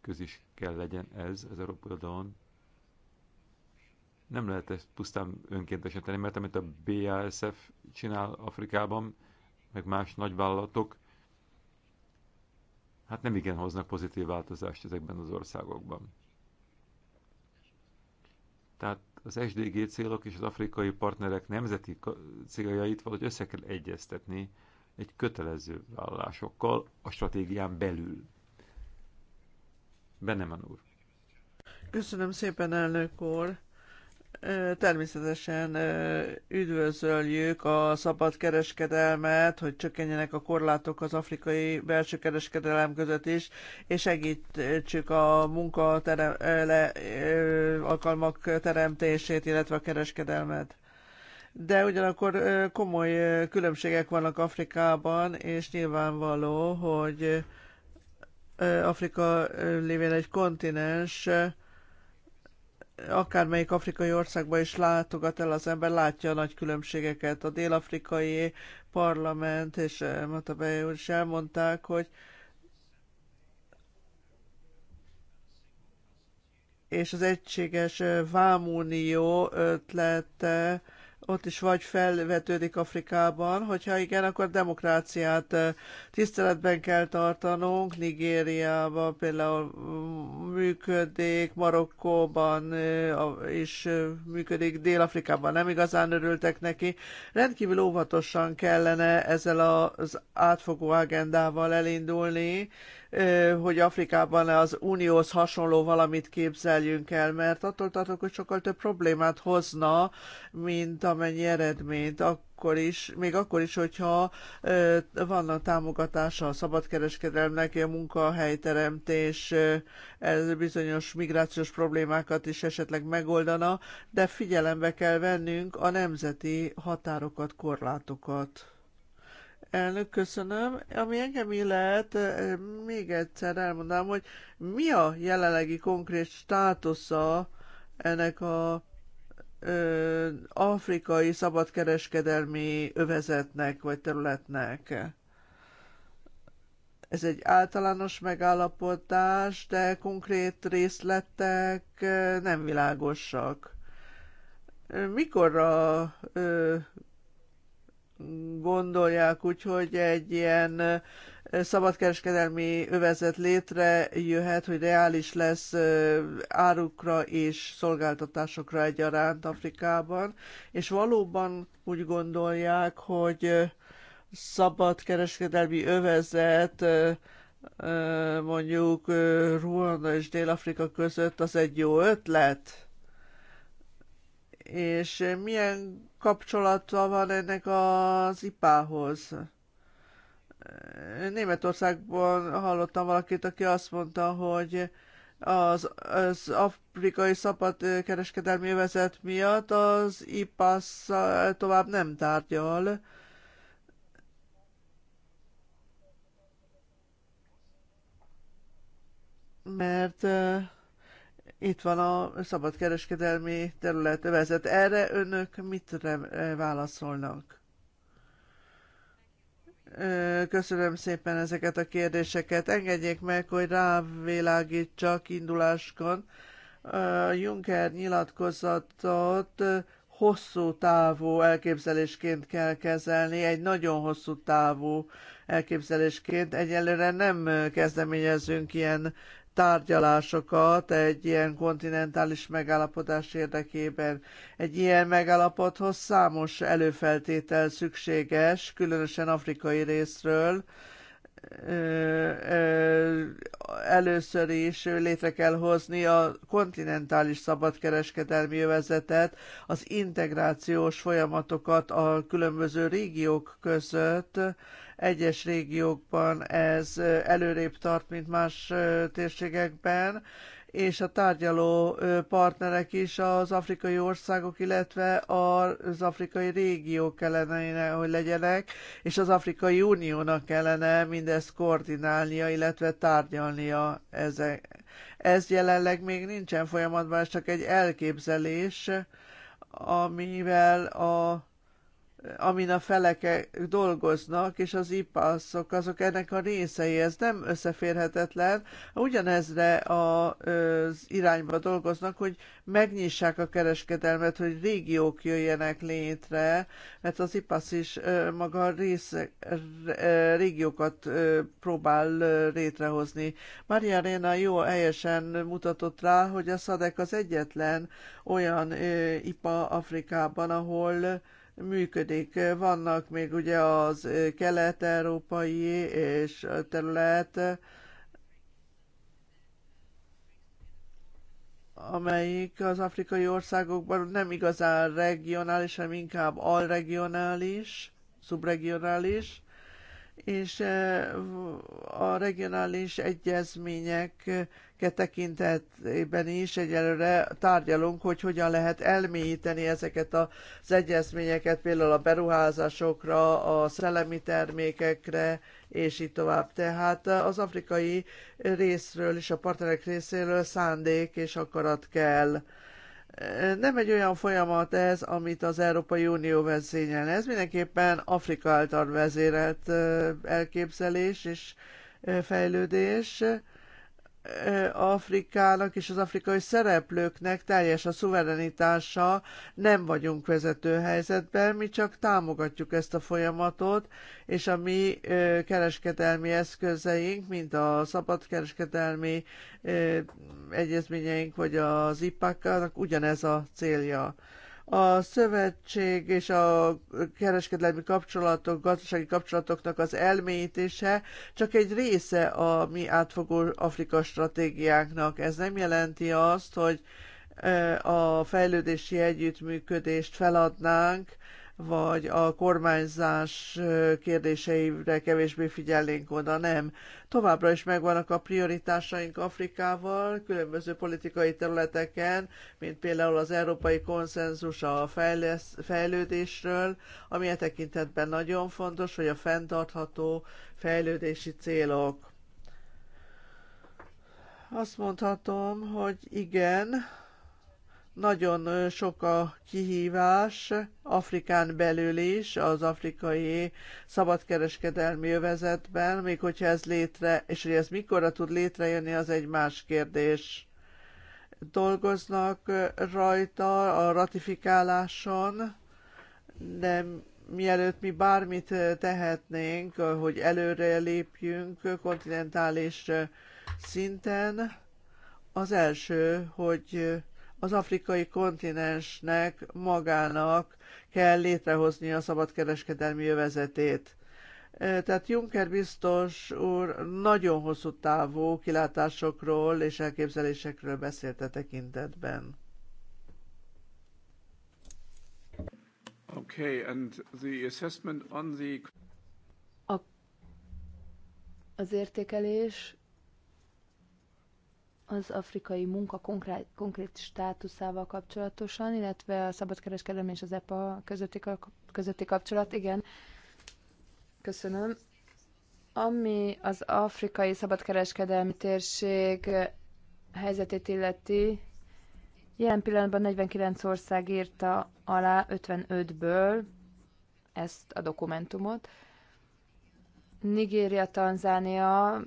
közis is kell legyen ez az Európai Nem lehet ezt pusztán önkéntesen tenni, mert amit a BASF csinál Afrikában, meg más nagyvállalatok, hát nem igen hoznak pozitív változást ezekben az országokban. Tehát az SDG célok és az afrikai partnerek nemzeti céljait valahogy össze kell egyeztetni egy kötelező vállalásokkal a stratégián belül. benne úr. Köszönöm szépen, elnök úr. Természetesen üdvözöljük a szabad kereskedelmet, hogy csökkenjenek a korlátok az afrikai belső kereskedelem között is, és segítsük a munka terem, le, alkalmak teremtését, illetve a kereskedelmet. De ugyanakkor komoly különbségek vannak Afrikában, és nyilvánvaló, hogy Afrika lévén egy kontinens, akármelyik afrikai országba is látogat el az ember, látja a nagy különbségeket. A dél-afrikai parlament és eh, Matabe úr is elmondták, hogy és az egységes eh, vámunió ötlete ott is vagy felvetődik Afrikában, hogyha igen, akkor demokráciát tiszteletben kell tartanunk, Nigériában például mm, működik, Marokkóban is működik, Dél-Afrikában nem igazán örültek neki. Rendkívül óvatosan kellene ezzel az átfogó agendával elindulni, hogy Afrikában az unióhoz hasonló valamit képzeljünk el, mert attól tartok, hogy sokkal több problémát hozna, mint amennyi eredményt. Akkor is, még akkor is, hogyha vannak támogatása a szabadkereskedelemnek, a munkahelyteremtés, ez bizonyos migrációs problémákat is esetleg megoldana, de figyelembe kell vennünk a nemzeti határokat, korlátokat elnök, köszönöm. Ami engem illet, eh, még egyszer elmondám, hogy mi a jelenlegi konkrét státusza ennek a ö, afrikai szabadkereskedelmi övezetnek vagy területnek. Ez egy általános megállapodás, de konkrét részletek eh, nem világosak. Mikorra a gondolják úgyhogy hogy egy ilyen szabadkereskedelmi övezet létrejöhet, hogy reális lesz árukra és szolgáltatásokra egyaránt Afrikában, és valóban úgy gondolják, hogy szabadkereskedelmi övezet mondjuk Ruanda és Dél-Afrika között az egy jó ötlet? És milyen kapcsolata van ennek az ipához. Németországban hallottam valakit, aki azt mondta, hogy az, az afrikai szabad kereskedelmi miatt az IPASZ tovább nem tárgyal. Mert itt van a szabadkereskedelmi terület vezet. Erre önök mit eh, válaszolnak? Köszönöm szépen ezeket a kérdéseket. Engedjék meg, hogy rávilágítsak induláskon. A Juncker nyilatkozatot hosszú távú elképzelésként kell kezelni, egy nagyon hosszú távú elképzelésként. Egyelőre nem kezdeményezünk ilyen tárgyalásokat egy ilyen kontinentális megállapodás érdekében. Egy ilyen megállapodhoz számos előfeltétel szükséges, különösen afrikai részről, először is létre kell hozni a kontinentális szabadkereskedelmi övezetet, az integrációs folyamatokat a különböző régiók között. Egyes régiókban ez előrébb tart, mint más térségekben, és a tárgyaló partnerek is az afrikai országok, illetve az afrikai régiók kellene, hogy legyenek, és az Afrikai Uniónak kellene mindezt koordinálnia, illetve tárgyalnia ezek. Ez jelenleg még nincsen folyamatban, ez csak egy elképzelés, amivel a amin a felekek dolgoznak, és az ipaszok, azok ennek a részei, ez nem összeférhetetlen. Ugyanezre az irányba dolgoznak, hogy megnyissák a kereskedelmet, hogy régiók jöjjenek létre, mert az IPASZ is maga rész, régiókat próbál létrehozni. Maria Réna jó helyesen mutatott rá, hogy a SZADEK az egyetlen olyan IPA Afrikában, ahol működik. Vannak még ugye az kelet-európai és terület, amelyik az afrikai országokban nem igazán regionális, hanem inkább alregionális, szubregionális, és a regionális egyezmények E tekintetében is egyelőre tárgyalunk, hogy hogyan lehet elmélyíteni ezeket az egyezményeket, például a beruházásokra, a szellemi termékekre, és így tovább. Tehát az afrikai részről és a partnerek részéről szándék és akarat kell. Nem egy olyan folyamat ez, amit az Európai Unió vezényel. Ez mindenképpen Afrika által vezérelt elképzelés és fejlődés. Afrikának és az afrikai szereplőknek teljes a szuverenitása, nem vagyunk vezető helyzetben, mi csak támogatjuk ezt a folyamatot, és a mi kereskedelmi eszközeink, mint a szabadkereskedelmi egyezményeink, vagy az IPAK-nak ugyanez a célja. A szövetség és a kereskedelmi kapcsolatok, gazdasági kapcsolatoknak az elmélyítése csak egy része a mi átfogó Afrika stratégiánknak. Ez nem jelenti azt, hogy a fejlődési együttműködést feladnánk, vagy a kormányzás kérdéseire kevésbé figyelnénk oda, nem. Továbbra is megvannak a prioritásaink Afrikával, különböző politikai területeken, mint például az európai konszenzus a fejlesz, fejlődésről, ami a e tekintetben nagyon fontos, hogy a fenntartható fejlődési célok. Azt mondhatom, hogy igen, nagyon sok a kihívás Afrikán belül is, az afrikai szabadkereskedelmi övezetben, még hogyha ez létre, és hogy ez mikorra tud létrejönni, az egy más kérdés. Dolgoznak rajta a ratifikáláson, de mielőtt mi bármit tehetnénk, hogy előre lépjünk kontinentális szinten, az első, hogy az afrikai kontinensnek magának kell létrehozni a szabadkereskedelmi övezetét. Tehát Juncker biztos úr nagyon hosszú távú kilátásokról és elképzelésekről beszélt a tekintetben. Okay, and the assessment on the... A, az értékelés az afrikai munka konkrét, konkrét státuszával kapcsolatosan, illetve a szabadkereskedelem és az EPA közötti, közötti kapcsolat, igen. Köszönöm. Ami az afrikai szabadkereskedelmi térség helyzetét illeti, jelen pillanatban 49 ország írta alá 55-ből ezt a dokumentumot. Nigéria, Tanzánia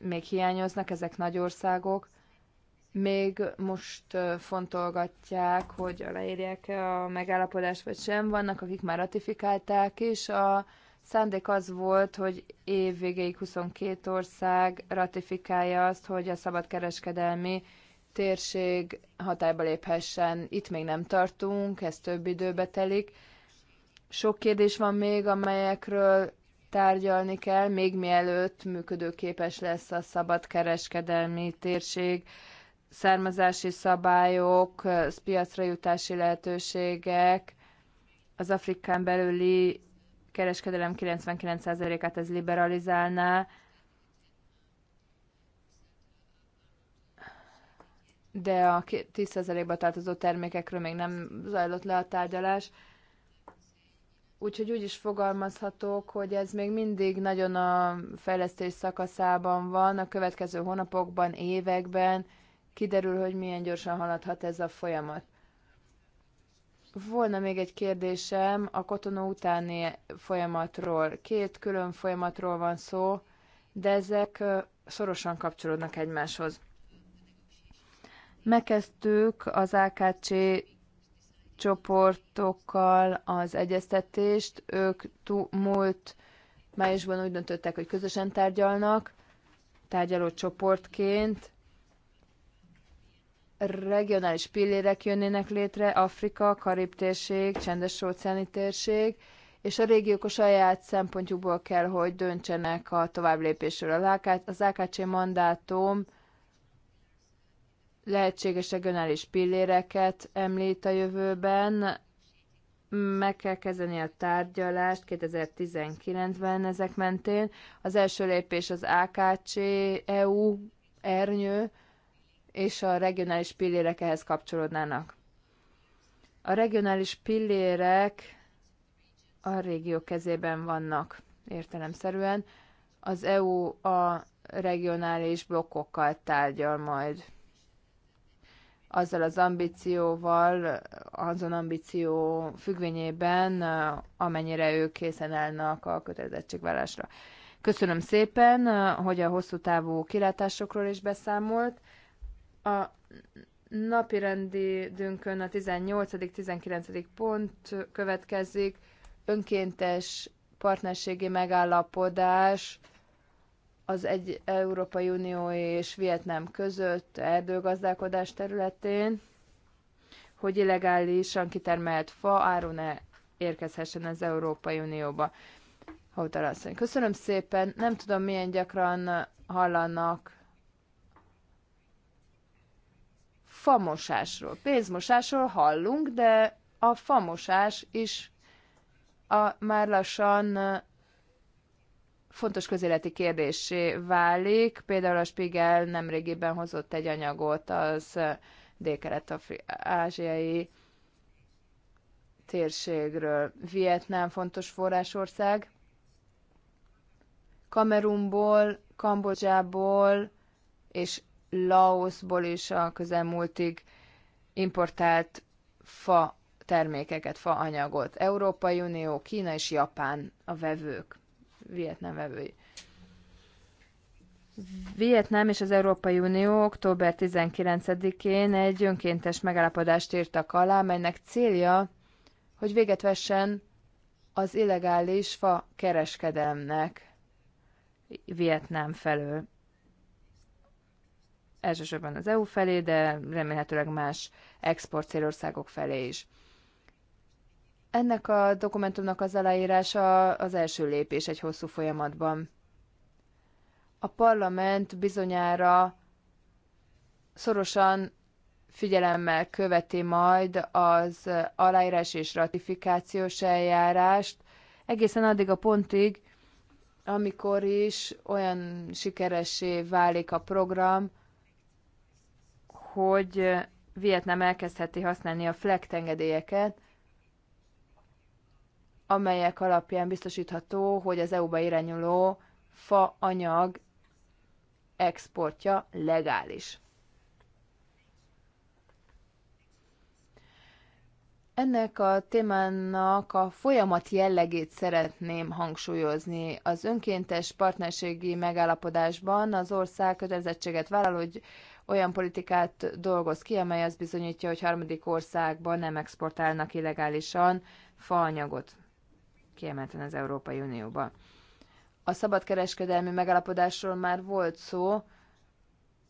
még hiányoznak, ezek nagy országok még most fontolgatják, hogy aláírják-e a megállapodást vagy sem. Vannak, akik már ratifikálták is. A szándék az volt, hogy év végéig 22 ország ratifikálja azt, hogy a szabadkereskedelmi térség hatályba léphessen. Itt még nem tartunk, ez több időbe telik. Sok kérdés van még, amelyekről tárgyalni kell, még mielőtt működőképes lesz a szabadkereskedelmi térség származási szabályok, piacra jutási lehetőségek, az Afrikán belüli kereskedelem 99%-át ez liberalizálná, de a 10%-ba tartozó termékekről még nem zajlott le a tárgyalás. Úgyhogy úgy is fogalmazhatok, hogy ez még mindig nagyon a fejlesztés szakaszában van, a következő hónapokban, években, kiderül, hogy milyen gyorsan haladhat ez a folyamat. Volna még egy kérdésem a kotonó utáni folyamatról. Két külön folyamatról van szó, de ezek szorosan kapcsolódnak egymáshoz. Megkezdtük az AKC csoportokkal az egyeztetést. Ők múlt májusban úgy döntöttek, hogy közösen tárgyalnak, tárgyaló csoportként regionális pillérek jönnének létre, Afrika, Karib térség, csendes óceáni térség, és a régiók a saját szempontjukból kell, hogy döntsenek a továbblépésről. Az AKC mandátum lehetséges regionális pilléreket említ a jövőben, meg kell kezdeni a tárgyalást 2019-ben ezek mentén. Az első lépés az AKC EU ernyő, és a regionális pillérek ehhez kapcsolódnának. A regionális pillérek a régió kezében vannak értelemszerűen. Az EU a regionális blokkokkal tárgyal majd. Azzal az ambícióval, azon ambíció függvényében, amennyire ők készen állnak a kötelezettségvállásra. Köszönöm szépen, hogy a hosszú távú kilátásokról is beszámolt. A napi rendidőnkön a 18.-19. pont következik, önkéntes partnerségi megállapodás az egy Európai Unió és Vietnám között erdőgazdálkodás területén, hogy illegálisan kitermelt fa áru ne érkezhessen az Európai Unióba. köszönöm szépen. Nem tudom, milyen gyakran hallanak famosásról. Pénzmosásról hallunk, de a famosás is a már lassan fontos közéleti kérdésé válik. Például a Spiegel nemrégiben hozott egy anyagot az dél-kelet-ázsiai térségről. Vietnám fontos forrásország. Kamerumból, Kambodzsából és Laosból is a közelmúltig importált fa termékeket, faanyagot. Európai Unió, Kína és Japán a vevők, Vietnám vevői. Vietnám és az Európai Unió október 19-én egy önkéntes megállapodást írtak alá, melynek célja, hogy véget vessen az illegális fa kereskedelmnek Vietnám felől elsősorban az EU felé, de remélhetőleg más export célországok felé is. Ennek a dokumentumnak az aláírása az első lépés egy hosszú folyamatban. A parlament bizonyára szorosan figyelemmel követi majd az aláírás és ratifikációs eljárást, egészen addig a pontig, amikor is olyan sikeressé válik a program, hogy Vietnám elkezdheti használni a FLECT engedélyeket, amelyek alapján biztosítható, hogy az EU-ba irányuló faanyag exportja legális. Ennek a témának a folyamat jellegét szeretném hangsúlyozni. Az önkéntes partnerségi megállapodásban az ország kötelezettséget vállal, hogy olyan politikát dolgoz ki, amely azt bizonyítja, hogy harmadik országban nem exportálnak illegálisan faanyagot, kiemelten az Európai Unióba. A szabadkereskedelmi megállapodásról már volt szó,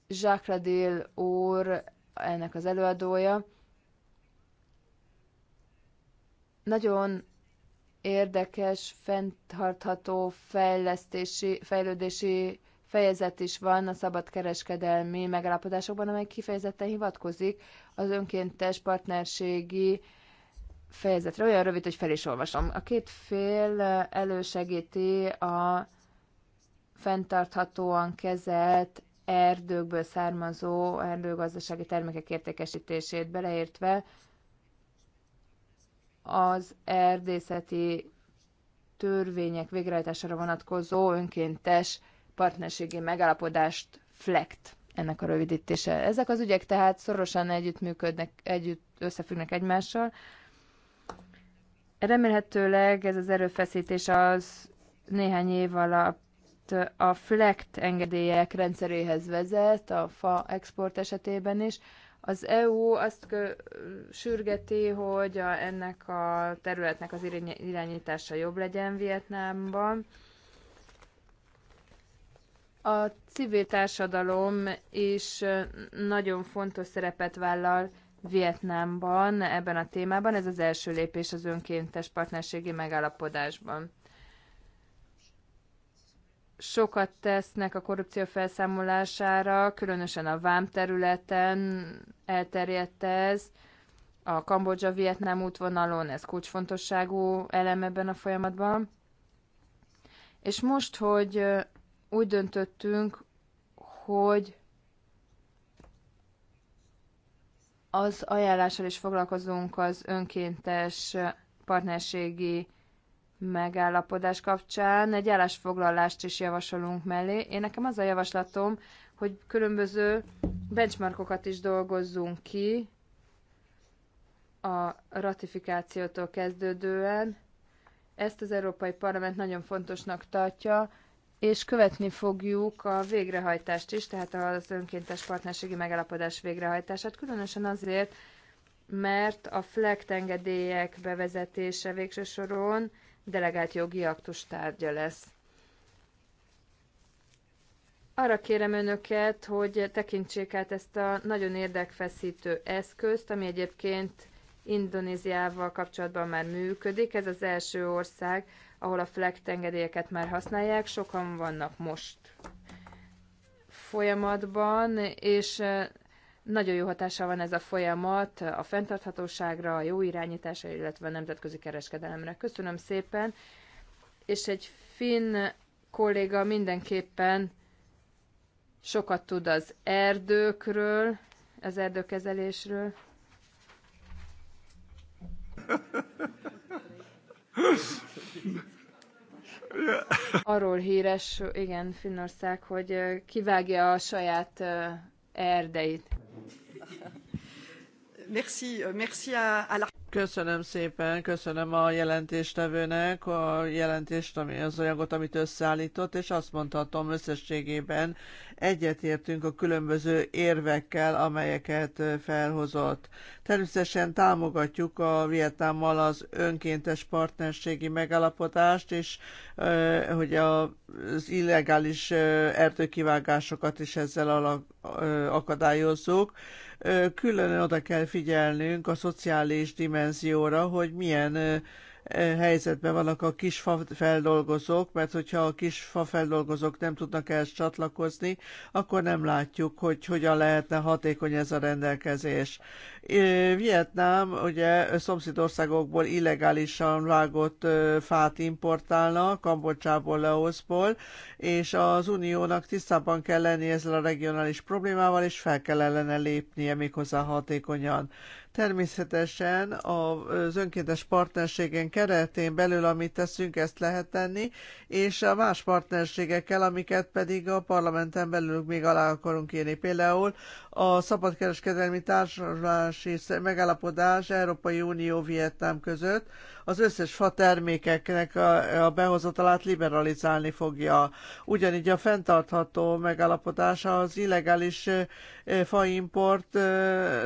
Jacques Radil úr ennek az előadója. Nagyon érdekes, fenntartható fejlesztési, fejlődési fejezet is van a szabadkereskedelmi megállapodásokban, amely kifejezetten hivatkozik az önkéntes partnerségi fejezetre. Olyan rövid, hogy fel is olvasom. A két fél elősegíti a fenntarthatóan kezelt erdőkből származó erdőgazdasági termékek értékesítését beleértve az erdészeti törvények végrehajtására vonatkozó önkéntes partnerségi megállapodást FLECT ennek a rövidítése. Ezek az ügyek tehát szorosan együttműködnek, együtt összefüggnek egymással. Remélhetőleg ez az erőfeszítés az néhány év alatt a FLECT engedélyek rendszeréhez vezet, a fa export esetében is. Az EU azt sürgeti, hogy a, ennek a területnek az irányítása jobb legyen Vietnámban. A civil társadalom is nagyon fontos szerepet vállal Vietnámban ebben a témában. Ez az első lépés az önkéntes partnerségi megállapodásban. Sokat tesznek a korrupció felszámolására, különösen a vám területen elterjedt ez. A Kambodzsa-Vietnám útvonalon ez kulcsfontosságú elem ebben a folyamatban. És most, hogy úgy döntöttünk, hogy az ajánlással is foglalkozunk az önkéntes partnerségi megállapodás kapcsán. Egy állásfoglalást is javasolunk mellé. Én nekem az a javaslatom, hogy különböző benchmarkokat is dolgozzunk ki a ratifikációtól kezdődően. Ezt az Európai Parlament nagyon fontosnak tartja, és követni fogjuk a végrehajtást is, tehát az önkéntes partnerségi megállapodás végrehajtását, különösen azért, mert a FLECT engedélyek bevezetése végső soron delegált jogi aktus tárgya lesz. Arra kérem önöket, hogy tekintsék át ezt a nagyon érdekfeszítő eszközt, ami egyébként Indonéziával kapcsolatban már működik. Ez az első ország, ahol a flag engedélyeket már használják, sokan vannak most folyamatban, és nagyon jó hatása van ez a folyamat a fenntarthatóságra, a jó irányításra, illetve a nemzetközi kereskedelemre. Köszönöm szépen, és egy finn kolléga mindenképpen sokat tud az erdőkről, az erdőkezelésről. Arról híres, igen, Finnország, hogy kivágja a saját erdeit. Merci, merci à, à la... Köszönöm szépen, köszönöm a jelentéstevőnek a jelentést, ami, az anyagot, amit összeállított, és azt mondhatom összességében egyetértünk a különböző érvekkel, amelyeket felhozott. Természetesen támogatjuk a Vietnámmal az önkéntes partnerségi megállapodást, és hogy az illegális erdőkivágásokat is ezzel akadályozzuk. Külön oda kell figyelnünk a szociális dimenzióra, hogy milyen helyzetben vannak a feldolgozók, mert hogyha a feldolgozók nem tudnak ehhez csatlakozni, akkor nem látjuk, hogy hogyan lehetne hatékony ez a rendelkezés. Vietnám ugye szomszédországokból illegálisan vágott fát importálna, Kambodzsából, Laoszból, és az uniónak tisztában kell lenni ezzel a regionális problémával, és fel kell ellene lépnie méghozzá hatékonyan. Természetesen az önkéntes partnerségen keretén belül, amit teszünk, ezt lehet tenni, és a más partnerségekkel, amiket pedig a parlamenten belül még alá akarunk írni. Például a szabadkereskedelmi társulási megállapodás Európai Unió Vietnám között, az összes fa termékeknek a, a behozatalát liberalizálni fogja. Ugyanígy a fenntartható megállapodása az illegális faimport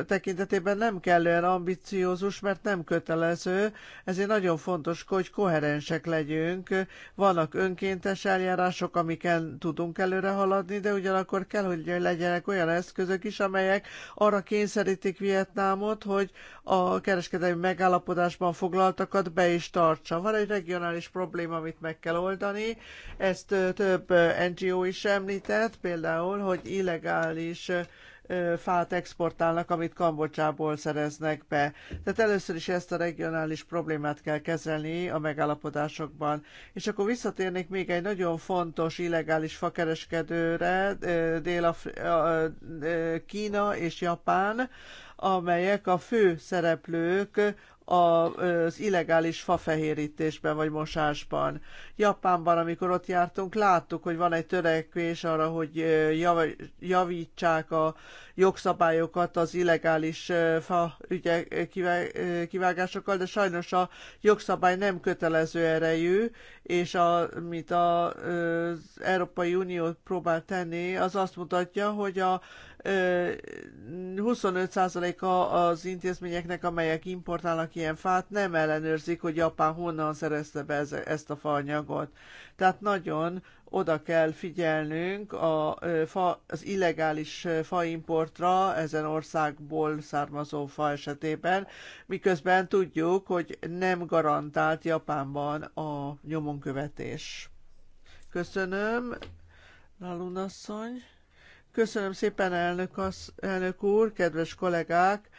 tekintetében nem kellően ambiciózus, mert nem kötelező, ezért nagyon fontos, hogy koherensek legyünk. Vannak önkéntes eljárások, amiken tudunk előre haladni, de ugyanakkor kell, hogy legyenek olyan eszközök is, amelyek arra kényszerítik Vietnámot, hogy a kereskedelmi megállapodásban foglaltakat be is tartsa. Van egy regionális probléma, amit meg kell oldani. Ezt több NGO is említett, például, hogy illegális fát exportálnak, amit Kambodzsából szereznek be. Tehát először is ezt a regionális problémát kell kezelni a megállapodásokban. És akkor visszatérnék még egy nagyon fontos illegális fakereskedőre, dél Kína és Japán, amelyek a fő szereplők az illegális fafehérítésben vagy mosásban. Japánban, amikor ott jártunk, láttuk, hogy van egy törekvés arra, hogy javítsák a jogszabályokat az illegális fa ügyek, kivágásokkal, de sajnos a jogszabály nem kötelező erejű, és amit az Európai Unió próbál tenni, az azt mutatja, hogy a 25%-a az intézményeknek, amelyek importálnak ilyen fát, nem ellenőrzik, hogy Japán honnan szerezte be ezt a faanyagot. Tehát nagyon oda kell figyelnünk a fa, az illegális faimportra ezen országból származó fa esetében, miközben tudjuk, hogy nem garantált Japánban a nyomonkövetés. Köszönöm, Lalunasszony. asszony. Köszönöm szépen, elnök, az, elnök úr, kedves kollégák,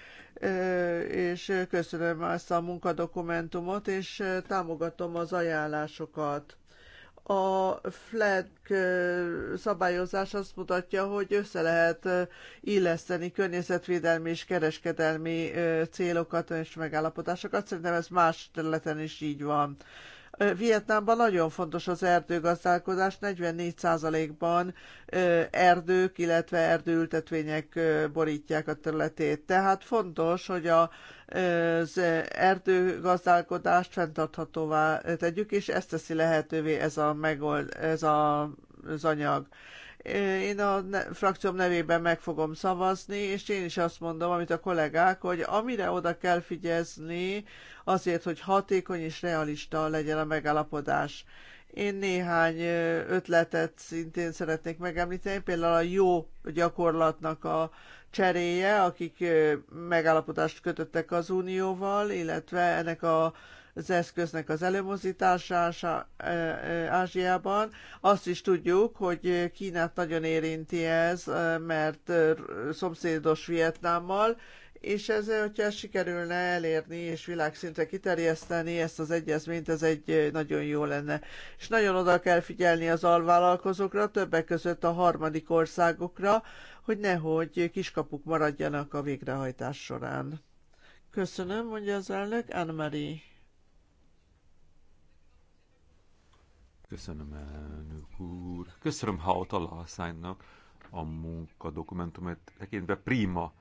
és köszönöm ezt a munkadokumentumot, és támogatom az ajánlásokat a flag szabályozás azt mutatja, hogy össze lehet illeszteni környezetvédelmi és kereskedelmi célokat és megállapodásokat. Szerintem ez más területen is így van. Vietnámban nagyon fontos az erdőgazdálkodás, 44%-ban erdők, illetve erdőültetvények borítják a területét. Tehát fontos, hogy a, az erdőgazdálkodást fenntarthatóvá tegyük, és ezt teszi lehetővé ez a, megold, ez a az anyag. Én a frakcióm nevében meg fogom szavazni, és én is azt mondom, amit a kollégák, hogy amire oda kell figyelni, azért, hogy hatékony és realista legyen a megállapodás. Én néhány ötletet szintén szeretnék megemlíteni, például a jó gyakorlatnak a cseréje, akik megállapodást kötöttek az Unióval, illetve ennek a az eszköznek az előmozítása e, e, Ázsiában. Azt is tudjuk, hogy Kínát nagyon érinti ez, e, mert szomszédos Vietnámmal, és ez, hogyha sikerülne elérni és világszintre kiterjeszteni ezt az egyezményt, ez egy nagyon jó lenne. És nagyon oda kell figyelni az alvállalkozókra, többek között a harmadik országokra, hogy nehogy kiskapuk maradjanak a végrehajtás során. Köszönöm, mondja az elnök, Anne-Marie. Köszönöm, elnök úr. Köszönöm ha ott a munka dokumentumot tekintve prima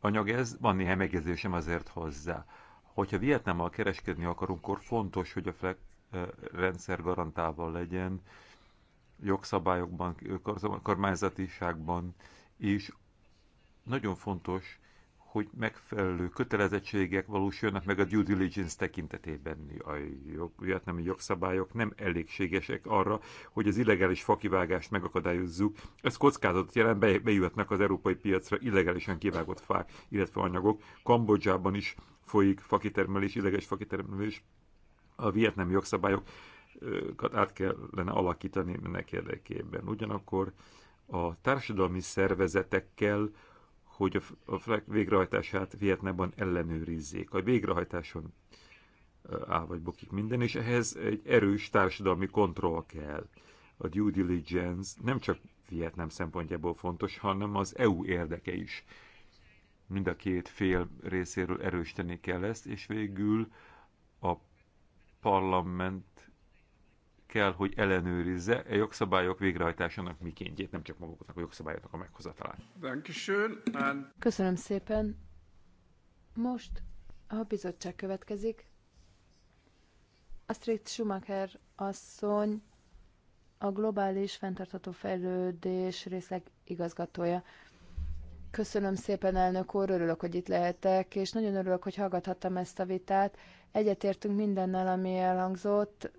anyag ez, van néhány megjegyzésem azért hozzá. Hogyha Vietnámmal kereskedni akarunk, akkor fontos, hogy a FLEG eh, rendszer garantálva legyen, jogszabályokban, kormányzatiságban, és nagyon fontos, hogy megfelelő kötelezettségek valósulnak meg a due diligence tekintetében. A jog, a jogszabályok nem elégségesek arra, hogy az illegális fakivágást megakadályozzuk. Ez kockázatot jelent, bejöhetnek az európai piacra illegálisan kivágott fák, illetve anyagok. Kambodzsában is folyik fakitermelés, illegális fakitermelés. A vietnami jogszabályokat át kellene alakítani ennek érdekében. Ugyanakkor a társadalmi szervezetekkel hogy a végrehajtását Vietnában ellenőrizzék. A végrehajtáson áll vagy bukik minden, és ehhez egy erős társadalmi kontroll kell. A due diligence nem csak Vietnám szempontjából fontos, hanem az EU érdeke is. Mind a két fél részéről erősíteni kell ezt, és végül a parlament kell, hogy ellenőrizze a e jogszabályok végrehajtásának mikéntjét, nem csak maguknak a jogszabályoknak a meghozatalát. Köszönöm szépen. Most a bizottság következik. Astrid Schumacher asszony, a globális fenntartható fejlődés részleg igazgatója. Köszönöm szépen, elnök úr, örülök, hogy itt lehetek, és nagyon örülök, hogy hallgathattam ezt a vitát. Egyetértünk mindennel, ami elhangzott,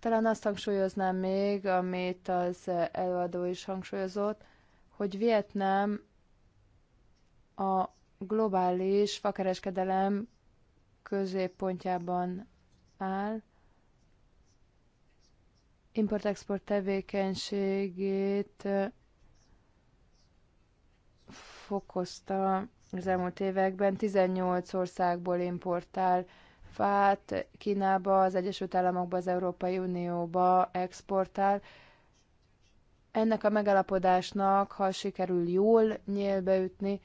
talán azt hangsúlyoznám még, amit az előadó is hangsúlyozott, hogy Vietnám a globális fakereskedelem középpontjában áll, import-export tevékenységét fokozta az elmúlt években. 18 országból importál fát Kínába, az Egyesült Államokba, az Európai Unióba exportál. Ennek a megalapodásnak, ha sikerül jól nyélbeütni,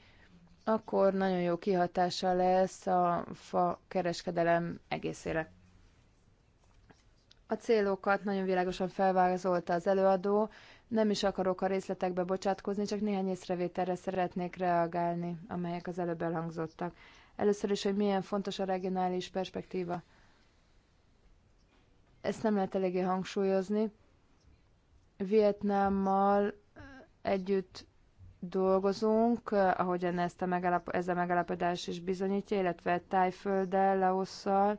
akkor nagyon jó kihatása lesz a fa kereskedelem egészére. A célokat nagyon világosan felvázolta az előadó, nem is akarok a részletekbe bocsátkozni, csak néhány észrevételre szeretnék reagálni, amelyek az előbb elhangzottak. Először is, hogy milyen fontos a regionális perspektíva. Ezt nem lehet eléggé hangsúlyozni. Vietnámmal eh, együtt dolgozunk, eh, ahogyan ezt a megalap, ez a megalapodás is bizonyítja, illetve Tájfölddel, Laosszal,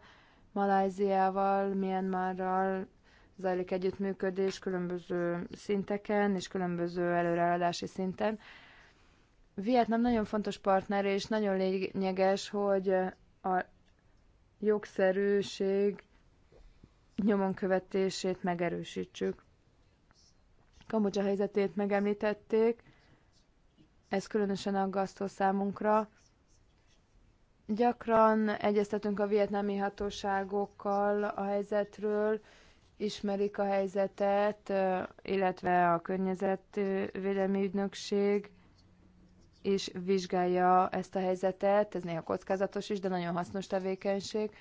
Maláziával, Myanmarral zajlik együttműködés különböző szinteken és különböző előreladási szinten. Vietnám nagyon fontos partner, és nagyon lényeges, hogy a jogszerűség nyomon követését megerősítsük. Kambodzsa helyzetét megemlítették, ez különösen aggasztó számunkra. Gyakran egyeztetünk a vietnámi hatóságokkal a helyzetről, ismerik a helyzetet, illetve a környezetvédelmi ügynökség is vizsgálja ezt a helyzetet, ez néha kockázatos is, de nagyon hasznos tevékenység.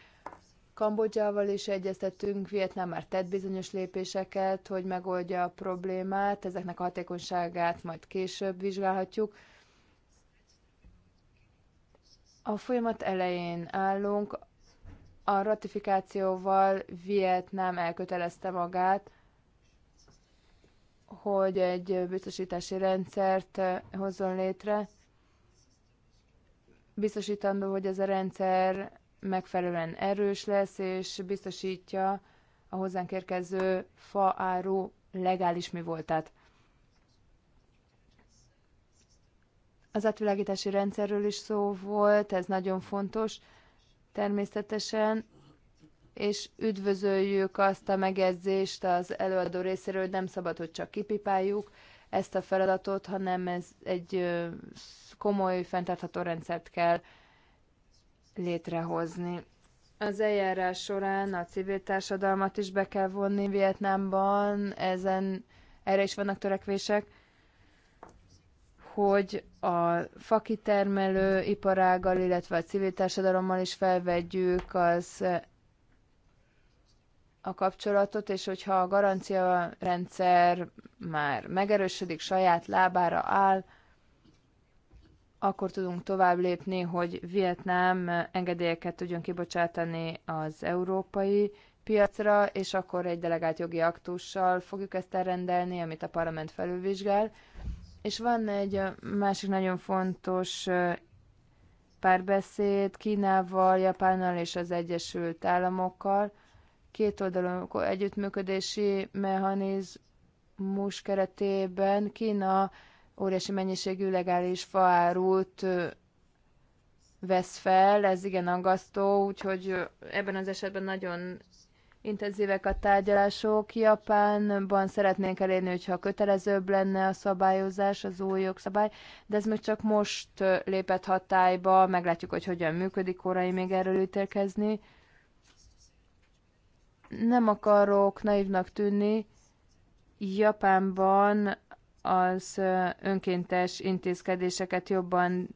Kambodzsával is egyeztetünk Vietnám már tett bizonyos lépéseket, hogy megoldja a problémát, ezeknek a hatékonyságát majd később vizsgálhatjuk. A folyamat elején állunk, a ratifikációval Vietnám elkötelezte magát, hogy egy biztosítási rendszert eh, hozzon létre, biztosítandó, hogy ez a rendszer megfelelően erős lesz, és biztosítja a hozzánk érkező fa áru legális mi voltát. Az átvilágítási rendszerről is szó volt, ez nagyon fontos. Természetesen és üdvözöljük azt a megjegyzést az előadó részéről, hogy nem szabad, hogy csak kipipáljuk ezt a feladatot, hanem ez egy komoly, fenntartható rendszert kell létrehozni. Az eljárás során a civil társadalmat is be kell vonni Vietnámban, ezen erre is vannak törekvések, hogy a fakitermelő iparággal, illetve a civil társadalommal is felvegyük az a kapcsolatot, és hogyha a garancia rendszer már megerősödik, saját lábára áll, akkor tudunk tovább lépni, hogy Vietnám engedélyeket tudjon kibocsátani az európai piacra, és akkor egy delegált jogi aktussal fogjuk ezt elrendelni, amit a parlament felülvizsgál. És van egy másik nagyon fontos párbeszéd Kínával, Japánnal és az Egyesült Államokkal, kétoldalú együttműködési mechanizmus keretében Kína óriási mennyiségű legális faárút vesz fel, ez igen aggasztó, úgyhogy ebben az esetben nagyon intenzívek a tárgyalások. Japánban szeretnénk elérni, hogyha kötelezőbb lenne a szabályozás, az új jogszabály, de ez még csak most lépett hatályba, meglátjuk, hogy hogyan működik, korai még erről ítélkezni. Nem akarok naívnak tűnni, Japánban az önkéntes intézkedéseket jobban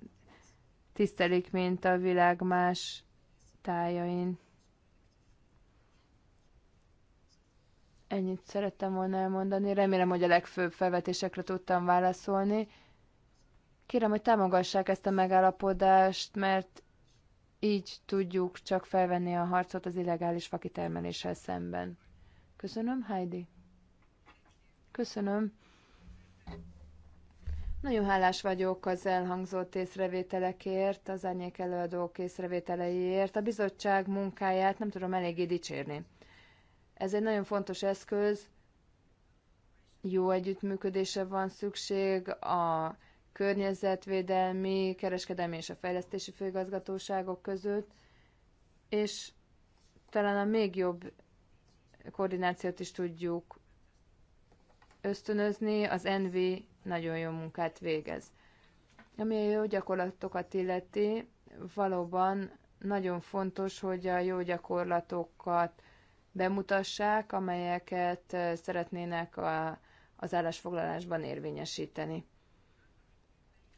tisztelik, mint a világ más tájain. Ennyit szerettem volna elmondani. Remélem, hogy a legfőbb felvetésekre tudtam válaszolni. Kérem, hogy támogassák ezt a megállapodást, mert így tudjuk csak felvenni a harcot az illegális fakitermeléssel szemben. Köszönöm, Heidi. Köszönöm. Nagyon hálás vagyok az elhangzott észrevételekért, az árnyék előadók észrevételeiért. A bizottság munkáját nem tudom eléggé dicsérni. Ez egy nagyon fontos eszköz, jó együttműködése van szükség a környezetvédelmi, kereskedelmi és a fejlesztési főigazgatóságok között, és talán a még jobb koordinációt is tudjuk ösztönözni, az NV nagyon jó munkát végez. Ami a jó gyakorlatokat illeti, valóban nagyon fontos, hogy a jó gyakorlatokat bemutassák, amelyeket eh, szeretnének a, az állásfoglalásban érvényesíteni.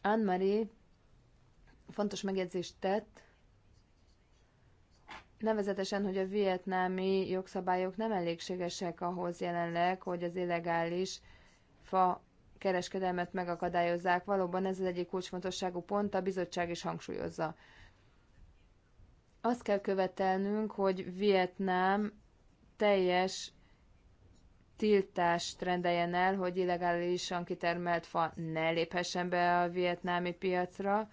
Anne-Marie fontos megjegyzést tett, nevezetesen, hogy a vietnámi jogszabályok nem elégségesek ahhoz jelenleg, hogy az illegális fa kereskedelmet megakadályozzák. Valóban ez az egyik kulcsfontosságú pont, a bizottság is hangsúlyozza. Azt kell követelnünk, hogy Vietnám teljes tiltást rendeljen el, hogy illegálisan kitermelt fa ne léphessen be a vietnámi piacra.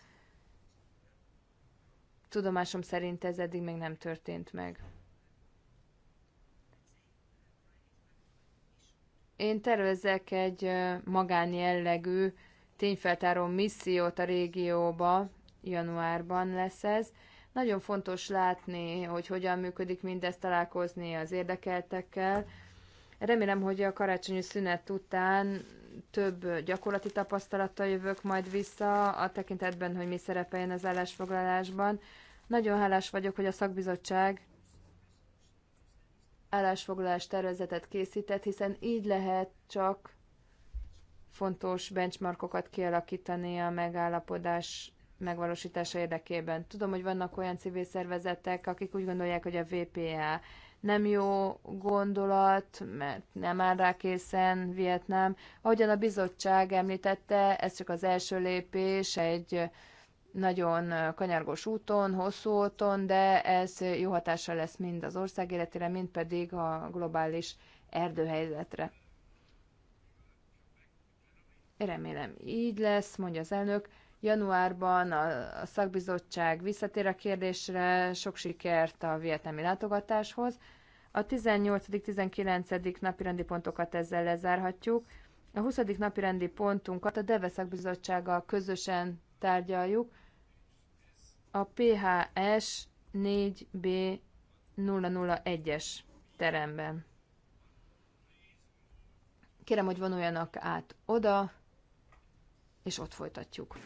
Tudomásom szerint ez eddig még nem történt meg. Én tervezek egy magánjellegű tényfeltáró missziót a régióba, januárban lesz ez. Nagyon fontos látni, hogy hogyan működik mindez, találkozni az érdekeltekkel, Remélem, hogy a karácsonyi szünet után több gyakorlati tapasztalattal jövök majd vissza a tekintetben, hogy mi szerepeljen az állásfoglalásban. Nagyon hálás vagyok, hogy a szakbizottság állásfoglalás tervezetet készített, hiszen így lehet csak fontos benchmarkokat kialakítani a megállapodás megvalósítása érdekében. Tudom, hogy vannak olyan civil szervezetek, akik úgy gondolják, hogy a VPA nem jó gondolat, mert nem áll rá készen Vietnám. Ahogyan a bizottság említette, ez csak az első lépés egy nagyon kanyargos úton, hosszú úton, de ez jó hatása lesz mind az ország életére, mind pedig a globális erdőhelyzetre. Remélem így lesz, mondja az elnök. Januárban a, szakbizottság visszatér a kérdésre, sok sikert a vietnámi látogatáshoz. A 18.-19. napirendi pontokat ezzel lezárhatjuk. A 20. napirendi pontunkat a Deve szakbizottsággal közösen tárgyaljuk. A PHS 4B 001-es teremben. Kérem, hogy vonuljanak át oda és ott folytatjuk.